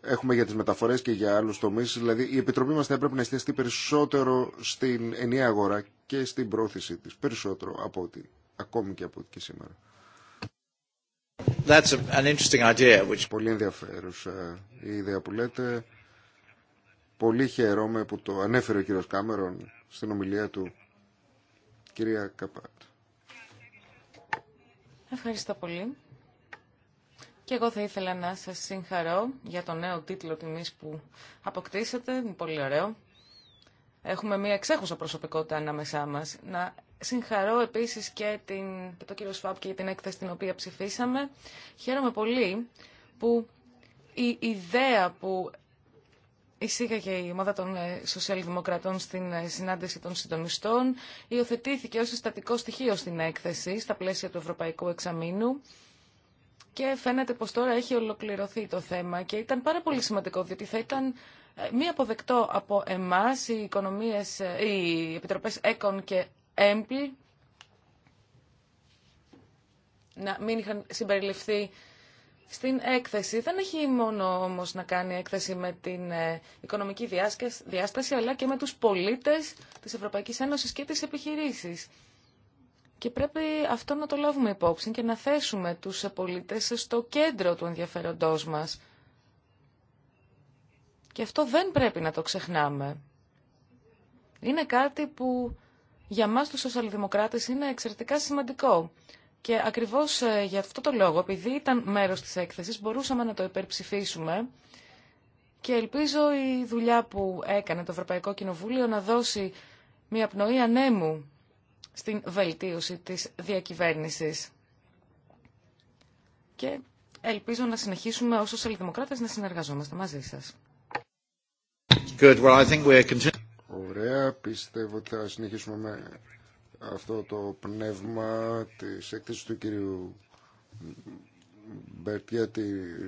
Έχουμε για τι μεταφορέ και για άλλου τομεί. Δηλαδή, η Επιτροπή μα θα έπρεπε να εστιαστεί περισσότερο στην ενιαία αγορά και στην πρόθεση τη. Περισσότερο από ό,τι ακόμη και από ό,τι και σήμερα. That's Πολύ ενδιαφέρουσα η ιδέα που λέτε. Πολύ χαίρομαι που το ανέφερε ο κύριος Κάμερον στην ομιλία του. Κυρία Καπάτ. Ευχαριστώ πολύ. Και εγώ θα ήθελα να σας συγχαρώ για το νέο τίτλο τιμής που αποκτήσατε. Είναι πολύ ωραίο. Έχουμε μία εξέχουσα προσωπικότητα ανάμεσά μας. Να συγχαρώ επίσης και την, το κύριο Σφάπ και την έκθεση την οποία ψηφίσαμε. Χαίρομαι πολύ που η ιδέα που εισήγαγε η ομάδα των ε, Σοσιαλδημοκρατών στην ε, συνάντηση των συντονιστών υιοθετήθηκε ως συστατικό στοιχείο στην έκθεση στα πλαίσια του Ευρωπαϊκού Εξαμήνου και φαίνεται πως τώρα έχει ολοκληρωθεί το θέμα και ήταν πάρα πολύ σημαντικό διότι θα ήταν ε, μη αποδεκτό από εμάς οι, οικονομίες, οι επιτροπές ΕΚΟΝ και έμπλη να μην είχαν συμπεριληφθεί στην έκθεση. Δεν έχει μόνο όμως να κάνει έκθεση με την ε, οικονομική διάσταση, αλλά και με τους πολίτες της Ευρωπαϊκής Ένωσης και τις επιχειρήσεις. Και πρέπει αυτό να το λάβουμε υπόψη και να θέσουμε τους πολίτες στο κέντρο του ενδιαφέροντός μας. Και αυτό δεν πρέπει να το ξεχνάμε. Είναι κάτι που για μας τους σοσιαλδημοκράτες είναι εξαιρετικά σημαντικό. Και ακριβώς ε, για αυτό το λόγο, επειδή ήταν μέρος της έκθεσης, μπορούσαμε να το υπερψηφίσουμε και ελπίζω η δουλειά που έκανε το Ευρωπαϊκό Κοινοβούλιο να δώσει μια πνοή ανέμου στην βελτίωση της διακυβέρνησης. Και ελπίζω να συνεχίσουμε ως σοσιαλδημοκράτες να συνεργαζόμαστε μαζί σας. Good. I think we're... Ωραία, πιστεύω ότι θα συνεχίσουμε με αυτό το πνεύμα της έκθεσης του κυρίου Μπερτ για την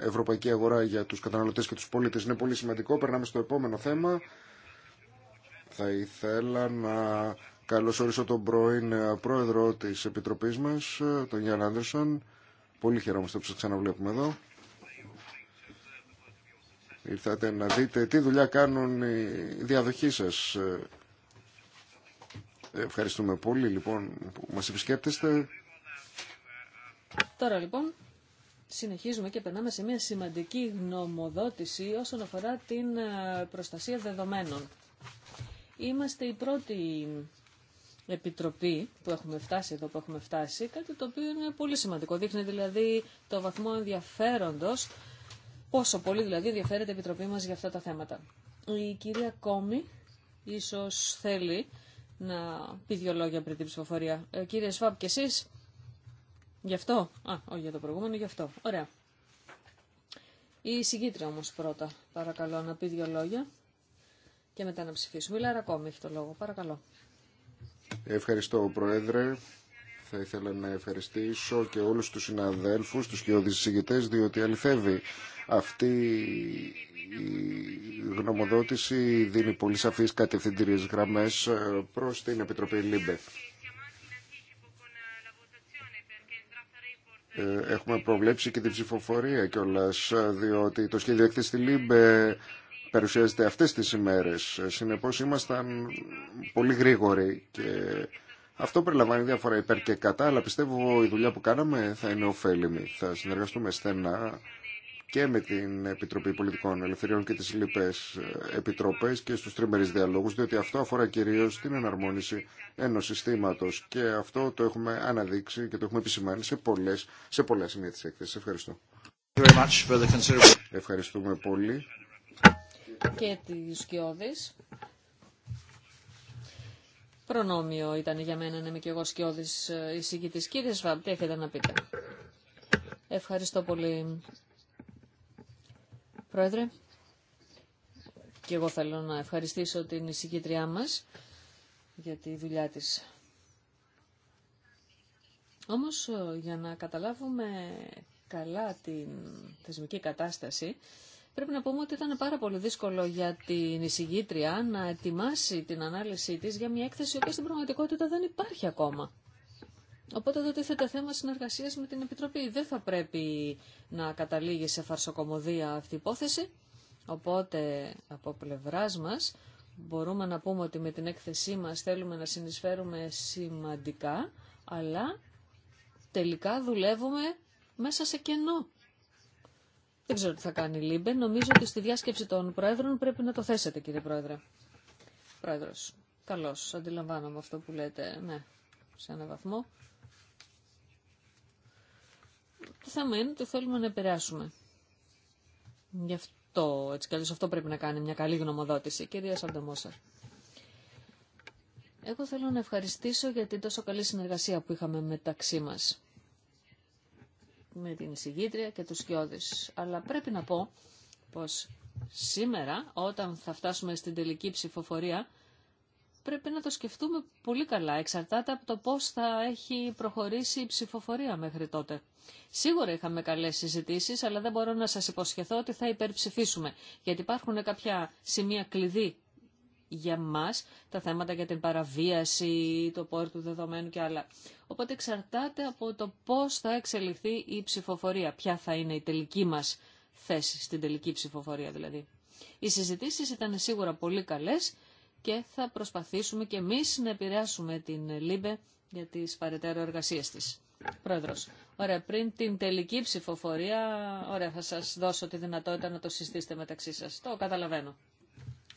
ευρωπαϊκή αγορά για τους καταναλωτές και τους πολίτες. Είναι πολύ σημαντικό. Περνάμε στο επόμενο θέμα. Θα ήθελα να καλωσορίσω τον πρώην πρόεδρο της Επιτροπής μας, τον Γιάννη Άντερσον. Πολύ χαιρόμαστε που σας ξαναβλέπουμε εδώ ήρθατε να δείτε τι δουλειά κάνουν οι διαδοχοί σας. Ευχαριστούμε πολύ λοιπόν που μας επισκέπτεστε. Τώρα λοιπόν συνεχίζουμε και περνάμε σε μια σημαντική γνωμοδότηση όσον αφορά την ε, προστασία δεδομένων. Είμαστε η πρώτη επιτροπή που έχουμε φτάσει εδώ που έχουμε φτάσει, κάτι το οποίο είναι πολύ σημαντικό. Δείχνει δηλαδή το βαθμό ενδιαφέροντος Πόσο πολύ δηλαδή ενδιαφέρεται η Επιτροπή μας για αυτά τα θέματα. Η κυρία Κόμη ίσως θέλει να πει δύο λόγια πριν την ψηφοφορία. Ε, κύριε Σφάμπ και εσείς, γι' αυτό, α, όχι για το προηγούμενο, γι' αυτό. Ωραία. Η συγκίτρια όμως πρώτα, παρακαλώ, να πει δύο λόγια και μετά να ψηφίσουμε. Η Λαρακόμη έχει το λόγο, παρακαλώ. Ευχαριστώ, Πρόεδρε. Θα ήθελα να ευχαριστήσω και όλους τους συναδέλφους, τους κοιόδης διότι αληθεύει αυτή η γνωμοδότηση δίνει πολύ σαφείς κατευθυντήριες γραμμές ε, προς την Επιτροπή ΛΥΜΠΕ. Ε, έχουμε προβλέψει και την ψηφοφορία κιόλα, διότι το σχέδιο έκθεση στη Λίμπε παρουσιάζεται αυτές τις ημέρες. Συνεπώς ήμασταν πολύ γρήγοροι και αυτό περιλαμβάνει διάφορα υπέρ και κατά, αλλά πιστεύω η δουλειά που κάναμε θα είναι ωφέλιμη. Θα συνεργαστούμε στενά και με την Επιτροπή Πολιτικών Ελευθεριών και τις λοιπές ε, επιτροπές και στους τριμερείς διαλόγους, διότι αυτό αφορά κυρίως την εναρμόνιση ενός συστήματος και αυτό το έχουμε αναδείξει και το έχουμε επισημάνει σε, πολλές, σε πολλές έκθεσης. Ευχαριστώ. Ευχαριστούμε πολύ. Και τις Σκιώδης προνόμιο ήταν για μένα να είμαι και εγώ σκιώδης ε, εισηγητής. Κύριε Σφαμπ, τι έχετε να πείτε. Ευχαριστώ πολύ, Πρόεδρε. Και εγώ θέλω να ευχαριστήσω την εισηγήτριά μας για τη δουλειά της. Όμως, ε, για να καταλάβουμε καλά την θεσμική κατάσταση, Πρέπει να πούμε ότι ήταν πάρα πολύ δύσκολο για την εισηγήτρια να ετοιμάσει την ανάλυση της για μια έκθεση η στην πραγματικότητα δεν υπάρχει ακόμα. Οπότε εδώ τίθεται θέμα συνεργασία με την Επιτροπή. Δεν θα πρέπει να καταλήγει σε φαρσοκομωδία αυτή η υπόθεση. Οπότε από πλευρά μα μπορούμε να πούμε ότι με την έκθεσή μα θέλουμε να συνεισφέρουμε σημαντικά, αλλά τελικά δουλεύουμε μέσα σε κενό. Δεν ξέρω τι θα κάνει η Λίμπε. Νομίζω ότι στη διάσκεψη των Πρόεδρων πρέπει να το θέσετε, κύριε Πρόεδρε. Πρόεδρος, καλώς. Αντιλαμβάνομαι αυτό που λέτε, ναι, σε έναν βαθμό. Το θέμα είναι ότι θέλουμε να επηρεάσουμε. Γι' αυτό, έτσι κι αυτό πρέπει να κάνει μια καλή γνωμοδότηση. Κυρία Σαντομόσα. Εγώ θέλω να ευχαριστήσω για την τόσο καλή συνεργασία που είχαμε μεταξύ μας με την εισηγήτρια και τους σκιώδεις. Αλλά πρέπει να πω πως σήμερα όταν θα φτάσουμε στην τελική ψηφοφορία πρέπει να το σκεφτούμε πολύ καλά. Εξαρτάται από το πώς θα έχει προχωρήσει η ψηφοφορία μέχρι τότε. Σίγουρα είχαμε καλές συζητήσεις, αλλά δεν μπορώ να σας υποσχεθώ ότι θα υπερψηφίσουμε. Γιατί υπάρχουν κάποια σημεία κλειδί για μας τα θέματα για την παραβίαση, το πόρο του δεδομένου και άλλα. Οπότε εξαρτάται από το πώς θα εξελιχθεί η ψηφοφορία, ποια θα είναι η τελική μας θέση, στην τελική ψηφοφορία δηλαδή. Οι συζητήσεις ήταν σίγουρα πολύ καλές και θα προσπαθήσουμε και εμείς να επηρεάσουμε την ΛΥΜΠΕ για τις παρετέρω εργασίες της. Πρόεδρος. Ωραία, πριν την τελική ψηφοφορία, ωραία, θα σας δώσω τη δυνατότητα να το συστήσετε μεταξύ σας. Το καταλαβαίνω.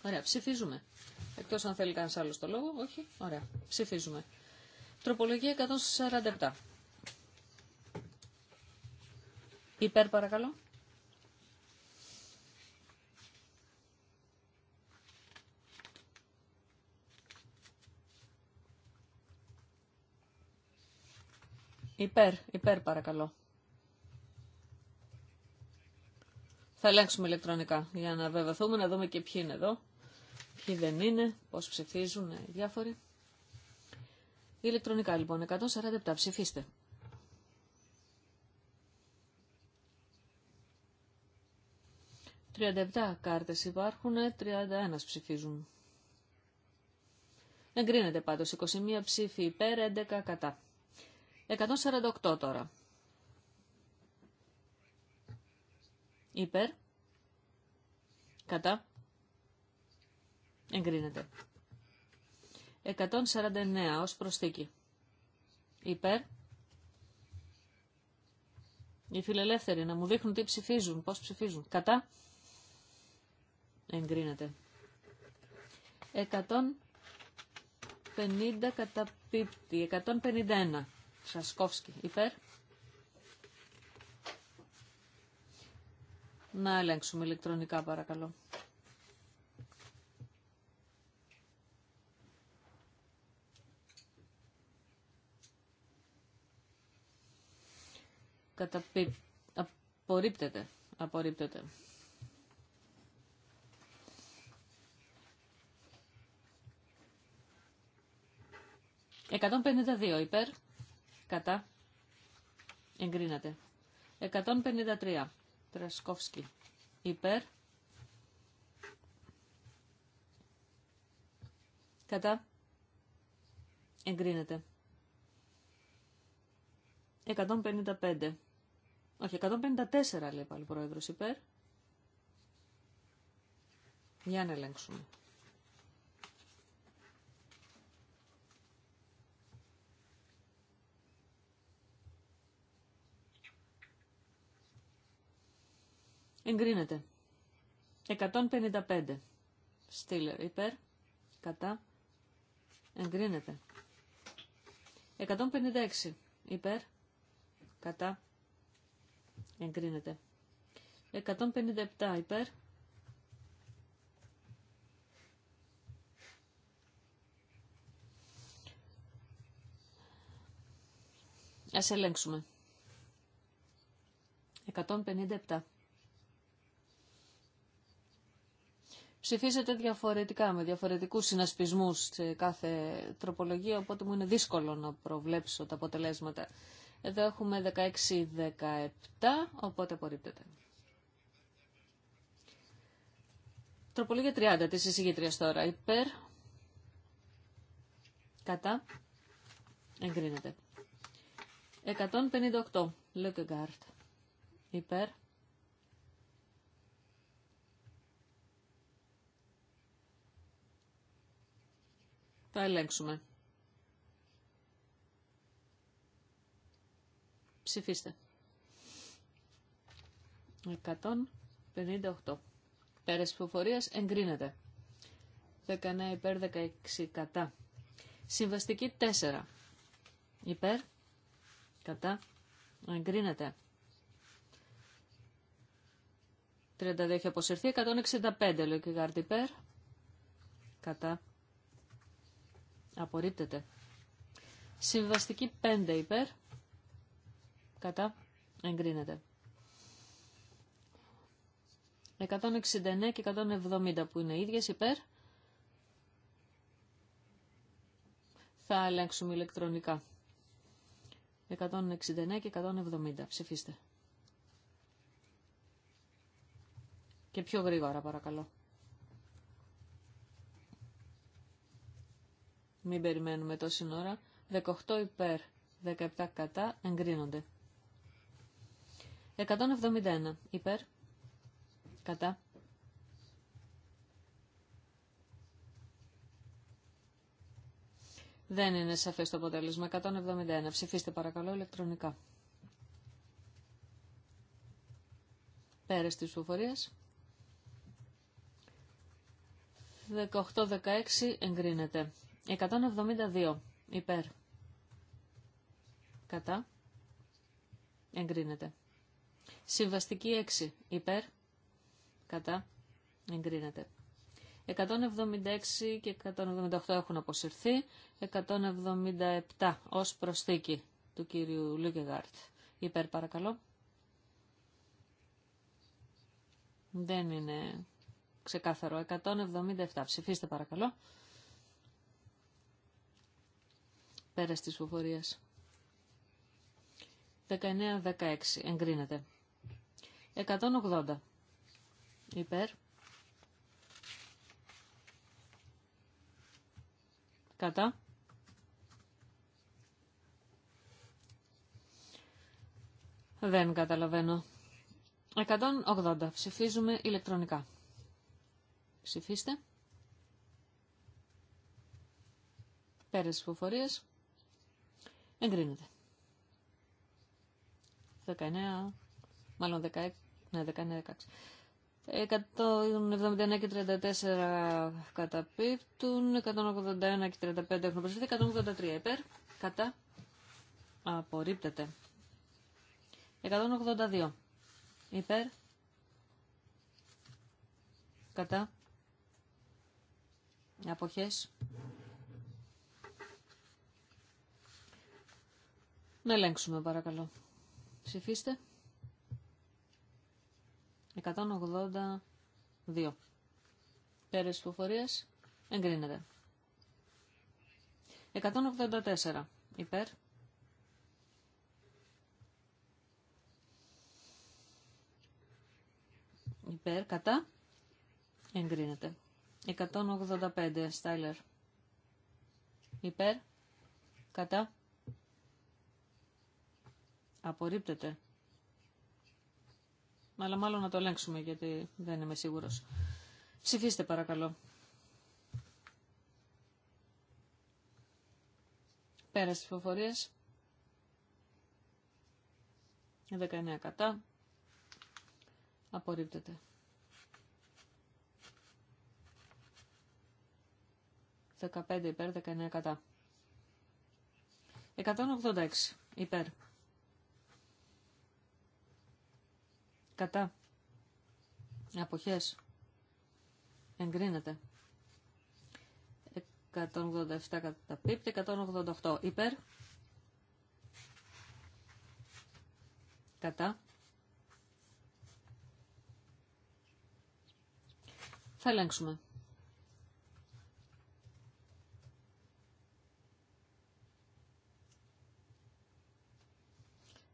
Ωραία, ψηφίζουμε. Εκτός αν θέλει κανένα άλλο το λόγο, όχι. Ωραία, ψηφίζουμε. Τροπολογία 147. Υπέρ παρακαλώ. Υπέρ, υπέρ παρακαλώ. Θα ελέγξουμε ηλεκτρονικά για να βεβαιωθούμε, να δούμε και ποιοι είναι εδώ ποιοι δεν είναι, πώς ψηφίζουν οι ε, διάφοροι. Ηλεκτρονικά λοιπόν, 147 ψηφίστε. «37 κάρτες υπάρχουν, 31 ε, ψηφίζουν». Εγκρίνεται πάντως 21 ψήφοι υπέρ, 11 κατά. 148 τώρα. Υπέρ. Κατά. Εγκρίνεται. 149 ως προσθήκη. Υπέρ. Οι φιλελεύθεροι να μου δείχνουν τι ψηφίζουν, πώς ψηφίζουν. Κατά. Εγκρίνεται. 150 κατά πίπτη. 151. Σασκόφσκι. Υπέρ. Να ελέγξουμε ηλεκτρονικά παρακαλώ. Απορρίπτεται. Απορρίπτεται. 152 υπέρ. Κατά. Εγκρίνεται. 153. Τρασκόφσκι. Υπέρ. Κατά. Εγκρίνεται. 155. Όχι, 154 λέει πάλι ο πρόεδρο υπέρ. Για να ελέγξουμε. Εγκρίνεται. 155. Στήλερ υπέρ. Κατά. Εγκρίνεται. 156 υπέρ. Κατά. Εγκρίνεται. 157 υπέρ. Ας ελέγξουμε. 157. Ψηφίζεται διαφορετικά, με διαφορετικούς συνασπισμούς σε κάθε τροπολογία, οπότε μου είναι δύσκολο να προβλέψω τα αποτελέσματα. Εδώ έχουμε 16-17, οπότε απορρίπτεται. Τροπολογία 30 της εισηγήτριας τώρα. Υπέρ, κατά, εγκρίνεται. 158, Λεκεγκάρτ. Υπέρ. Θα ελέγξουμε. Ψηφίστε. 158. Πέρα ψηφοφορίας εγκρίνεται. 19 υπέρ 16 κατά. Συμβαστική 4. Υπέρ. Κατά. Εγκρίνεται. 32 έχει αποσυρθεί. 165 λέει και γάρτη υπέρ. Κατά. Απορρίπτεται. Συμβαστική 5 υπέρ. Κατά. Εγκρίνεται. 169 και 170 που είναι ίδιες υπέρ. Θα αλλάξουμε ηλεκτρονικά. 169 και 170. Ψηφίστε. Και πιο γρήγορα παρακαλώ. Μην περιμένουμε τόση ώρα. 18 υπέρ, 17 κατά εγκρίνονται. 171 υπέρ. Κατά. Δεν είναι σαφές το αποτέλεσμα. 171. Ψηφίστε παρακαλώ ηλεκτρονικά. Πέρες της ψηφοφορίας. 18-16 εγκρίνεται. 172 υπέρ. Κατά. Εγκρίνεται. Συμβαστική 6 υπέρ, κατά, εγκρίνεται. 176 και 178 έχουν αποσυρθεί, 177 ως προσθήκη του κύριου Λούκεγάρτ. Υπέρ παρακαλώ. Δεν είναι ξεκάθαρο. 177. Ψηφίστε παρακαλώ. Πέρας της φοφορίας. 19-16. Εγκρίνεται. 180 υπέρ κατά δεν καταλαβαίνω 180 ψηφίζουμε ηλεκτρονικά ψηφίστε πέρας υποφορίες, εγκρίνεται 19 μάλλον 16 ναι, 19-16. 179 ναι, και 34 καταπίπτουν, 181 και 35 έχουν προσθέσει, 183 υπέρ, κατά, απορρίπτεται. 182 υπέρ, κατά, αποχές. Να ελέγξουμε παρακαλώ. Ψηφίστε. 182. Πέρες υποφορια εγκρίνεται. 184. Υπέρ. Υπέρ. Κατά. Εγκρίνεται. 185. Στάιλερ. Υπέρ. Κατά. Απορρίπτεται αλλά μάλλον να το ελέγξουμε γιατί δεν είμαι σίγουρος. Ψηφίστε παρακαλώ. Πέρα στις ψηφοφορίες. 19 κατά. Απορρίπτεται. Δεκαπέντε υπέρ, 19 κατά. 186 υπέρ. Κατά. Αποχές. Εγκρίνεται. 187 κατά πίπτη, 188 υπέρ. Κατά. Θα ελέγξουμε.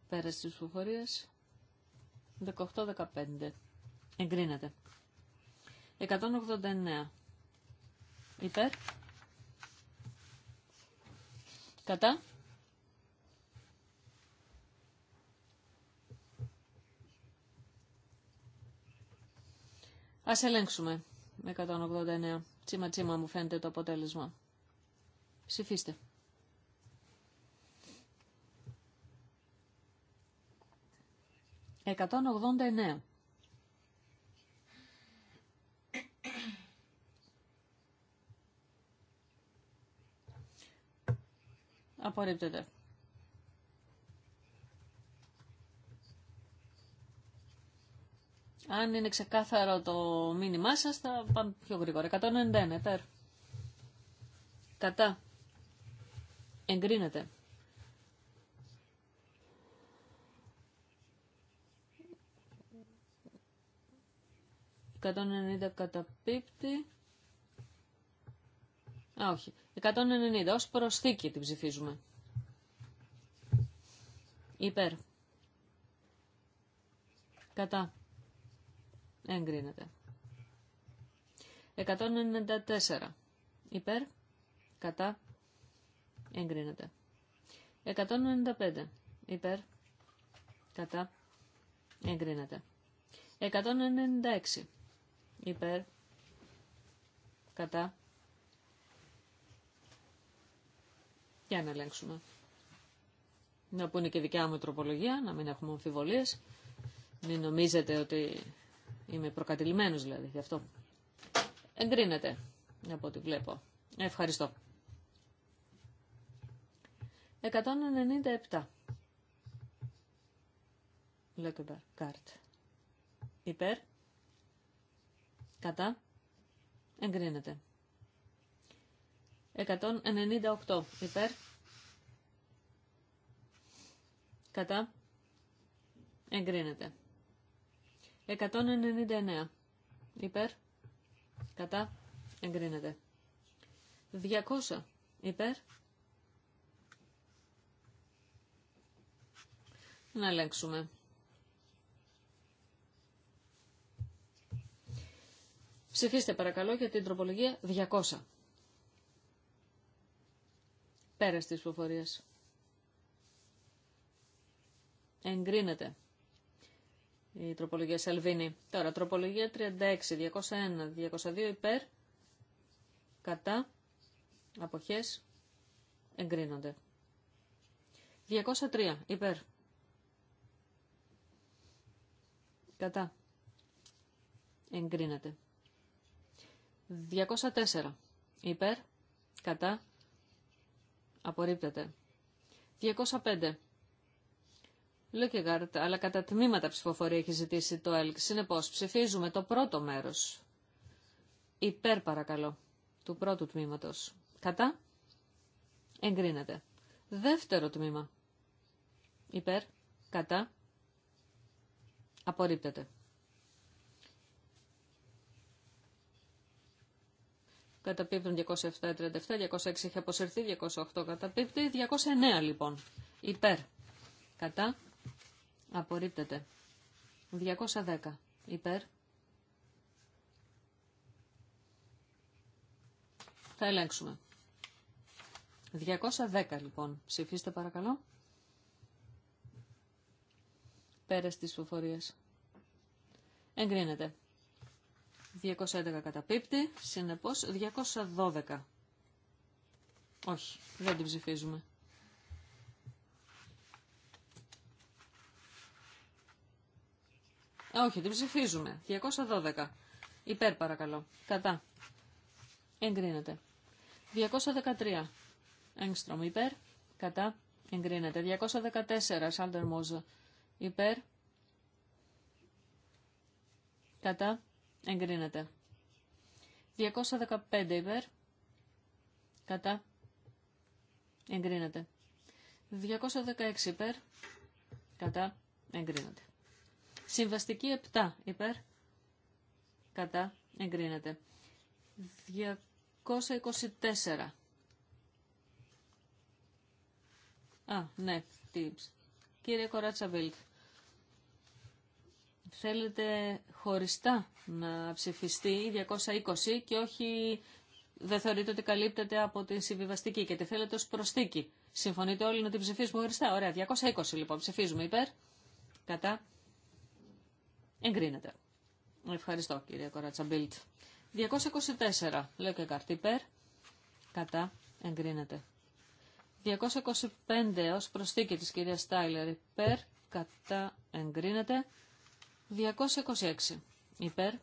Πέρα της ψηφοφορίας. 18-15. Εγκρίνεται. 189. Υπέρ. Κατά. Ας ελέγξουμε με 189. Τσίμα τσίμα μου φαίνεται το αποτέλεσμα. Ψηφίστε. 189. Απορρίπτεται. Αν είναι ξεκάθαρο το μήνυμά σας, θα πάμε πιο γρήγορα. 191, υπέρ. Κατά. Εγκρίνεται. 190 καταπίπτει. Α, όχι. 190. Ως προσθήκη την ψηφίζουμε. Υπέρ. Κατά. Εγκρίνεται. 194. Υπέρ. Κατά. Εγκρίνεται. 195. Υπέρ. Κατά. Εγκρίνεται. 196 υπέρ, κατά. Για να ελέγξουμε. Να πούνε και δικιά μου τροπολογία, να μην έχουμε αμφιβολίες. Μην νομίζετε ότι είμαι προκατηλημένος δηλαδή γι' αυτό. Εγκρίνεται από ό,τι βλέπω. Ευχαριστώ. 197. Λεκεμπερ. Κάρτ. Υπέρ. Κατά. Εγκρίνεται. 198 υπέρ. Κατά. Εγκρίνεται. 199 υπέρ. Κατά. Εγκρίνεται. 200 υπέρ. Να ελέγξουμε. Ψηφίστε παρακαλώ για την τροπολογία 200. πέρα στις προφορίες. Εγκρίνεται. Η τροπολογία Σαλβίνη. Τώρα, τροπολογία 36, 201, 202 υπέρ, κατά, αποχές, εγκρίνονται. 203 υπέρ, κατά, εγκρίνεται. 204. Υπέρ. Κατά. Απορρίπτεται. 205. γάρτα, αλλά κατά τμήματα ψηφοφορία έχει ζητήσει το ΕΛΚ. Συνεπώ, ψηφίζουμε το πρώτο μέρο. Υπέρ, παρακαλώ, του πρώτου τμήματο. Κατά. Εγκρίνεται. Δεύτερο τμήμα. Υπέρ. Κατά. Απορρίπτεται. Καταπίπτουν 207, 37, 206 είχε αποσυρθεί, 208 καταπίπτει, 209 λοιπόν. Υπέρ. Κατά. Απορρίπτεται. 210. Υπέρ. Θα ελέγξουμε. 210 λοιπόν. Ψηφίστε παρακαλώ. πέρα της φοφορίας, Εγκρίνεται. 211 καταπίπτει, συνεπώς 212. Όχι, δεν την ψηφίζουμε. Ε, όχι, την ψηφίζουμε. 212. Υπέρ παρακαλώ. Κατά. Εγκρίνεται. 213. Έγκστρομ υπέρ. Κατά. Εγκρίνεται. 214. Σάντερ Μόζο. Υπέρ. Κατά. Εγκρίνεται. 215 υπέρ. Κατά. Εγκρίνεται. 216 υπέρ. Κατά. Εγκρίνεται. Συμβαστική 7 υπέρ. Κατά. Εγκρίνεται. 224. Α, ναι, tips. Κύριε Κοράτσα Θέλετε χωριστά να ψηφιστεί 220 και όχι δεν θεωρείτε ότι καλύπτεται από τη συμβιβαστική και τη θέλετε ως προστίκη. Συμφωνείτε όλοι να την ψηφίσουμε χωριστά. Ωραία, 220 λοιπόν ψηφίζουμε υπέρ, κατά, εγκρίνεται. Ευχαριστώ κυρία Κορατσαμπίλτ. 224, λέω και καρτή υπέρ, κατά, εγκρίνεται. 225 ως προστίκη της κυρία Στάιλερ υπέρ, κατά, εγκρίνεται. 226 υπέρ,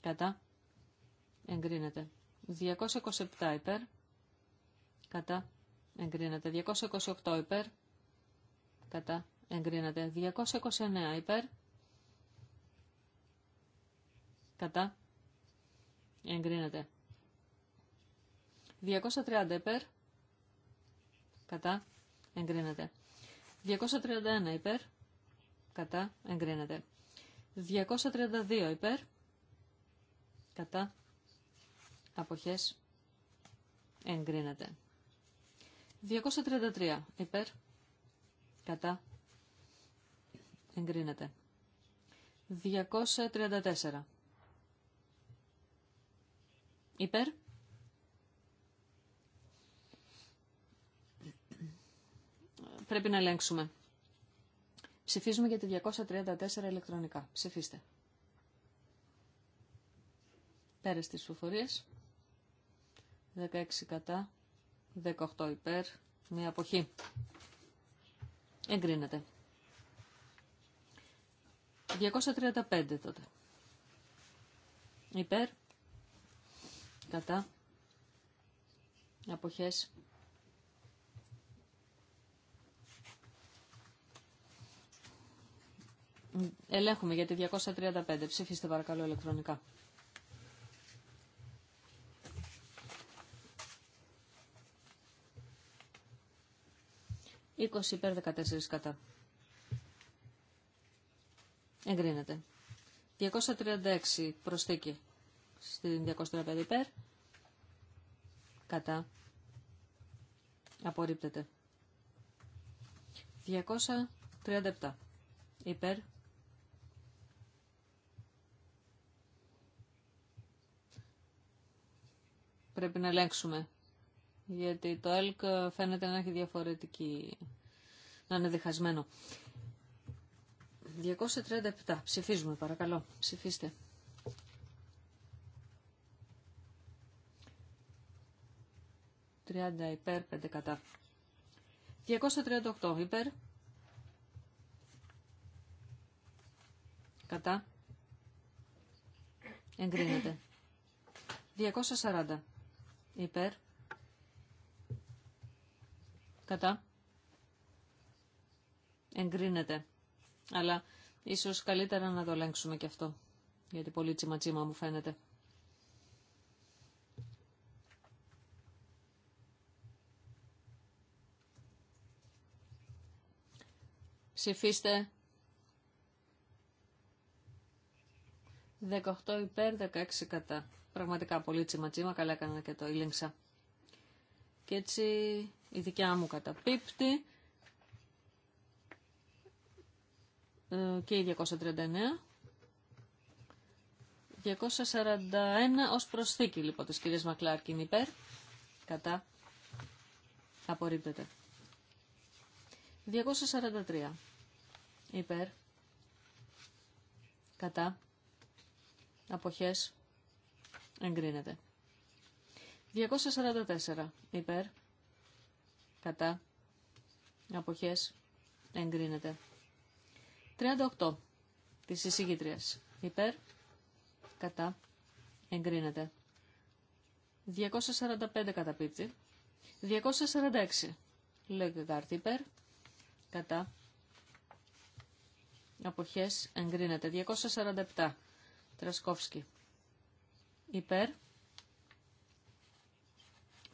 κατά, εγκρίνεται. 227 υπέρ, κατά, εγκρίνεται. 228 υπέρ, κατά, εγκρίνεται. 229 υπέρ, κατά, εγκρίνεται. 230 υπέρ, κατά, εγκρίνεται. 231 υπέρ, κατά εγκρίνεται. 232 υπέρ κατά αποχές εγκρίνεται. 233 υπέρ κατά εγκρίνεται. 234 υπέρ πρέπει να ελέγξουμε. Ψηφίζουμε για τη 234 ηλεκτρονικά. Ψηφίστε. Πέρα στις ψηφοφορίες. 16 κατά, 18 υπέρ, μία αποχή. Εγκρίνεται. 235 τότε. Υπέρ, κατά, αποχές Ελέγχουμε για τη 235. Ψηφίστε παρακαλώ ηλεκτρονικά. 20 υπέρ 14 κατά. Εγκρίνεται. 236 προσθήκη στην 235 υπέρ. Κατά. Απορρίπτεται. 237 υπέρ πρέπει να ελέγξουμε. Γιατί το ΕΛΚ φαίνεται να έχει διαφορετική, να είναι διχασμένο. 237. Ψηφίζουμε παρακαλώ. Ψηφίστε. ...30 υπέρ, 5 κατά. 238 υπέρ. Κατά. Εγκρίνεται. 240 υπέρ, κατά, εγκρίνεται. Αλλά ίσως καλύτερα να το ελέγξουμε και αυτό, γιατί πολύ τσιματσίμα μου φαίνεται. Ψηφίστε 18 υπέρ, 16 κατά. Πραγματικά πολύ τσιματσίμα, καλά έκανα και το ήλεγξα. Και έτσι η δικιά μου καταπίπτει. Ε, και η 239. 241 ως προσθήκη λοιπόν της κυρίας Μακλάρκιν υπέρ. Κατά. Απορρίπτεται. 243 υπέρ. Κατά. Αποχές. Εγκρίνεται. 244 υπέρ. Κατά. Αποχές. Εγκρίνεται. 38 της εισηγήτριας. Υπέρ. Κατά. Εγκρίνεται. 245 καταπίπτει. 246 Λέγκαρτ υπέρ. Κατά. Αποχές εγκρίνεται. 247 Τρασκόφσκι υπέρ.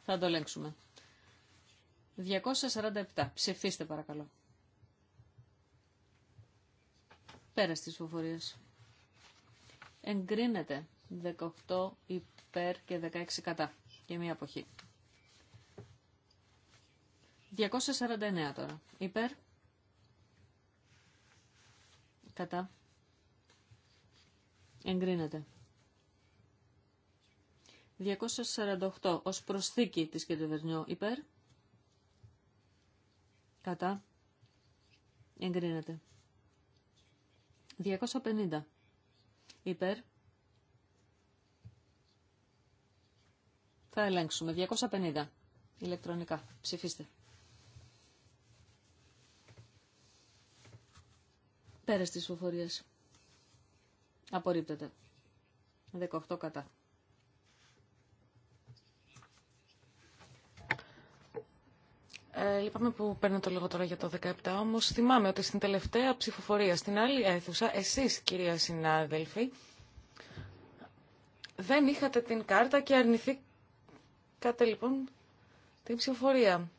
Θα το ελέγξουμε. 247. Ψηφίστε παρακαλώ. Πέρα στις ψηφοφορίες. Εγκρίνεται 18 υπέρ και 16 κατά. Και μία αποχή. 249 τώρα. Υπέρ. Κατά. Εγκρίνεται. 248 ως προσθήκη της Κεντεβερνιό υπέρ. Κατά. Εγκρίνεται. 250 υπέρ. Θα ελέγξουμε. 250 ηλεκτρονικά. Ψηφίστε. Πέρα της φοφορίες. Απορρίπτεται. 18 κατά. Ε, λυπάμαι που παίρνω το λόγο τώρα για το 17, όμως θυμάμαι ότι στην τελευταία ψηφοφορία, στην άλλη αίθουσα, εσείς κυρία συνάδελφοι, δεν είχατε την κάρτα και αρνηθήκατε λοιπόν την ψηφοφορία.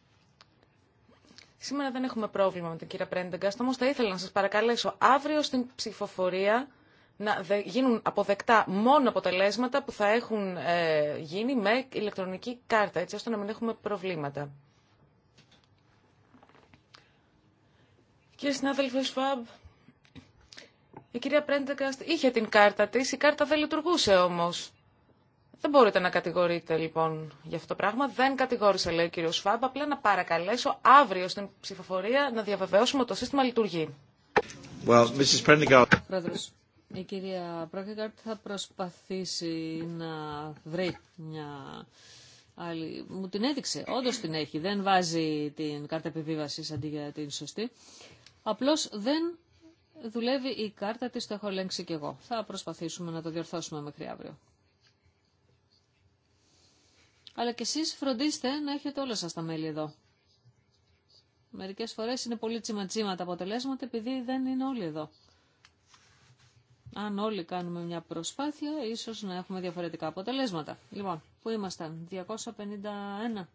Σήμερα δεν έχουμε πρόβλημα με την κυρία Πρέντεγκαστ, όμως θα ήθελα να σας παρακαλέσω αύριο στην ψηφοφορία να γίνουν αποδεκτά μόνο αποτελέσματα που θα έχουν ε, γίνει με ηλεκτρονική κάρτα, έτσι ώστε να μην έχουμε προβλήματα. Κύριε συνάδελφε Σφαμπ, η κυρία Πρέντεκαστ είχε την κάρτα της, η κάρτα δεν λειτουργούσε όμως. Δεν μπορείτε να κατηγορείτε λοιπόν για αυτό το πράγμα. Δεν κατηγόρησε, λέει ο κύριο Σφαμπ. Απλά να παρακαλέσω αύριο στην ψηφοφορία να διαβεβαιώσουμε ότι το σύστημα λειτουργεί. Well, Mrs. Πρόεδρος, η κυρία Πρέντεκαστ θα προσπαθήσει να βρει μια άλλη. Μου την έδειξε. Όντω την έχει. Δεν βάζει την κάρτα επιβίβαση αντί για την σωστή. Απλώς δεν δουλεύει η κάρτα της, το έχω ελέγξει και εγώ. Θα προσπαθήσουμε να το διορθώσουμε μέχρι αύριο. Αλλά και εσείς φροντίστε να έχετε όλα σας τα μέλη εδώ. Μερικές φορές είναι πολύ τσιματσίμα τα αποτελέσματα επειδή δεν είναι όλοι εδώ. Αν όλοι κάνουμε μια προσπάθεια, ίσως να έχουμε διαφορετικά αποτελέσματα. Λοιπόν, πού ήμασταν, 251.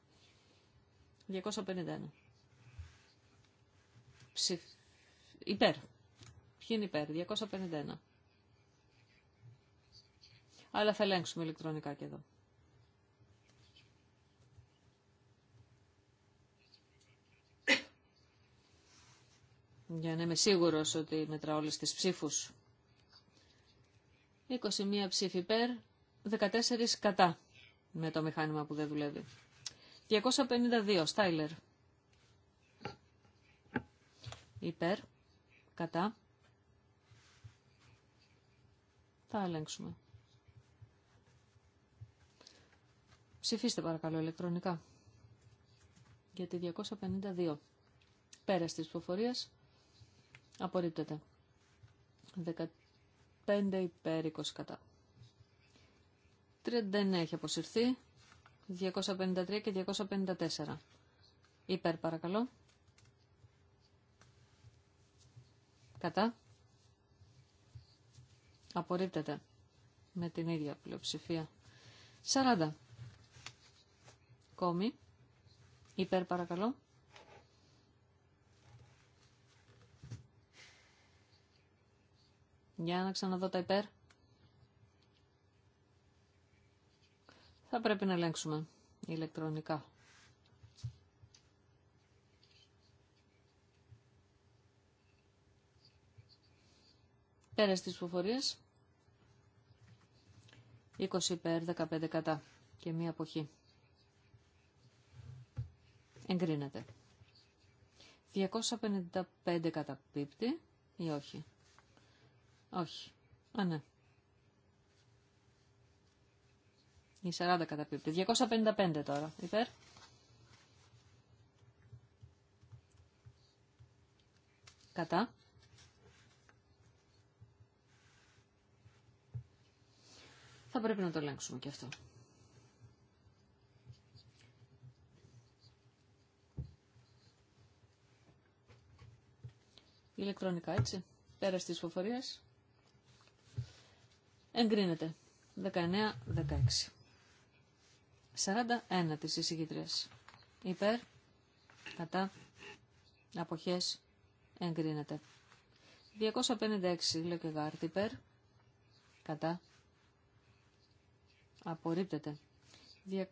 251. Ψήφι. Υπέρ. Ποιοι είναι υπέρ. 251. Αλλά θα ελέγξουμε ηλεκτρονικά και εδώ. Για να είμαι σίγουρος ότι μετράω όλες τις ψήφους. 21 ψήφοι υπέρ, 14 κατά με το μηχάνημα που δεν δουλεύει. 252, Στάιλερ. Υπέρ. Κατά. Θα ελέγξουμε. Ψηφίστε παρακαλώ ηλεκτρονικά. Για τη 252. Πέρα της ψηφοφορίας. Απορρίπτεται. 15 υπέρ 20 κατά. 39 έχει αποσυρθεί. 253 και 254. Υπέρ παρακαλώ. Κατά. Απορρίπτεται. Με την ίδια πλειοψηφία. 40. Κόμι. Υπέρ παρακαλώ. Για να ξαναδώ τα υπέρ. Θα πρέπει να ελέγξουμε ηλεκτρονικά. Πέρα στις ψηφοφορίας. 20 υπέρ, 15 κατά και μία αποχή. Εγκρίνεται. 255 πίπτη ή όχι. Όχι. Α, ναι. Η 40 πίπτη. 255 τώρα. Υπέρ. Κατά. θα πρέπει να το ελέγξουμε και αυτό. Ηλεκτρονικά, έτσι. Πέρα τη φοφοριες εγκρινεται Εγκρίνεται. 19-16. 41 της εισηγητρίας. Υπέρ, κατά, αποχές, εγκρίνεται. 256 και γάρτη. υπέρ, κατά, Απορρίπτεται.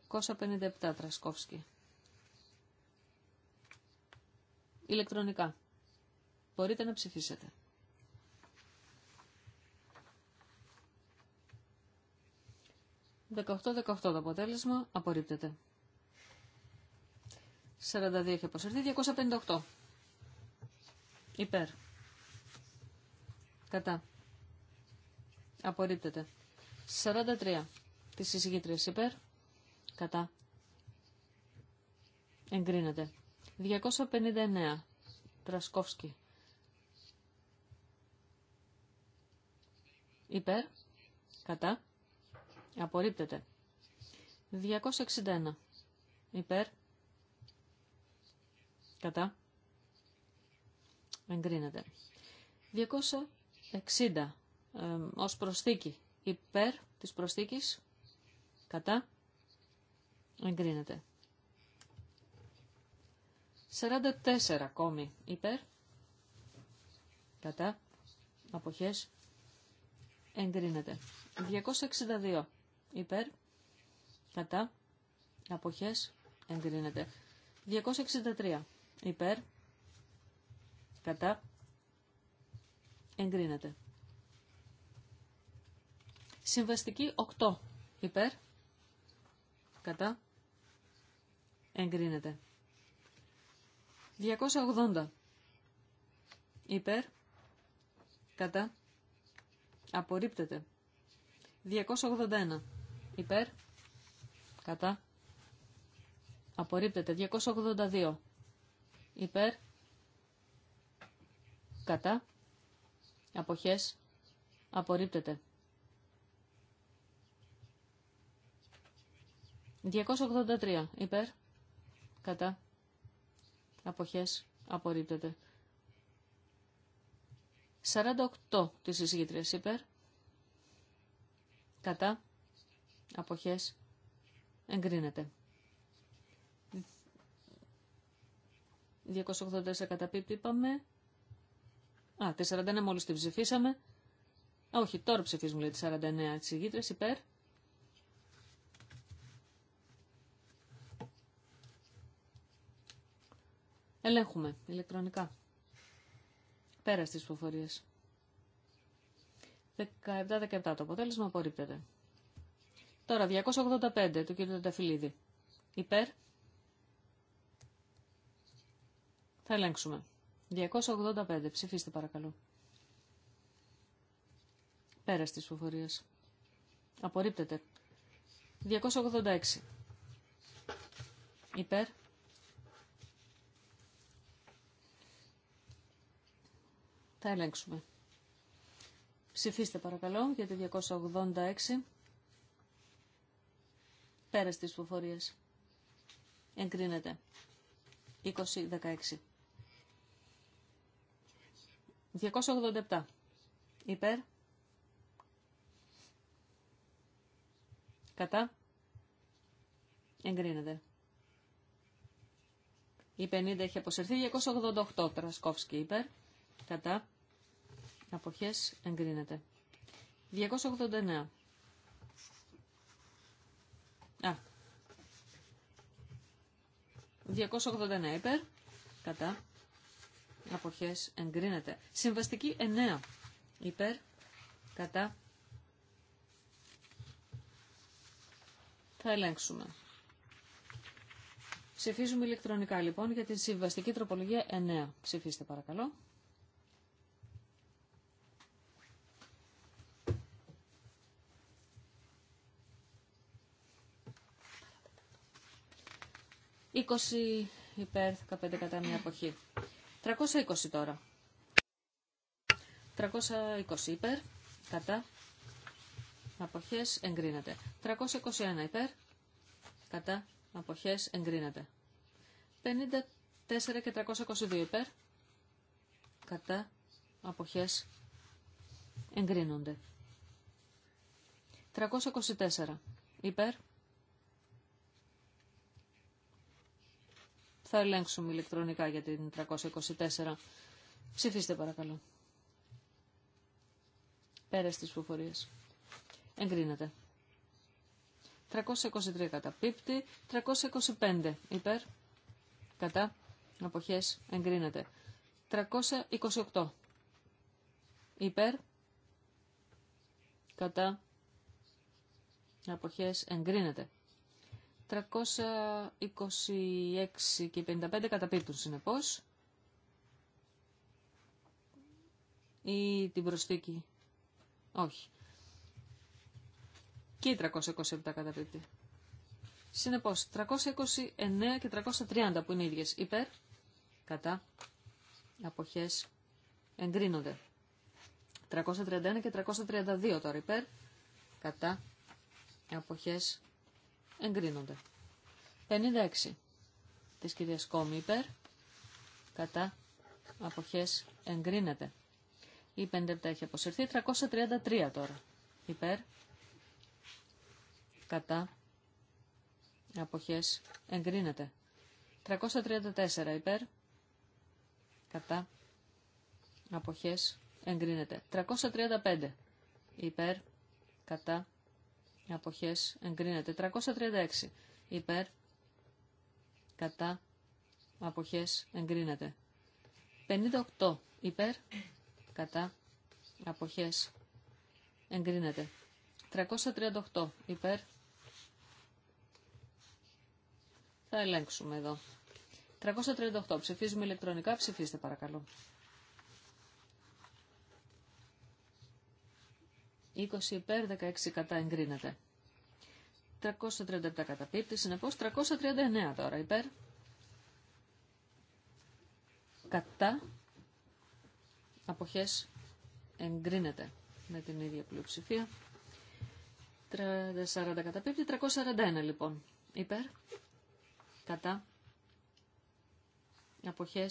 257 Τρασκόφσκι. Ηλεκτρονικά. Μπορείτε να ψηφίσετε. το αποτέλεσμα απορρίπτεται. 42 έχει αποσυρθεί. 258. Υπέρ. Κατά. Απορρίπτεται. 43. Τη συζήτηση υπέρ. Κατά. Εγκρίνεται. 259. Τρασκόφσκι. Υπέρ. Κατά. Απορρίπτεται. 261. Υπέρ. Κατά. Εγκρίνεται. 260. Ε, ως προσθήκη. Υπέρ της προσθήκης. Κατά. Εγκρίνεται. 44 ακόμη υπέρ. Κατά. Αποχές. Εγκρίνεται. 262 υπέρ. Κατά. Αποχές. Εγκρίνεται. 263 υπέρ. Κατά. Εγκρίνεται. Συμβαστική 8 υπέρ. Κατά. Εγκρίνεται. 280. Υπέρ. Κατά. Απορρίπτεται. 281. Υπέρ. Κατά. Απορρίπτεται. 282. Υπέρ. Κατά. Αποχές. Απορρίπτεται. 283 υπέρ, κατά, αποχές, απορρίπτεται. 48 της εισηγήτριας υπέρ, κατά, αποχές, εγκρίνεται. 284 καταπίπτει είπαμε. Α, τη 41 μόλις την ψηφίσαμε. Α, όχι, τώρα ψηφίζουμε λέει τη 49 της εισηγήτριας, υπέρ. Ελέγχουμε ηλεκτρονικά. Πέρα στις προφορίες. 17-17 το αποτέλεσμα απορρίπτεται. Τώρα 285 του κ. Τεταφυλίδη. Υπέρ. Θα ελέγξουμε. 285. Ψηφίστε παρακαλώ. Πέρα στις προφορίες. Απορρίπτεται. 286. Υπέρ. Θα ελέγξουμε. Ψηφίστε παρακαλώ για τη 286. Πέρας της υποφοριας εγκρινεται Εγκρίνεται. 20-16. 287. Υπέρ. Κατά. Εγκρίνεται. Η 50 έχει αποσυρθεί. 288 Τρασκόφσκι υπέρ. Κατά. Αποχές εγκρίνεται. 289. Α. 289 υπέρ. Κατά. Αποχές εγκρίνεται. Συμβαστική 9 υπέρ. Κατά. Θα ελέγξουμε. Ψηφίζουμε ηλεκτρονικά λοιπόν για τη συμβαστική τροπολογία 9. Ψηφίστε παρακαλώ. 20 υπέρ, 15 κατά μια εποχή. 320 τώρα. 320 υπέρ, κατά, αποχές εγκρίνεται. 321 υπέρ, κατά, αποχές εγκρίνεται. 54 και 322 υπέρ, κατά, αποχές εγκρίνονται. 324 υπέρ, Θα ελέγξουμε ηλεκτρονικά για την 324. Ψηφίστε παρακαλώ. Πέρα στις προφορίες. Εγκρίνεται. 323 κατά πίπτη, 325 υπέρ, κατά, αποχές, εγκρίνεται. 328 υπέρ, κατά, αποχές, εγκρίνεται. 326 και 55 καταπίπτουν συνεπώς. Ή την προσθήκη. Όχι. Και 327 καταπίπτει. Συνεπώς, 329 και 330 που είναι ίδιες υπέρ, κατά, αποχέ. εγκρίνονται. 331 και 332 τώρα υπέρ, κατά, αποχές, εγκρίνονται. 56 της κυρίας Κόμη υπέρ, κατά αποχές εγκρίνεται. Η 57 έχει αποσυρθεί, 333 τώρα υπέρ, κατά αποχές εγκρίνεται. 334 υπέρ, κατά αποχές εγκρίνεται. 335 υπέρ, κατά αποχές εγκρίνεται. 336 υπέρ κατά αποχές εγκρίνεται. 58 υπέρ κατά αποχές εγκρίνεται. 338 υπέρ θα ελέγξουμε εδώ. 338 ψηφίζουμε ηλεκτρονικά. Ψηφίστε παρακαλώ. 20 υπέρ, 16 κατά εγκρίνεται. 337 καταπίπτει, Συνεπώ 339 τώρα υπέρ. Κατά Αποχέ. εγκρίνεται με την ίδια πλειοψηφία. 340 καταπίπτει, 341 λοιπόν υπέρ. Κατά Αποχέ.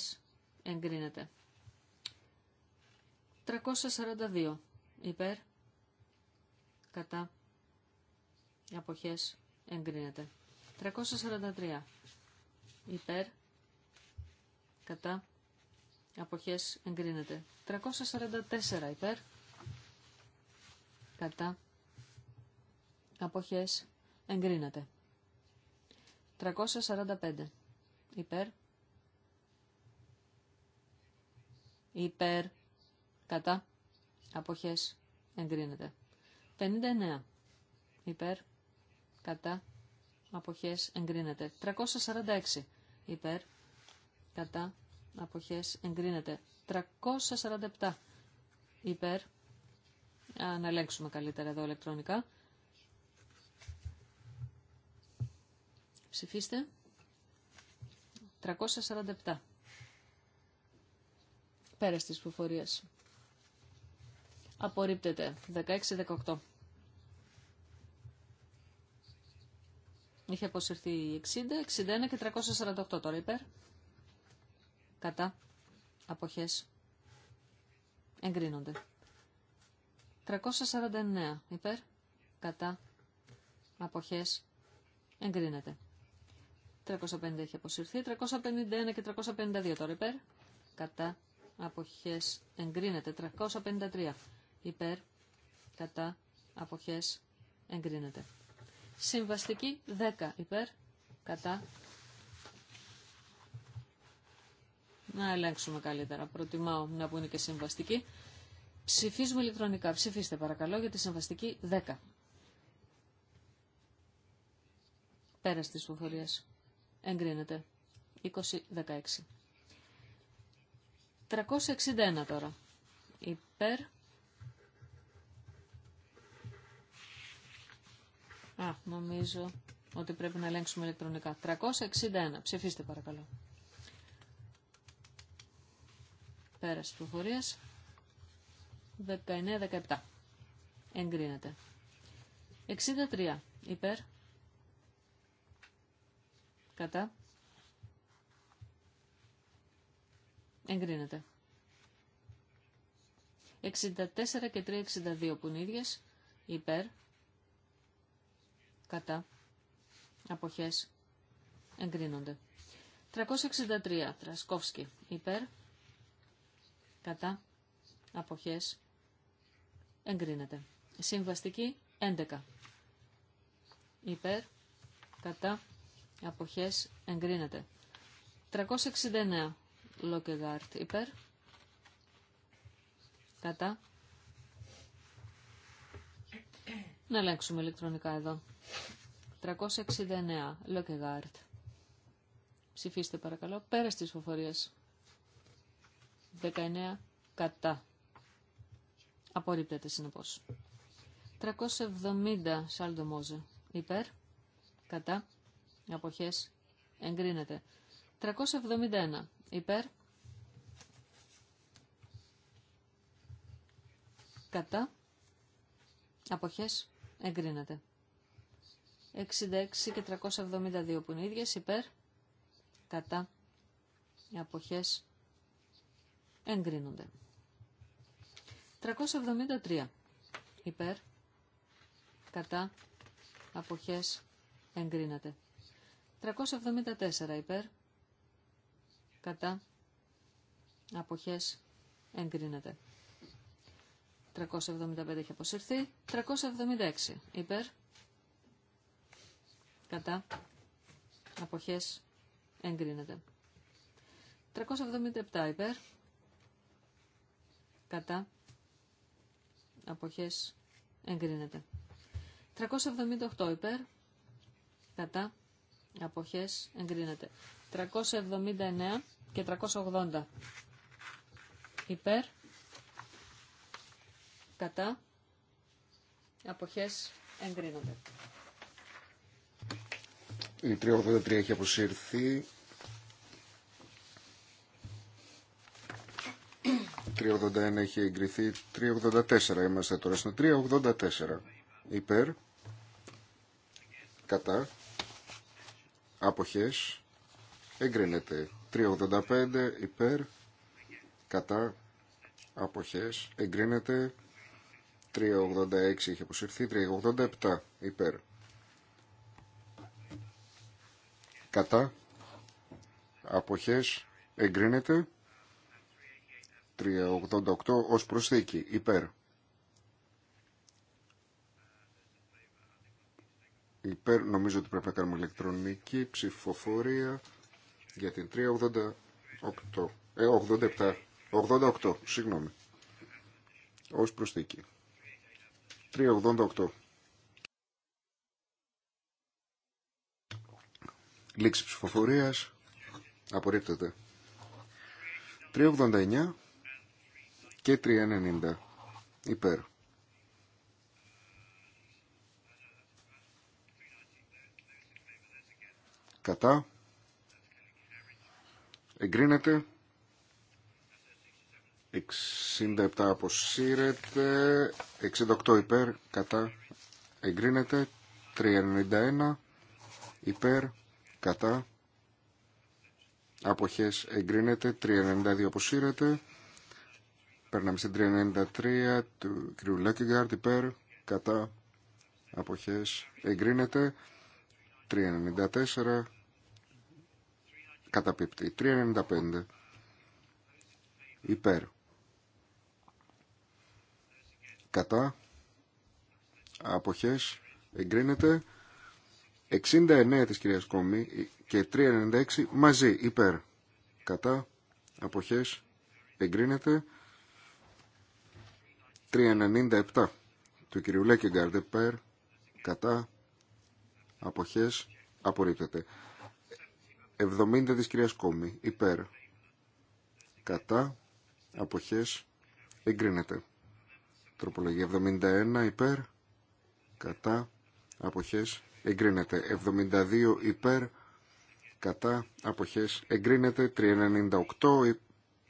εγκρίνεται. 342 υπέρ κατά αποχές εγκρίνεται. 343 υπέρ κατά αποχές εγκρίνεται. 344 υπέρ κατά αποχές εγκρίνεται. 345 υπέρ υπέρ κατά αποχές εγκρίνεται. 59 υπέρ, κατά, αποχές εγκρίνεται. 346 υπέρ, κατά, αποχές εγκρίνεται. 347 υπέρ, να ελέγξουμε καλύτερα εδώ ηλεκτρονικά. Ψηφίστε. 347. Πέρας στις ψηφοφορίας. Απορρίπτεται. 16-18. Είχε αποσυρθεί 60, 61 και 348 τώρα υπέρ. Κατά. Αποχές. Εγκρίνονται. 349 υπέρ. Κατά. Αποχές. Εγκρίνεται. 350 έχει αποσυρθεί. 351 και 352 τώρα υπέρ. Κατά. Αποχές. Εγκρίνεται. 353 υπέρ. Κατά. Αποχές. Εγκρίνεται. Συμβαστική 10 υπέρ, κατά. Να ελέγξουμε καλύτερα. Προτιμάω να που είναι και συμβαστική. Ψηφίζουμε ηλεκτρονικά. Ψηφίστε παρακαλώ για τη συμβαστική 10. Πέρα τη υποφορία. Εγκρίνεται. 20-16. 361 τώρα. Υπέρ. Α, νομίζω ότι πρέπει να ελέγξουμε ηλεκτρονικά. 361. Ψηφίστε παρακαλώ. Πέρασε προφορίας. 19-17. Εγκρίνεται. 63. Υπέρ. Κατά. Εγκρίνεται. 64 και 362 που είναι ίδιες. Υπέρ κατά αποχές εγκρίνονται. 363 Τρασκόφσκι υπέρ κατά αποχές εγκρίνεται. Συμβαστική 11 υπέρ κατά αποχές εγκρίνεται. 369 Λόκεγάρτ υπέρ κατά να ελέγξουμε ηλεκτρονικά εδώ. 369. Λόκεγάρτ. Ψηφίστε παρακαλώ. Πέρα τη φοφορίες. 19 κατά. Απορρίπτεται συνεπώς. 370. Σάλντο Μόζε. Υπέρ. Κατά. Αποχές. Εγκρίνεται. 371. Υπέρ. Κατά. Αποχές. Εγκρίνεται. 66 και 372 που είναι ίδιες υπέρ κατά αποχές εγκρίνονται. 373 υπέρ κατά αποχές εγκρίνεται. 374 υπέρ κατά αποχές εγκρίνεται. 375 έχει αποσυρθεί. 376 υπέρ κατά αποχές εγκρίνεται. 377 υπέρ κατά αποχές εγκρίνεται. 378 υπέρ κατά αποχές εγκρίνεται. 379 και 380 υπέρ κατά αποχές εγκρίνονται. Η 383 έχει αποσύρθει. 381 έχει εγκριθεί. 384 είμαστε τώρα στο 384. Υπέρ. Κατά. Αποχές. Εγκρίνεται. 385 υπέρ. Κατά. Αποχές. Εγκρίνεται. 386 έχει αποσυρθεί. 387 υπέρ. κατά αποχές εγκρίνεται 388 ως προσθήκη υπέρ υπέρ νομίζω ότι πρέπει να κάνουμε ηλεκτρονική ψηφοφορία για την 388 ε, 87 88 συγγνώμη ως προσθήκη 388 Λήξη ψηφοφορίας. Απορρίπτεται. 389 και 390. Υπέρ. Κατά. Εγκρίνεται. 67 αποσύρεται. 68 υπέρ. Κατά. Εγκρίνεται. 391 υπέρ κατά αποχές εγκρίνεται 392 αποσύρεται περνάμε στην 393 του κ. Λέκεγκάρτ υπέρ κατά αποχές εγκρίνεται 394 καταπίπτει 395 υπέρ κατά αποχές εγκρίνεται 69 της κυρίας Κόμη και 396 μαζί υπέρ κατά αποχές εγκρίνεται 397 του κυρίου Λέκεγκαρντ υπέρ κατά αποχές απορρίπτεται 70 της κυρίας Κόμη υπέρ κατά αποχές εγκρίνεται τροπολογία 71 υπέρ κατά αποχές εγκρίνεται 72 υπέρ κατά αποχές εγκρίνεται 398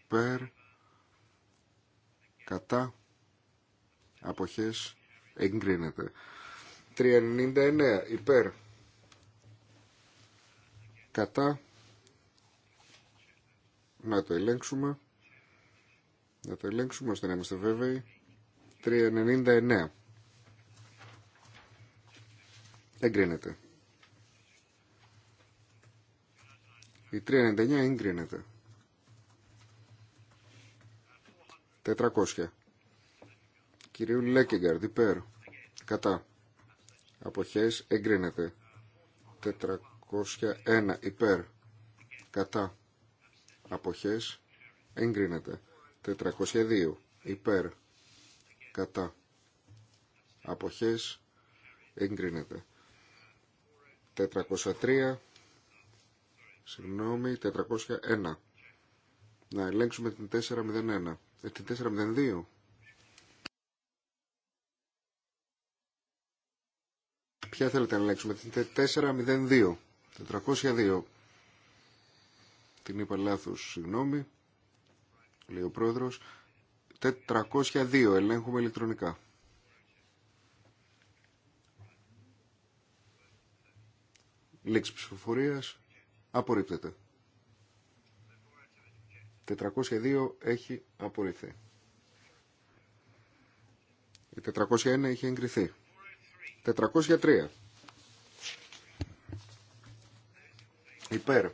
υπέρ κατά αποχές εγκρίνεται 399 υπέρ κατά να το ελέγξουμε να το ελέγξουμε ώστε να είμαστε βέβαιοι 399 Εγκρίνεται. Η 399 εγκρίνεται. 400. Κυρίου Λέκεγκαρντ, υπέρ. Κατά. Αποχές εγκρίνεται. 401 υπέρ. Κατά. Αποχές εγκρίνεται. 402 υπέρ. Κατά. Αποχές εγκρίνεται. 403, συγγνώμη, 401. Να ελέγξουμε την 401, ε, την 402. Ποια θέλετε να ελέγξουμε, την 402, 402. Την είπα λάθος, συγγνώμη, λέει ο πρόεδρος. 402, ελέγχουμε ηλεκτρονικά. Λήξη ψηφοφορίας. Απορρίπτεται. 402 έχει απορριφθεί. Η 401 έχει εγκριθεί. 403. Υπέρ.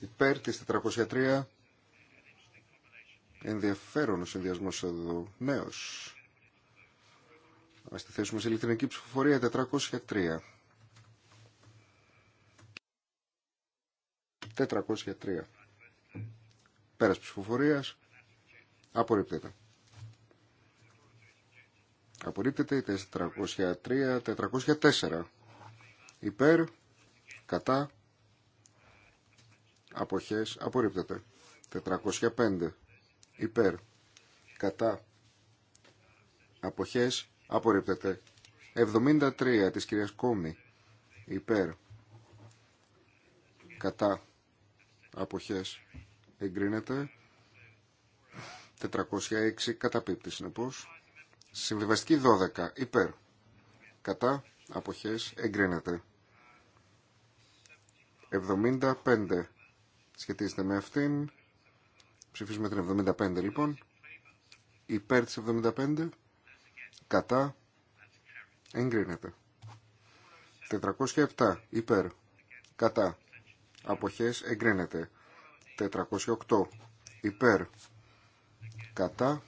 Υπέρ της 403. Ενδιαφέρον ο συνδυασμός εδώ. Νέος. Ας τη θέσουμε σε ηλεκτρική ψηφοφορία 403. 403. Πέρας ψηφοφορίας. Απορρίπτεται. Απορρίπτεται η 403, 404. Υπέρ, κατά, αποχές, απορρίπτεται. 405. Υπέρ, κατά, αποχές, Απορρίπτεται. 73 της κυρίας Κόμη. Υπέρ. Κατά. Αποχές. Εγκρίνεται. 406 καταπίπτει συνεπώ. Συμβιβαστική 12. Υπέρ. Κατά. Αποχές. Εγκρίνεται. 75 σχετίζεται με αυτήν. Ψηφίζουμε την 75 λοιπόν. Υπέρ της 75. Κατά. Εγκρίνεται. 407 υπέρ. Κατά. Αποχές εγκρίνεται. 408 υπέρ. Κατά.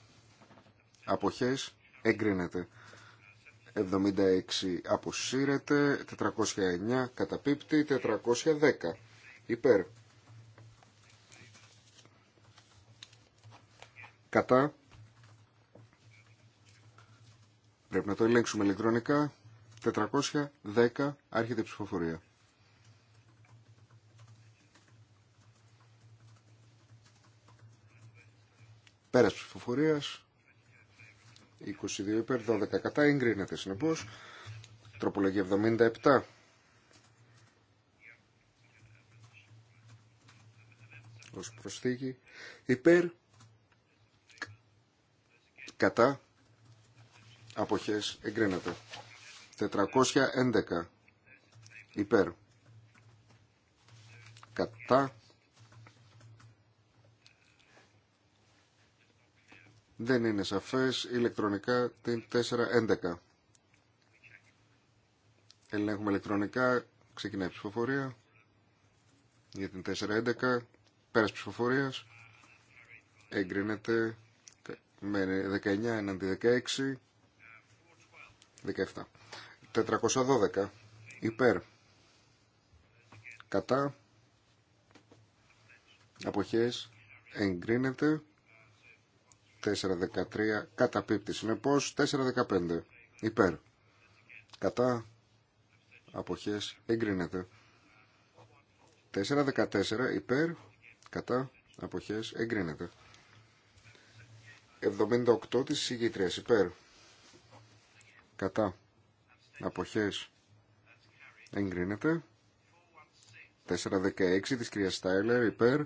Αποχές εγκρίνεται. 76 αποσύρεται. 409 καταπίπτει. 410 υπέρ. Κατά. Πρέπει να το ελέγξουμε ηλεκτρονικά. 410 άρχεται η ψηφοφορία. Πέρας ψηφοφορίας. 22 υπέρ, 12 κατά, εγκρίνεται συνεπώς. Τροπολογία 77. Ως προσθήκη. Υπέρ. Κατά αποχές εγκρίνεται 411 υπέρ κατά δεν είναι σαφές ηλεκτρονικά την 411 ελέγχουμε ηλεκτρονικά ξεκινάει η ψηφοφορία για την 411 πέρας ψηφοφορίας εγκρίνεται με 19 εναντί 16 17. 412 υπέρ κατά αποχές εγκρίνεται 413 καταπίπτει Συνεπώ. 415 υπέρ κατά αποχές εγκρίνεται 414 υπέρ κατά αποχές εγκρίνεται 78 της συγκήτριας υπέρ κατά αποχές εγκρίνεται 416 της κυρίας Στάιλερ υπέρ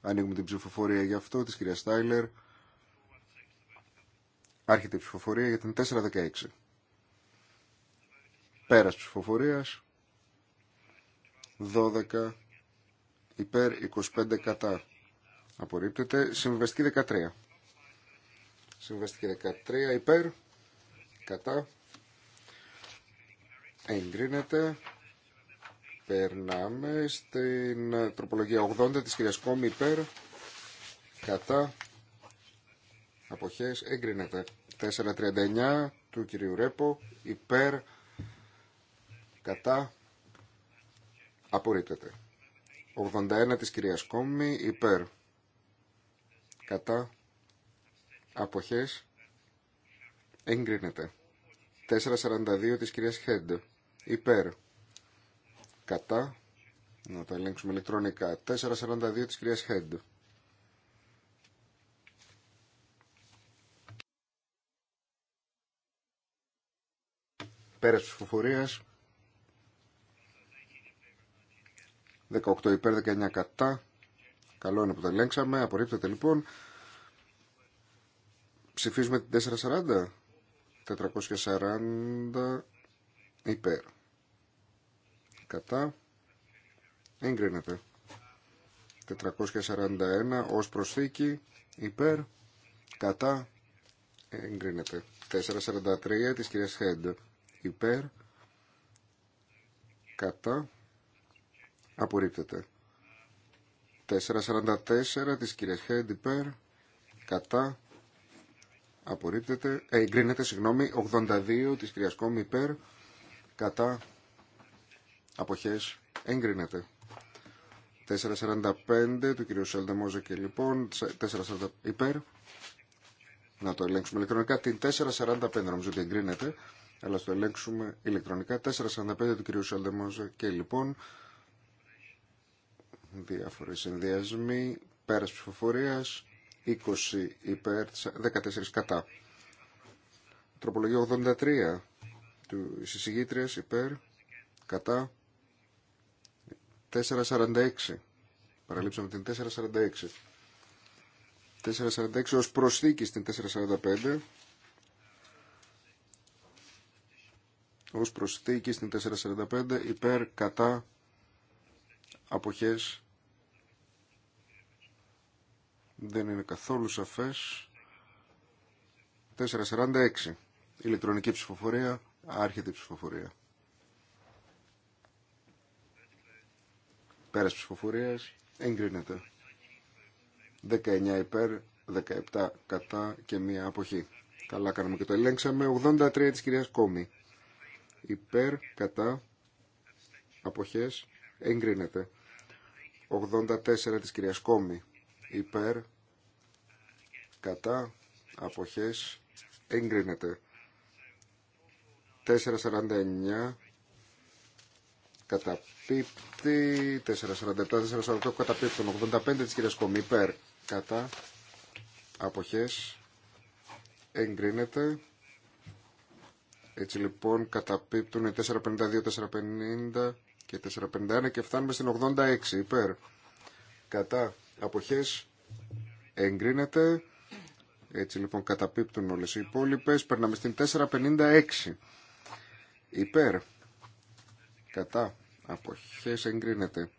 ανοίγουμε την ψηφοφορία για αυτό της κυρίας Στάιλερ άρχεται η ψηφοφορία για την 4-16 πέρας ψηφοφορίας 12 υπέρ 25 κατά απορρίπτεται Συμβεστική 13 Συμβαστική 13 υπέρ. Κατά. Εγκρίνεται. Περνάμε στην τροπολογία 80 της κυρίας Κόμη υπέρ. Κατά. Αποχές. Εγκρίνεται. 439 του κυρίου Ρέπο υπέρ. Κατά. Απορρίπτεται. 81 της κυρίας Κόμη υπέρ. Κατά αποχές εγκρίνεται 442 της κυρίας Χέντ υπέρ κατά να τα ελέγξουμε ηλεκτρονικά 442 της κυρίας Χέντ πέρας φοφορίας 18 υπέρ 19 κατά καλό είναι που τα ελέγξαμε απορρίπτεται λοιπόν Ψηφίζουμε την 440. 440 υπέρ. Κατά. Εγκρίνεται. 441 ως προσθήκη υπέρ. Κατά. Εγκρίνεται. 443 της κυρίας Χέντ υπέρ. Κατά. Απορρίπτεται. 444 της κυρίας Χέντ υπέρ. Κατά. Απορρίπτεται, ε, εγκρίνεται, συγγνώμη, 82 της κυρίας Κόμη υπέρ, κατά, αποχές, εγκρίνεται. 4.45 του κυρίου Σέλντα και λοιπόν, 4.45 υπέρ, να το ελέγξουμε ηλεκτρονικά, την 4.45 νομίζω ότι εγκρίνεται, αλλά στο ελέγξουμε ηλεκτρονικά, 4.45 του κυρίου Σέλντα και λοιπόν, διάφορες συνδυασμοί, πέρας ψηφοφορίας, 20 υπέρ, 14 κατά. Τροπολογία 83 του εισηγήτριας υπέρ, κατά. 446. Παραλείψαμε την 446. 446 ως προσθήκη στην 445. Ως προσθήκη στην 445 υπέρ κατά αποχές δεν είναι καθόλου σαφές. 446. Ηλεκτρονική ψηφοφορία. Άρχεται ψηφοφορία. Πέρας ψηφοφορίας. Εγκρίνεται. 19 υπέρ, 17 κατά και μία αποχή. Καλά κάναμε και το ελέγξαμε. 83 της κυρίας Κόμη. Υπέρ, κατά, αποχές, εγκρίνεται. 84 της κυρίας Κόμη. Υπέρ, κατά αποχές εγκρίνεται 449 καταπίπτει 447-448 καταπίπτουν 85 της κυρίας Κομή υπέρ κατά αποχές εγκρίνεται έτσι λοιπόν καταπίπτουν 452-450 και 451 και φτάνουμε στην 86 υπέρ κατά αποχές εγκρίνεται έτσι λοιπόν καταπίπτουν όλες οι υπόλοιπες. Περνάμε στην 456. Υπέρ. Κατά. Αποχές εγκρίνεται.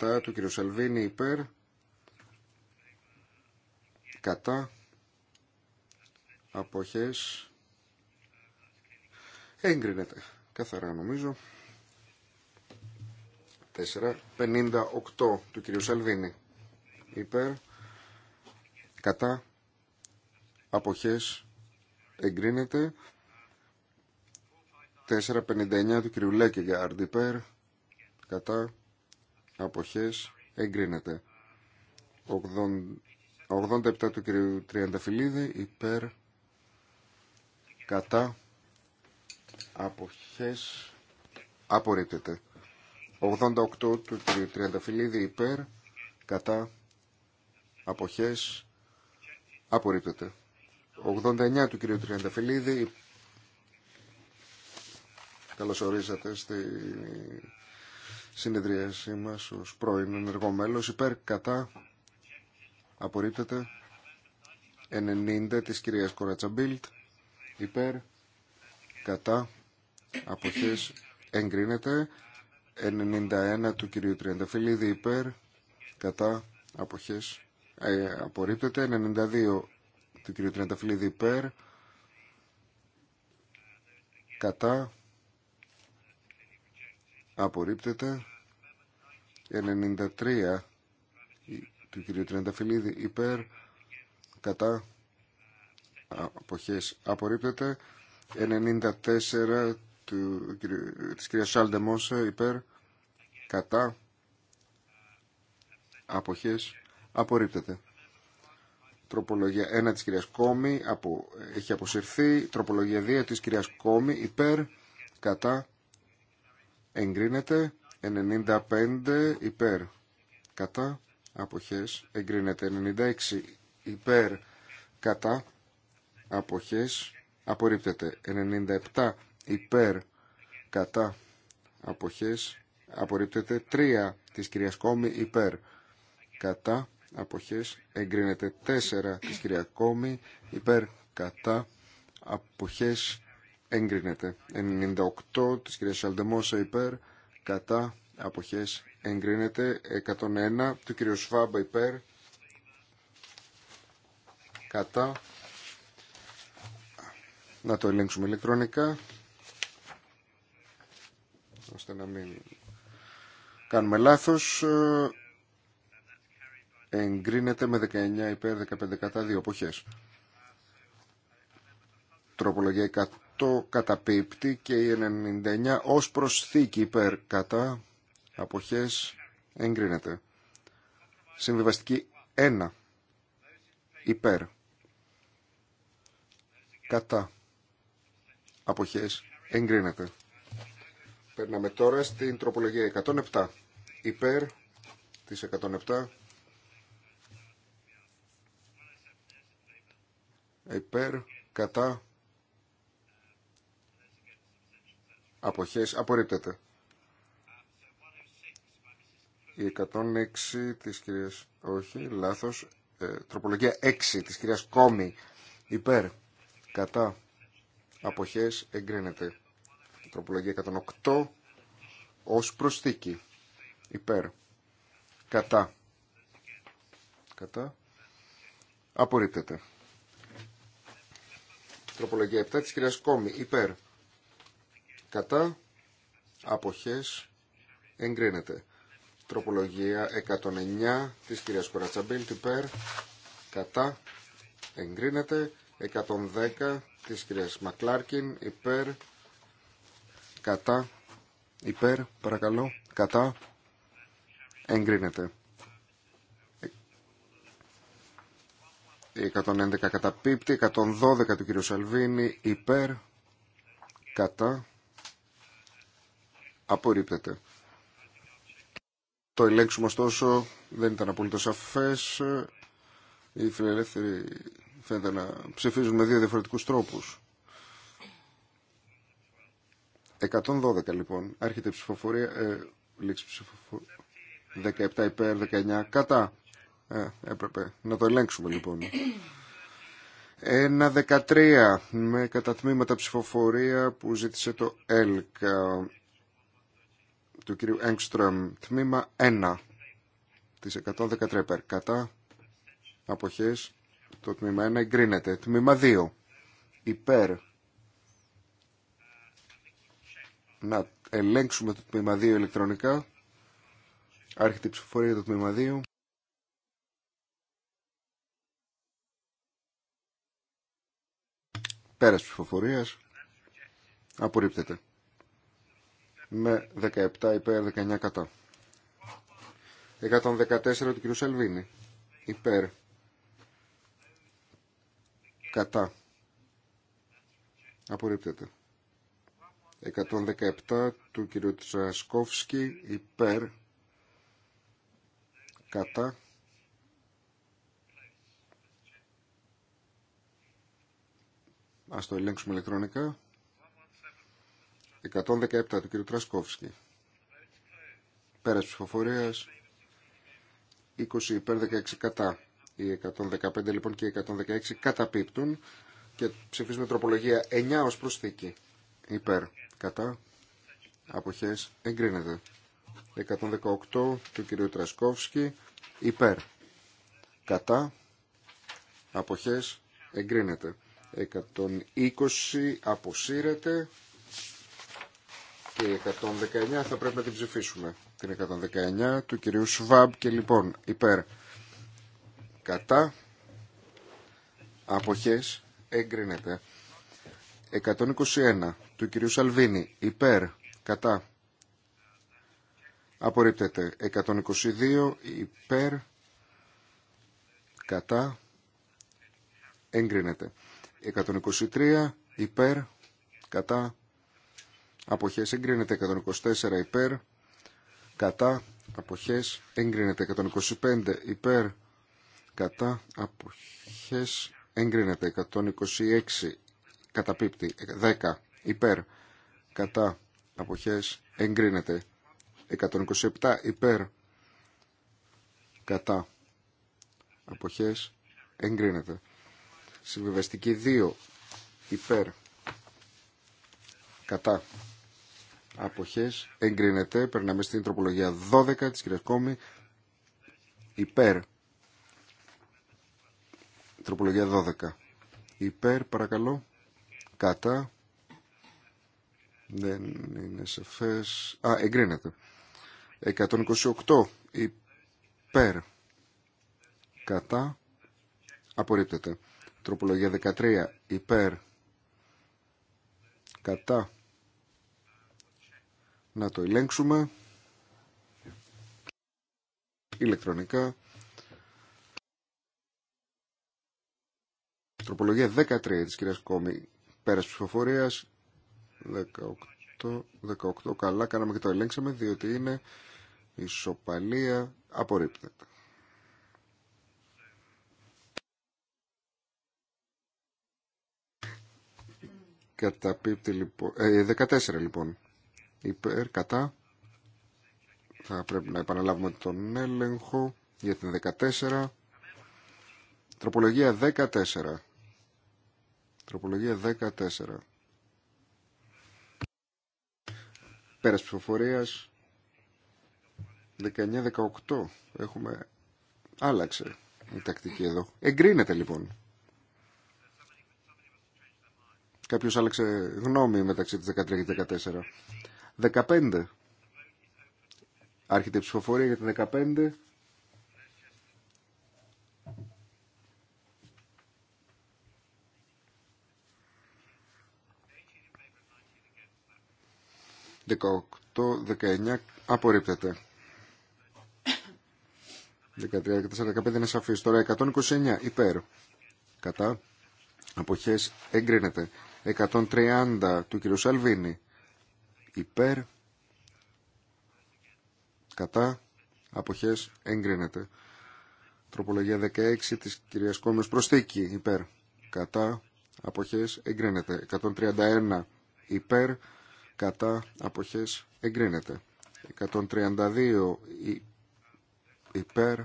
457 του κ. Σαλβίνη υπέρ. Κατά. Αποχές. Εγκρίνεται. Καθαρά νομίζω. 458 του κ. Σαλβίνη υπέρ κατά αποχές εγκρίνεται 459 του κυρίου Λέκε για κατά αποχές εγκρίνεται 80, 87 του κυρίου Τριανταφυλλίδη υπέρ κατά αποχές απορρίπτεται 88 του κυρίου Τριανταφυλλίδη υπέρ κατά αποχές Απορρίπτεται. 89 του κυρίου Τριανταφυλλίδη. Καλώς ορίσατε στη συνεδρίασή μας ως πρώην ενεργό μέλος. Υπέρ κατά απορρίπτεται. 90 της κυρίας Κορατσαμπίλτ. Υπέρ κατά αποχές εγκρίνεται. 91 του κυρίου Τριανταφυλλίδη υπέρ κατά αποχές ε, απορρίπτεται 92 του κ. Τριανταφυλλίδη υπέρ κατά απορρίπτεται 93 του κ. Τριανταφυλλίδη υπέρ κατά αποχές απορρίπτεται 94 του, της κυρίας Σάλντε Μόσε υπέρ κατά αποχές Απορρίπτεται. Τροπολογία 1 της κυρίας Κόμη απο, έχει αποσυρθεί. Τροπολογία 2 της κυρίας Κόμη υπέρ κατά εγκρίνεται. 95 υπέρ κατά αποχές εγκρίνεται. 96 υπέρ κατά αποχές απορρίπτεται. 97 υπέρ κατά αποχές απορρίπτεται. 3 της κυρίας Κόμη υπέρ κατά αποχές εγκρίνεται 4 της κυρία Κόμη υπέρ κατά αποχές εγκρίνεται 98 της κυρία Σαλδεμόσα υπέρ κατά αποχές εγκρίνεται 101 του κυρίου Σφάμπα υπέρ κατά να το ελέγξουμε ηλεκτρονικά ώστε να μην κάνουμε λάθος εγκρίνεται με 19 υπέρ 15 κατά 2 εποχές. Τροπολογία 100 καταπίπτει και η 99 ως προσθήκη υπέρ κατά αποχές εγκρίνεται. Συμβιβαστική 1 υπέρ κατά αποχές εγκρίνεται. Περνάμε τώρα στην τροπολογία 107 υπέρ της 107 υπέρ, κατά, αποχές, απορρίπτεται. Η 106 της κυρίας, όχι, λάθος, ε, τροπολογία 6 της κυρίας Κόμη, υπέρ, κατά, αποχές, εγκρίνεται. τροπολογία 108 ως προσθήκη, υπέρ, κατά, κατά, απορρίπτεται. Τροπολογία 7 της κυρίας Κόμη. Υπέρ. Κατά. Αποχές. Εγκρίνεται. Τροπολογία 109 της κυρίας Κορατσαμπίλτ. Υπέρ. Κατά. Εγκρίνεται. 110 της κυρίας Μακλάρκιν. Υπέρ. Κατά. Υπέρ. Παρακαλώ. Κατά. Εγκρίνεται. 111 111 πίπτη, 112 του κύριου Σαλβίνη υπέρ, κατά, απορρίπτεται. Το ελέγξουμε ωστόσο δεν ήταν απολύτως σαφές. Οι φιλελεύθεροι φαίνεται να ψηφίζουν με δύο διαφορετικούς τρόπους. 112 λοιπόν. Άρχεται η ψηφοφορία. Ε, λήξη ψηφοφορία. 17 υπέρ, 19 κατά. Ε, έπρεπε να το ελέγξουμε λοιπόν. Ένα 13 με κατατμήματα ψηφοφορία που ζήτησε το ΕΛΚ του κυρίου Έγκστρομ. Τμήμα 1 της 113 υπέρ. Κατά αποχές το τμήμα 1 εγκρίνεται. Τμήμα 2 υπέρ. Να ελέγξουμε το τμήμα 2 ηλεκτρονικά. Άρχεται η ψηφοφορία το τμήμα 2. Πέρας ψηφοφορία, Απορρίπτεται. Με 17 υπέρ 19 κατά. 114 του κ. Σαλβίνη. Υπέρ. Κατά. Απορρίπτεται. 117 του κ. Τσασκόφσκι υπέρ κατά Ας το ελέγξουμε ηλεκτρονικά. 117 του κ. Τρασκόφσκι. Πέρας ψηφοφορίας. 20 υπέρ 16 κατά. Οι 115 λοιπόν και οι 116 καταπίπτουν και ψηφίζουμε τροπολογία 9 ως προσθήκη. Υπέρ. Κατά. Αποχές. Εγκρίνεται. 118 του κ. Τρασκόφσκι. Υπέρ. Κατά. Αποχές. Εγκρίνεται. 120 αποσύρεται και 119 θα πρέπει να την ψηφίσουμε. Την 119 του κυρίου Σουβάμπ και λοιπόν υπέρ κατά αποχές εγκρίνεται. 121 του κυρίου Σαλβίνη υπέρ κατά απορρίπτεται. 122 υπέρ κατά εγκρίνεται. 123 υπέρ κατά αποχές εγκρίνεται 124 υπέρ κατά αποχές εγκρίνεται 125 υπέρ κατά αποχές εγκρίνεται 126 καταπίπτει 10 υπέρ κατά αποχές εγκρίνεται 127 υπέρ κατά αποχές εγκρίνεται Συμβιβαστική 2 υπέρ κατά αποχές εγκρίνεται. Περνάμε στην τροπολογία 12 της κυρίας Κόμη υπέρ τροπολογία 12 υπέρ παρακαλώ κατά δεν είναι φες. α εγκρίνεται 128 υπέρ κατά απορρίπτεται Τροπολογία 13 υπέρ κατά να το ελέγξουμε ηλεκτρονικά. Τροπολογία 13 της κυρίας Κόμη πέρας ψηφοφορίας 18, 18 καλά κάναμε και το ελέγξαμε διότι είναι ισοπαλία απορρίπτεται. Καταπίπτει λοιπόν. Ε, 14 λοιπόν. Υπέρ, κατά. Θα πρέπει να επαναλάβουμε τον έλεγχο για την 14. Τροπολογία 14. Τροπολογία 14. Πέρας ψηφοφορίας 19-18 έχουμε άλλαξε η τακτική εδώ. Εγκρίνεται λοιπόν. Κάποιο άλλαξε γνώμη μεταξύ τη 13 και 14. 15. Άρχεται η ψηφοφορία για την 15. 18, 19, απορρίπτεται. 13, 14, 15 είναι σαφής. Τώρα 129 υπέρ. Κατά. Αποχές εγκρίνεται. 130 του κ. Σαλβίνη. Υπέρ. Κατά. Αποχές. Εγκρίνεται. Τροπολογία 16 της κ. Κόμιος-Προστίκη, Υπέρ. Κατά. Αποχές. Εγκρίνεται. 131. Υπέρ. Κατά. Αποχές. Εγκρίνεται. 132. Υπέρ.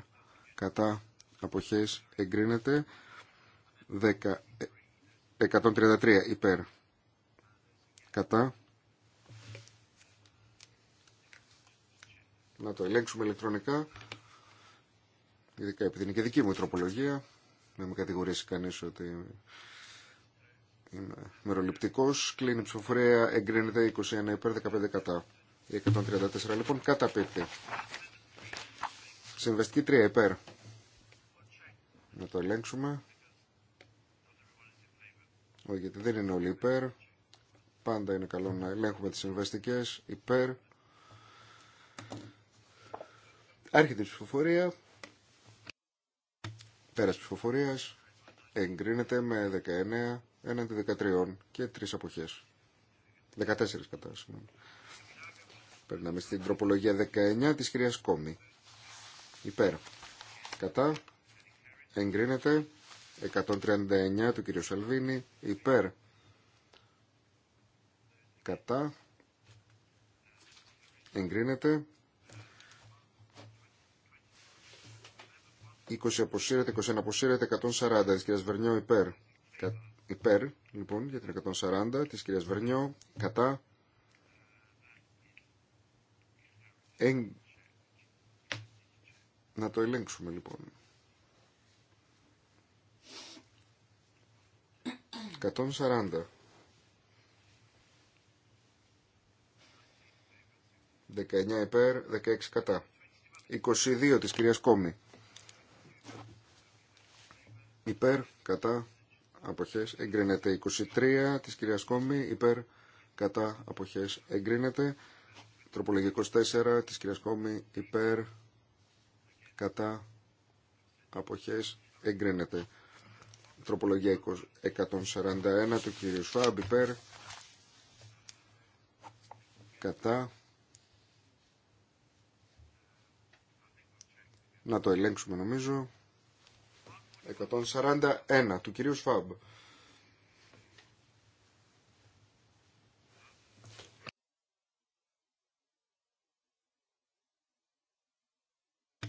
Κατά. Αποχές. Εγκρίνεται. Ε, 133 υπέρ κατά να το ελέγξουμε ηλεκτρονικά ειδικά επειδή είναι και δική μου η τροπολογία να με κατηγορήσει κανείς ότι είμαι μεροληπτικός κλείνει η ψηφοφορία εγκρίνεται 21 υπέρ 15 κατά 134 λοιπόν κατά πίπτη. συμβεστική 3 υπέρ να το ελέγξουμε γιατί δεν είναι όλοι υπέρ. Πάντα είναι καλό να ελέγχουμε τις συμβαστικές υπέρ. Άρχεται η ψηφοφορία. Πέρας ψηφοφορίας εγκρίνεται με 19 έναντι 13 και 3 αποχές. 14 κατά, συγγνώμη. Περνάμε στην τροπολογία 19 της κυρίας Κόμη. Υπέρ. Κατά. Εγκρίνεται. 139 του κ. Σαλβίνη υπέρ κατά εγκρίνεται 20 αποσύρεται, 21 αποσύρεται, 140 της κυρίας Βερνιό υπέρ. Κα, υπέρ, λοιπόν, για την 140 της κυρίας Βερνιό, κατά. Εγ... Να το ελέγξουμε, λοιπόν. 140. 19 υπέρ, 16 κατά. 22 της κυρίας Κόμη. Υπέρ, κατά, αποχές, εγκρίνεται. 23 της κυρίας Κόμη, υπέρ, κατά, αποχές, εγκρίνεται. Τροπολογικός 4 της κυρίας Κόμη, υπέρ, κατά, αποχές, εγκρίνεται. Τροπολογία 141 του κύριου Σφάμπ υπέρ κατά να το ελέγξουμε νομίζω 141 του κυρίου Σφάμπ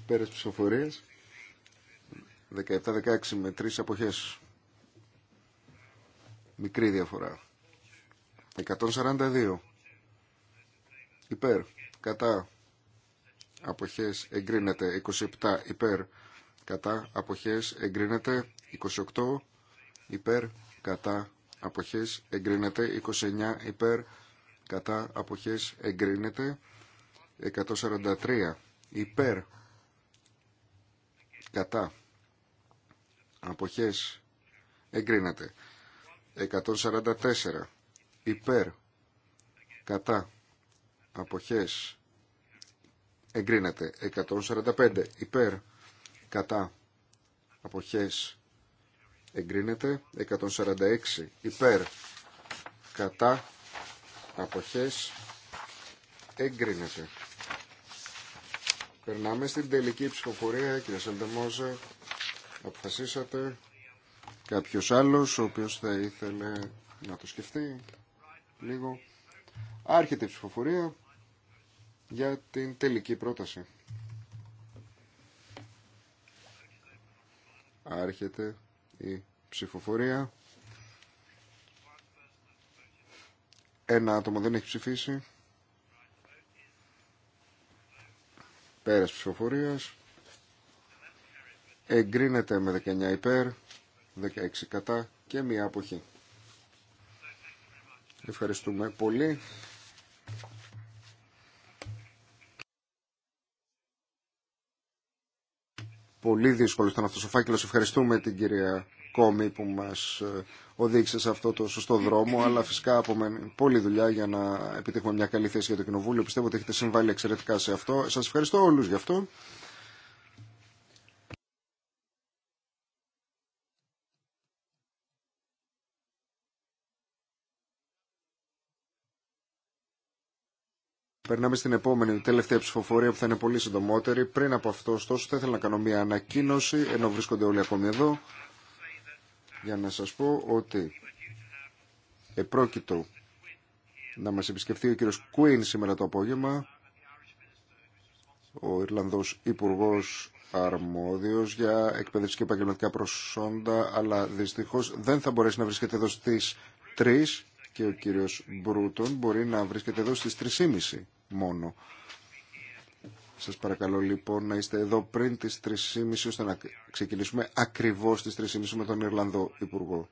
πέρας ψηφοφορίας 17-16 με τρεις αποχές Μικρή διαφορά. 142. Υπέρ. Κατά. Αποχές εγκρίνεται. 27. Υπέρ. Κατά. Αποχές εγκρίνεται. 28. Υπέρ. Κατά. Αποχές εγκρίνεται. 29. Υπέρ. Κατά. Αποχές εγκρίνεται. 143. Υπέρ. Κατά. Αποχές εγκρίνεται. 144 υπέρ κατά αποχές εγκρίνεται 145 υπέρ κατά αποχές εγκρίνεται 146 υπέρ κατά αποχές εγκρίνεται περνάμε στην τελική ψηφοφορία κύριε Σαντεμόζε αποφασίσατε Κάποιος άλλος ο οποίος θα ήθελε να το σκεφτεί λίγο. Άρχεται η ψηφοφορία για την τελική πρόταση. Άρχεται η ψηφοφορία. Ένα άτομο δεν έχει ψηφίσει. Πέρας ψηφοφορίας. Εγκρίνεται με 19 υπέρ, 16 κατά και μία αποχή. Ευχαριστούμε πολύ. Πολύ δύσκολο ήταν αυτός ο φάκελος. Ευχαριστούμε την κυρία Κόμη που μας ε, οδήγησε σε αυτό το σωστό δρόμο, αλλά φυσικά απομένει πολλή δουλειά για να επιτύχουμε μια καλή θέση για το Κοινοβούλιο. Πιστεύω ότι έχετε συμβάλει εξαιρετικά σε αυτό. Σας ευχαριστώ όλους γι' αυτό. Περνάμε στην επόμενη τελευταία ψηφοφορία που θα είναι πολύ συντομότερη. Πριν από αυτό, ωστόσο, θα ήθελα να κάνω μια ανακοίνωση, ενώ βρίσκονται όλοι ακόμη εδώ, για να σας πω ότι επρόκειτο να μας επισκεφθεί ο κύριος Κουίν σήμερα το απόγευμα, ο Ιρλανδός Υπουργός αρμόδιος για εκπαίδευση και επαγγελματικά προσόντα, αλλά δυστυχώς δεν θα μπορέσει να βρίσκεται εδώ στις 3 και ο κύριος Μπρούτον μπορεί να βρίσκεται εδώ στις 3.30 μόνο. Σας παρακαλώ λοιπόν να είστε εδώ πριν τις 3.30 ώστε να ξεκινήσουμε ακριβώς τις 3.30 με τον Ιρλανδό Υπουργό.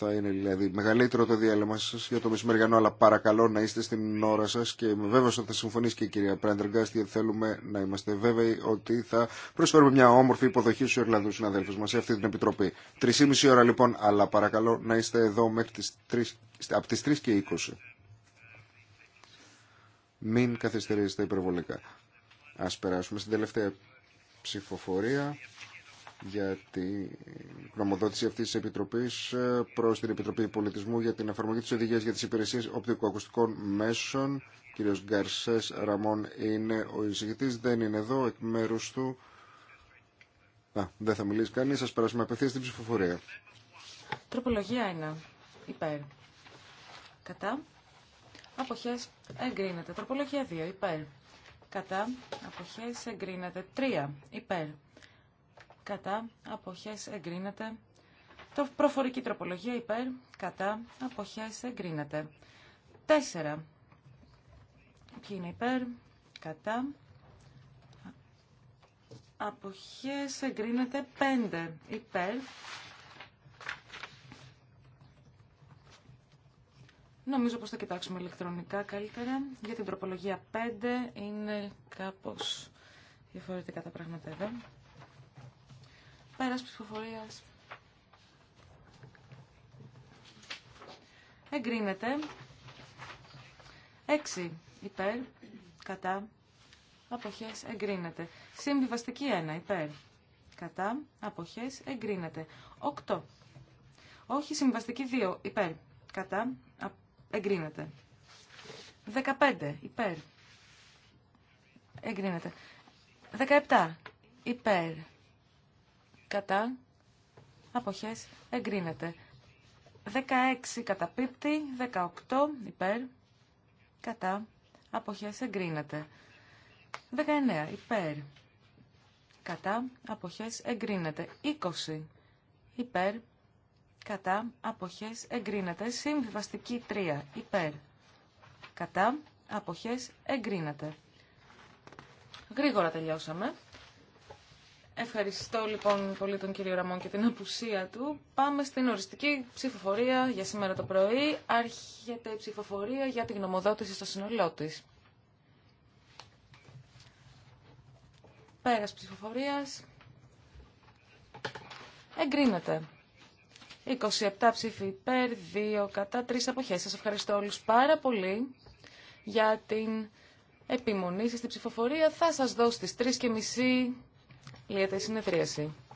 Θα είναι δηλαδή μεγαλύτερο το διάλειμμα σα για το μεσημεριανό, αλλά παρακαλώ να είστε στην ώρα σα και βέβαια βέβαιος ότι θα συμφωνήσει και η κυρία Πρέντεργαστ, γιατί θέλουμε να είμαστε βέβαιοι ότι θα προσφέρουμε μια όμορφη υποδοχή στου Ιρλανδού συναδέλφου μα σε αυτή την επιτροπή. 3.30 ώρα λοιπόν, αλλά παρακαλώ να είστε εδώ μέχρι τις 3, από τι 3 και 20. Μην τα υπερβολικά. Ας περάσουμε στην τελευταία ψηφοφορία για την γνωμοδότηση αυτής τη Επιτροπή ε, προ την Επιτροπή Πολιτισμού για την εφαρμογή της Οδηγίας για τις Υπηρεσίες οπτικοακουστικών μέσων. Κύριο Γκαρσές Ραμόν είναι ο εισηγητής. δεν είναι εδώ εκ μέρου του. Α, δεν θα μιλήσει κανείς. Σα περάσουμε απευθείας στην ψηφοφορία. Τροπολογία 1. Υπέρ. Κατά. Αποχέ εγκρίνεται. Τροπολογία 2 υπέρ. Κατά αποχές εγκρίνεται. 3 υπέρ. Κατά αποχές εγκρίνεται. Το προφορική τροπολογία υπέρ. Κατά αποχές εγκρίνεται. 4. Ποιοι είναι υπέρ. Κατά. Αποχές εγκρίνεται 5 υπέρ Νομίζω πως θα κοιτάξουμε ηλεκτρονικά καλύτερα. Για την τροπολογία 5 είναι κάπως διαφορετικά τα πράγματα εδώ. Πέρας ψηφοφορίας. Εγκρίνεται. 6 υπέρ, κατά, αποχές, εγκρίνεται. Συμβιβαστική 1 υπέρ, κατά, αποχές, εγκρίνεται. 8. Όχι, συμβιβαστική 2 υπέρ, κατά, αποχές Εγκρίνεται. 15. Υπέρ. Εγκρίνεται. 17. Υπέρ. Κατά. Αποχές. Εγκρίνεται. 16. Καταπίπτει. 18. Υπέρ. Κατά. Αποχές. Εγκρίνεται. 19. Υπέρ. Κατά. Αποχές. Εγκρίνεται. 20. Υπέρ κατά, αποχές, εγκρίνεται. Συμβιβαστική 3, υπέρ, κατά, αποχές, εγκρίνεται. Γρήγορα τελειώσαμε. Ευχαριστώ λοιπόν πολύ τον κύριο Ραμόν και την απουσία του. Πάμε στην οριστική ψηφοφορία για σήμερα το πρωί. Άρχεται η ψηφοφορία για τη γνωμοδότηση στο σύνολό τη. Πέρας ψηφοφορίας. Εγκρίνεται. 27 ψήφοι υπέρ, 2 κατά, 3 αποχές. Σας ευχαριστώ όλους πάρα πολύ για την επιμονή σας στην ψηφοφορία. Θα σας δώσω στις 3.30 λίγεται η συνεδρίαση.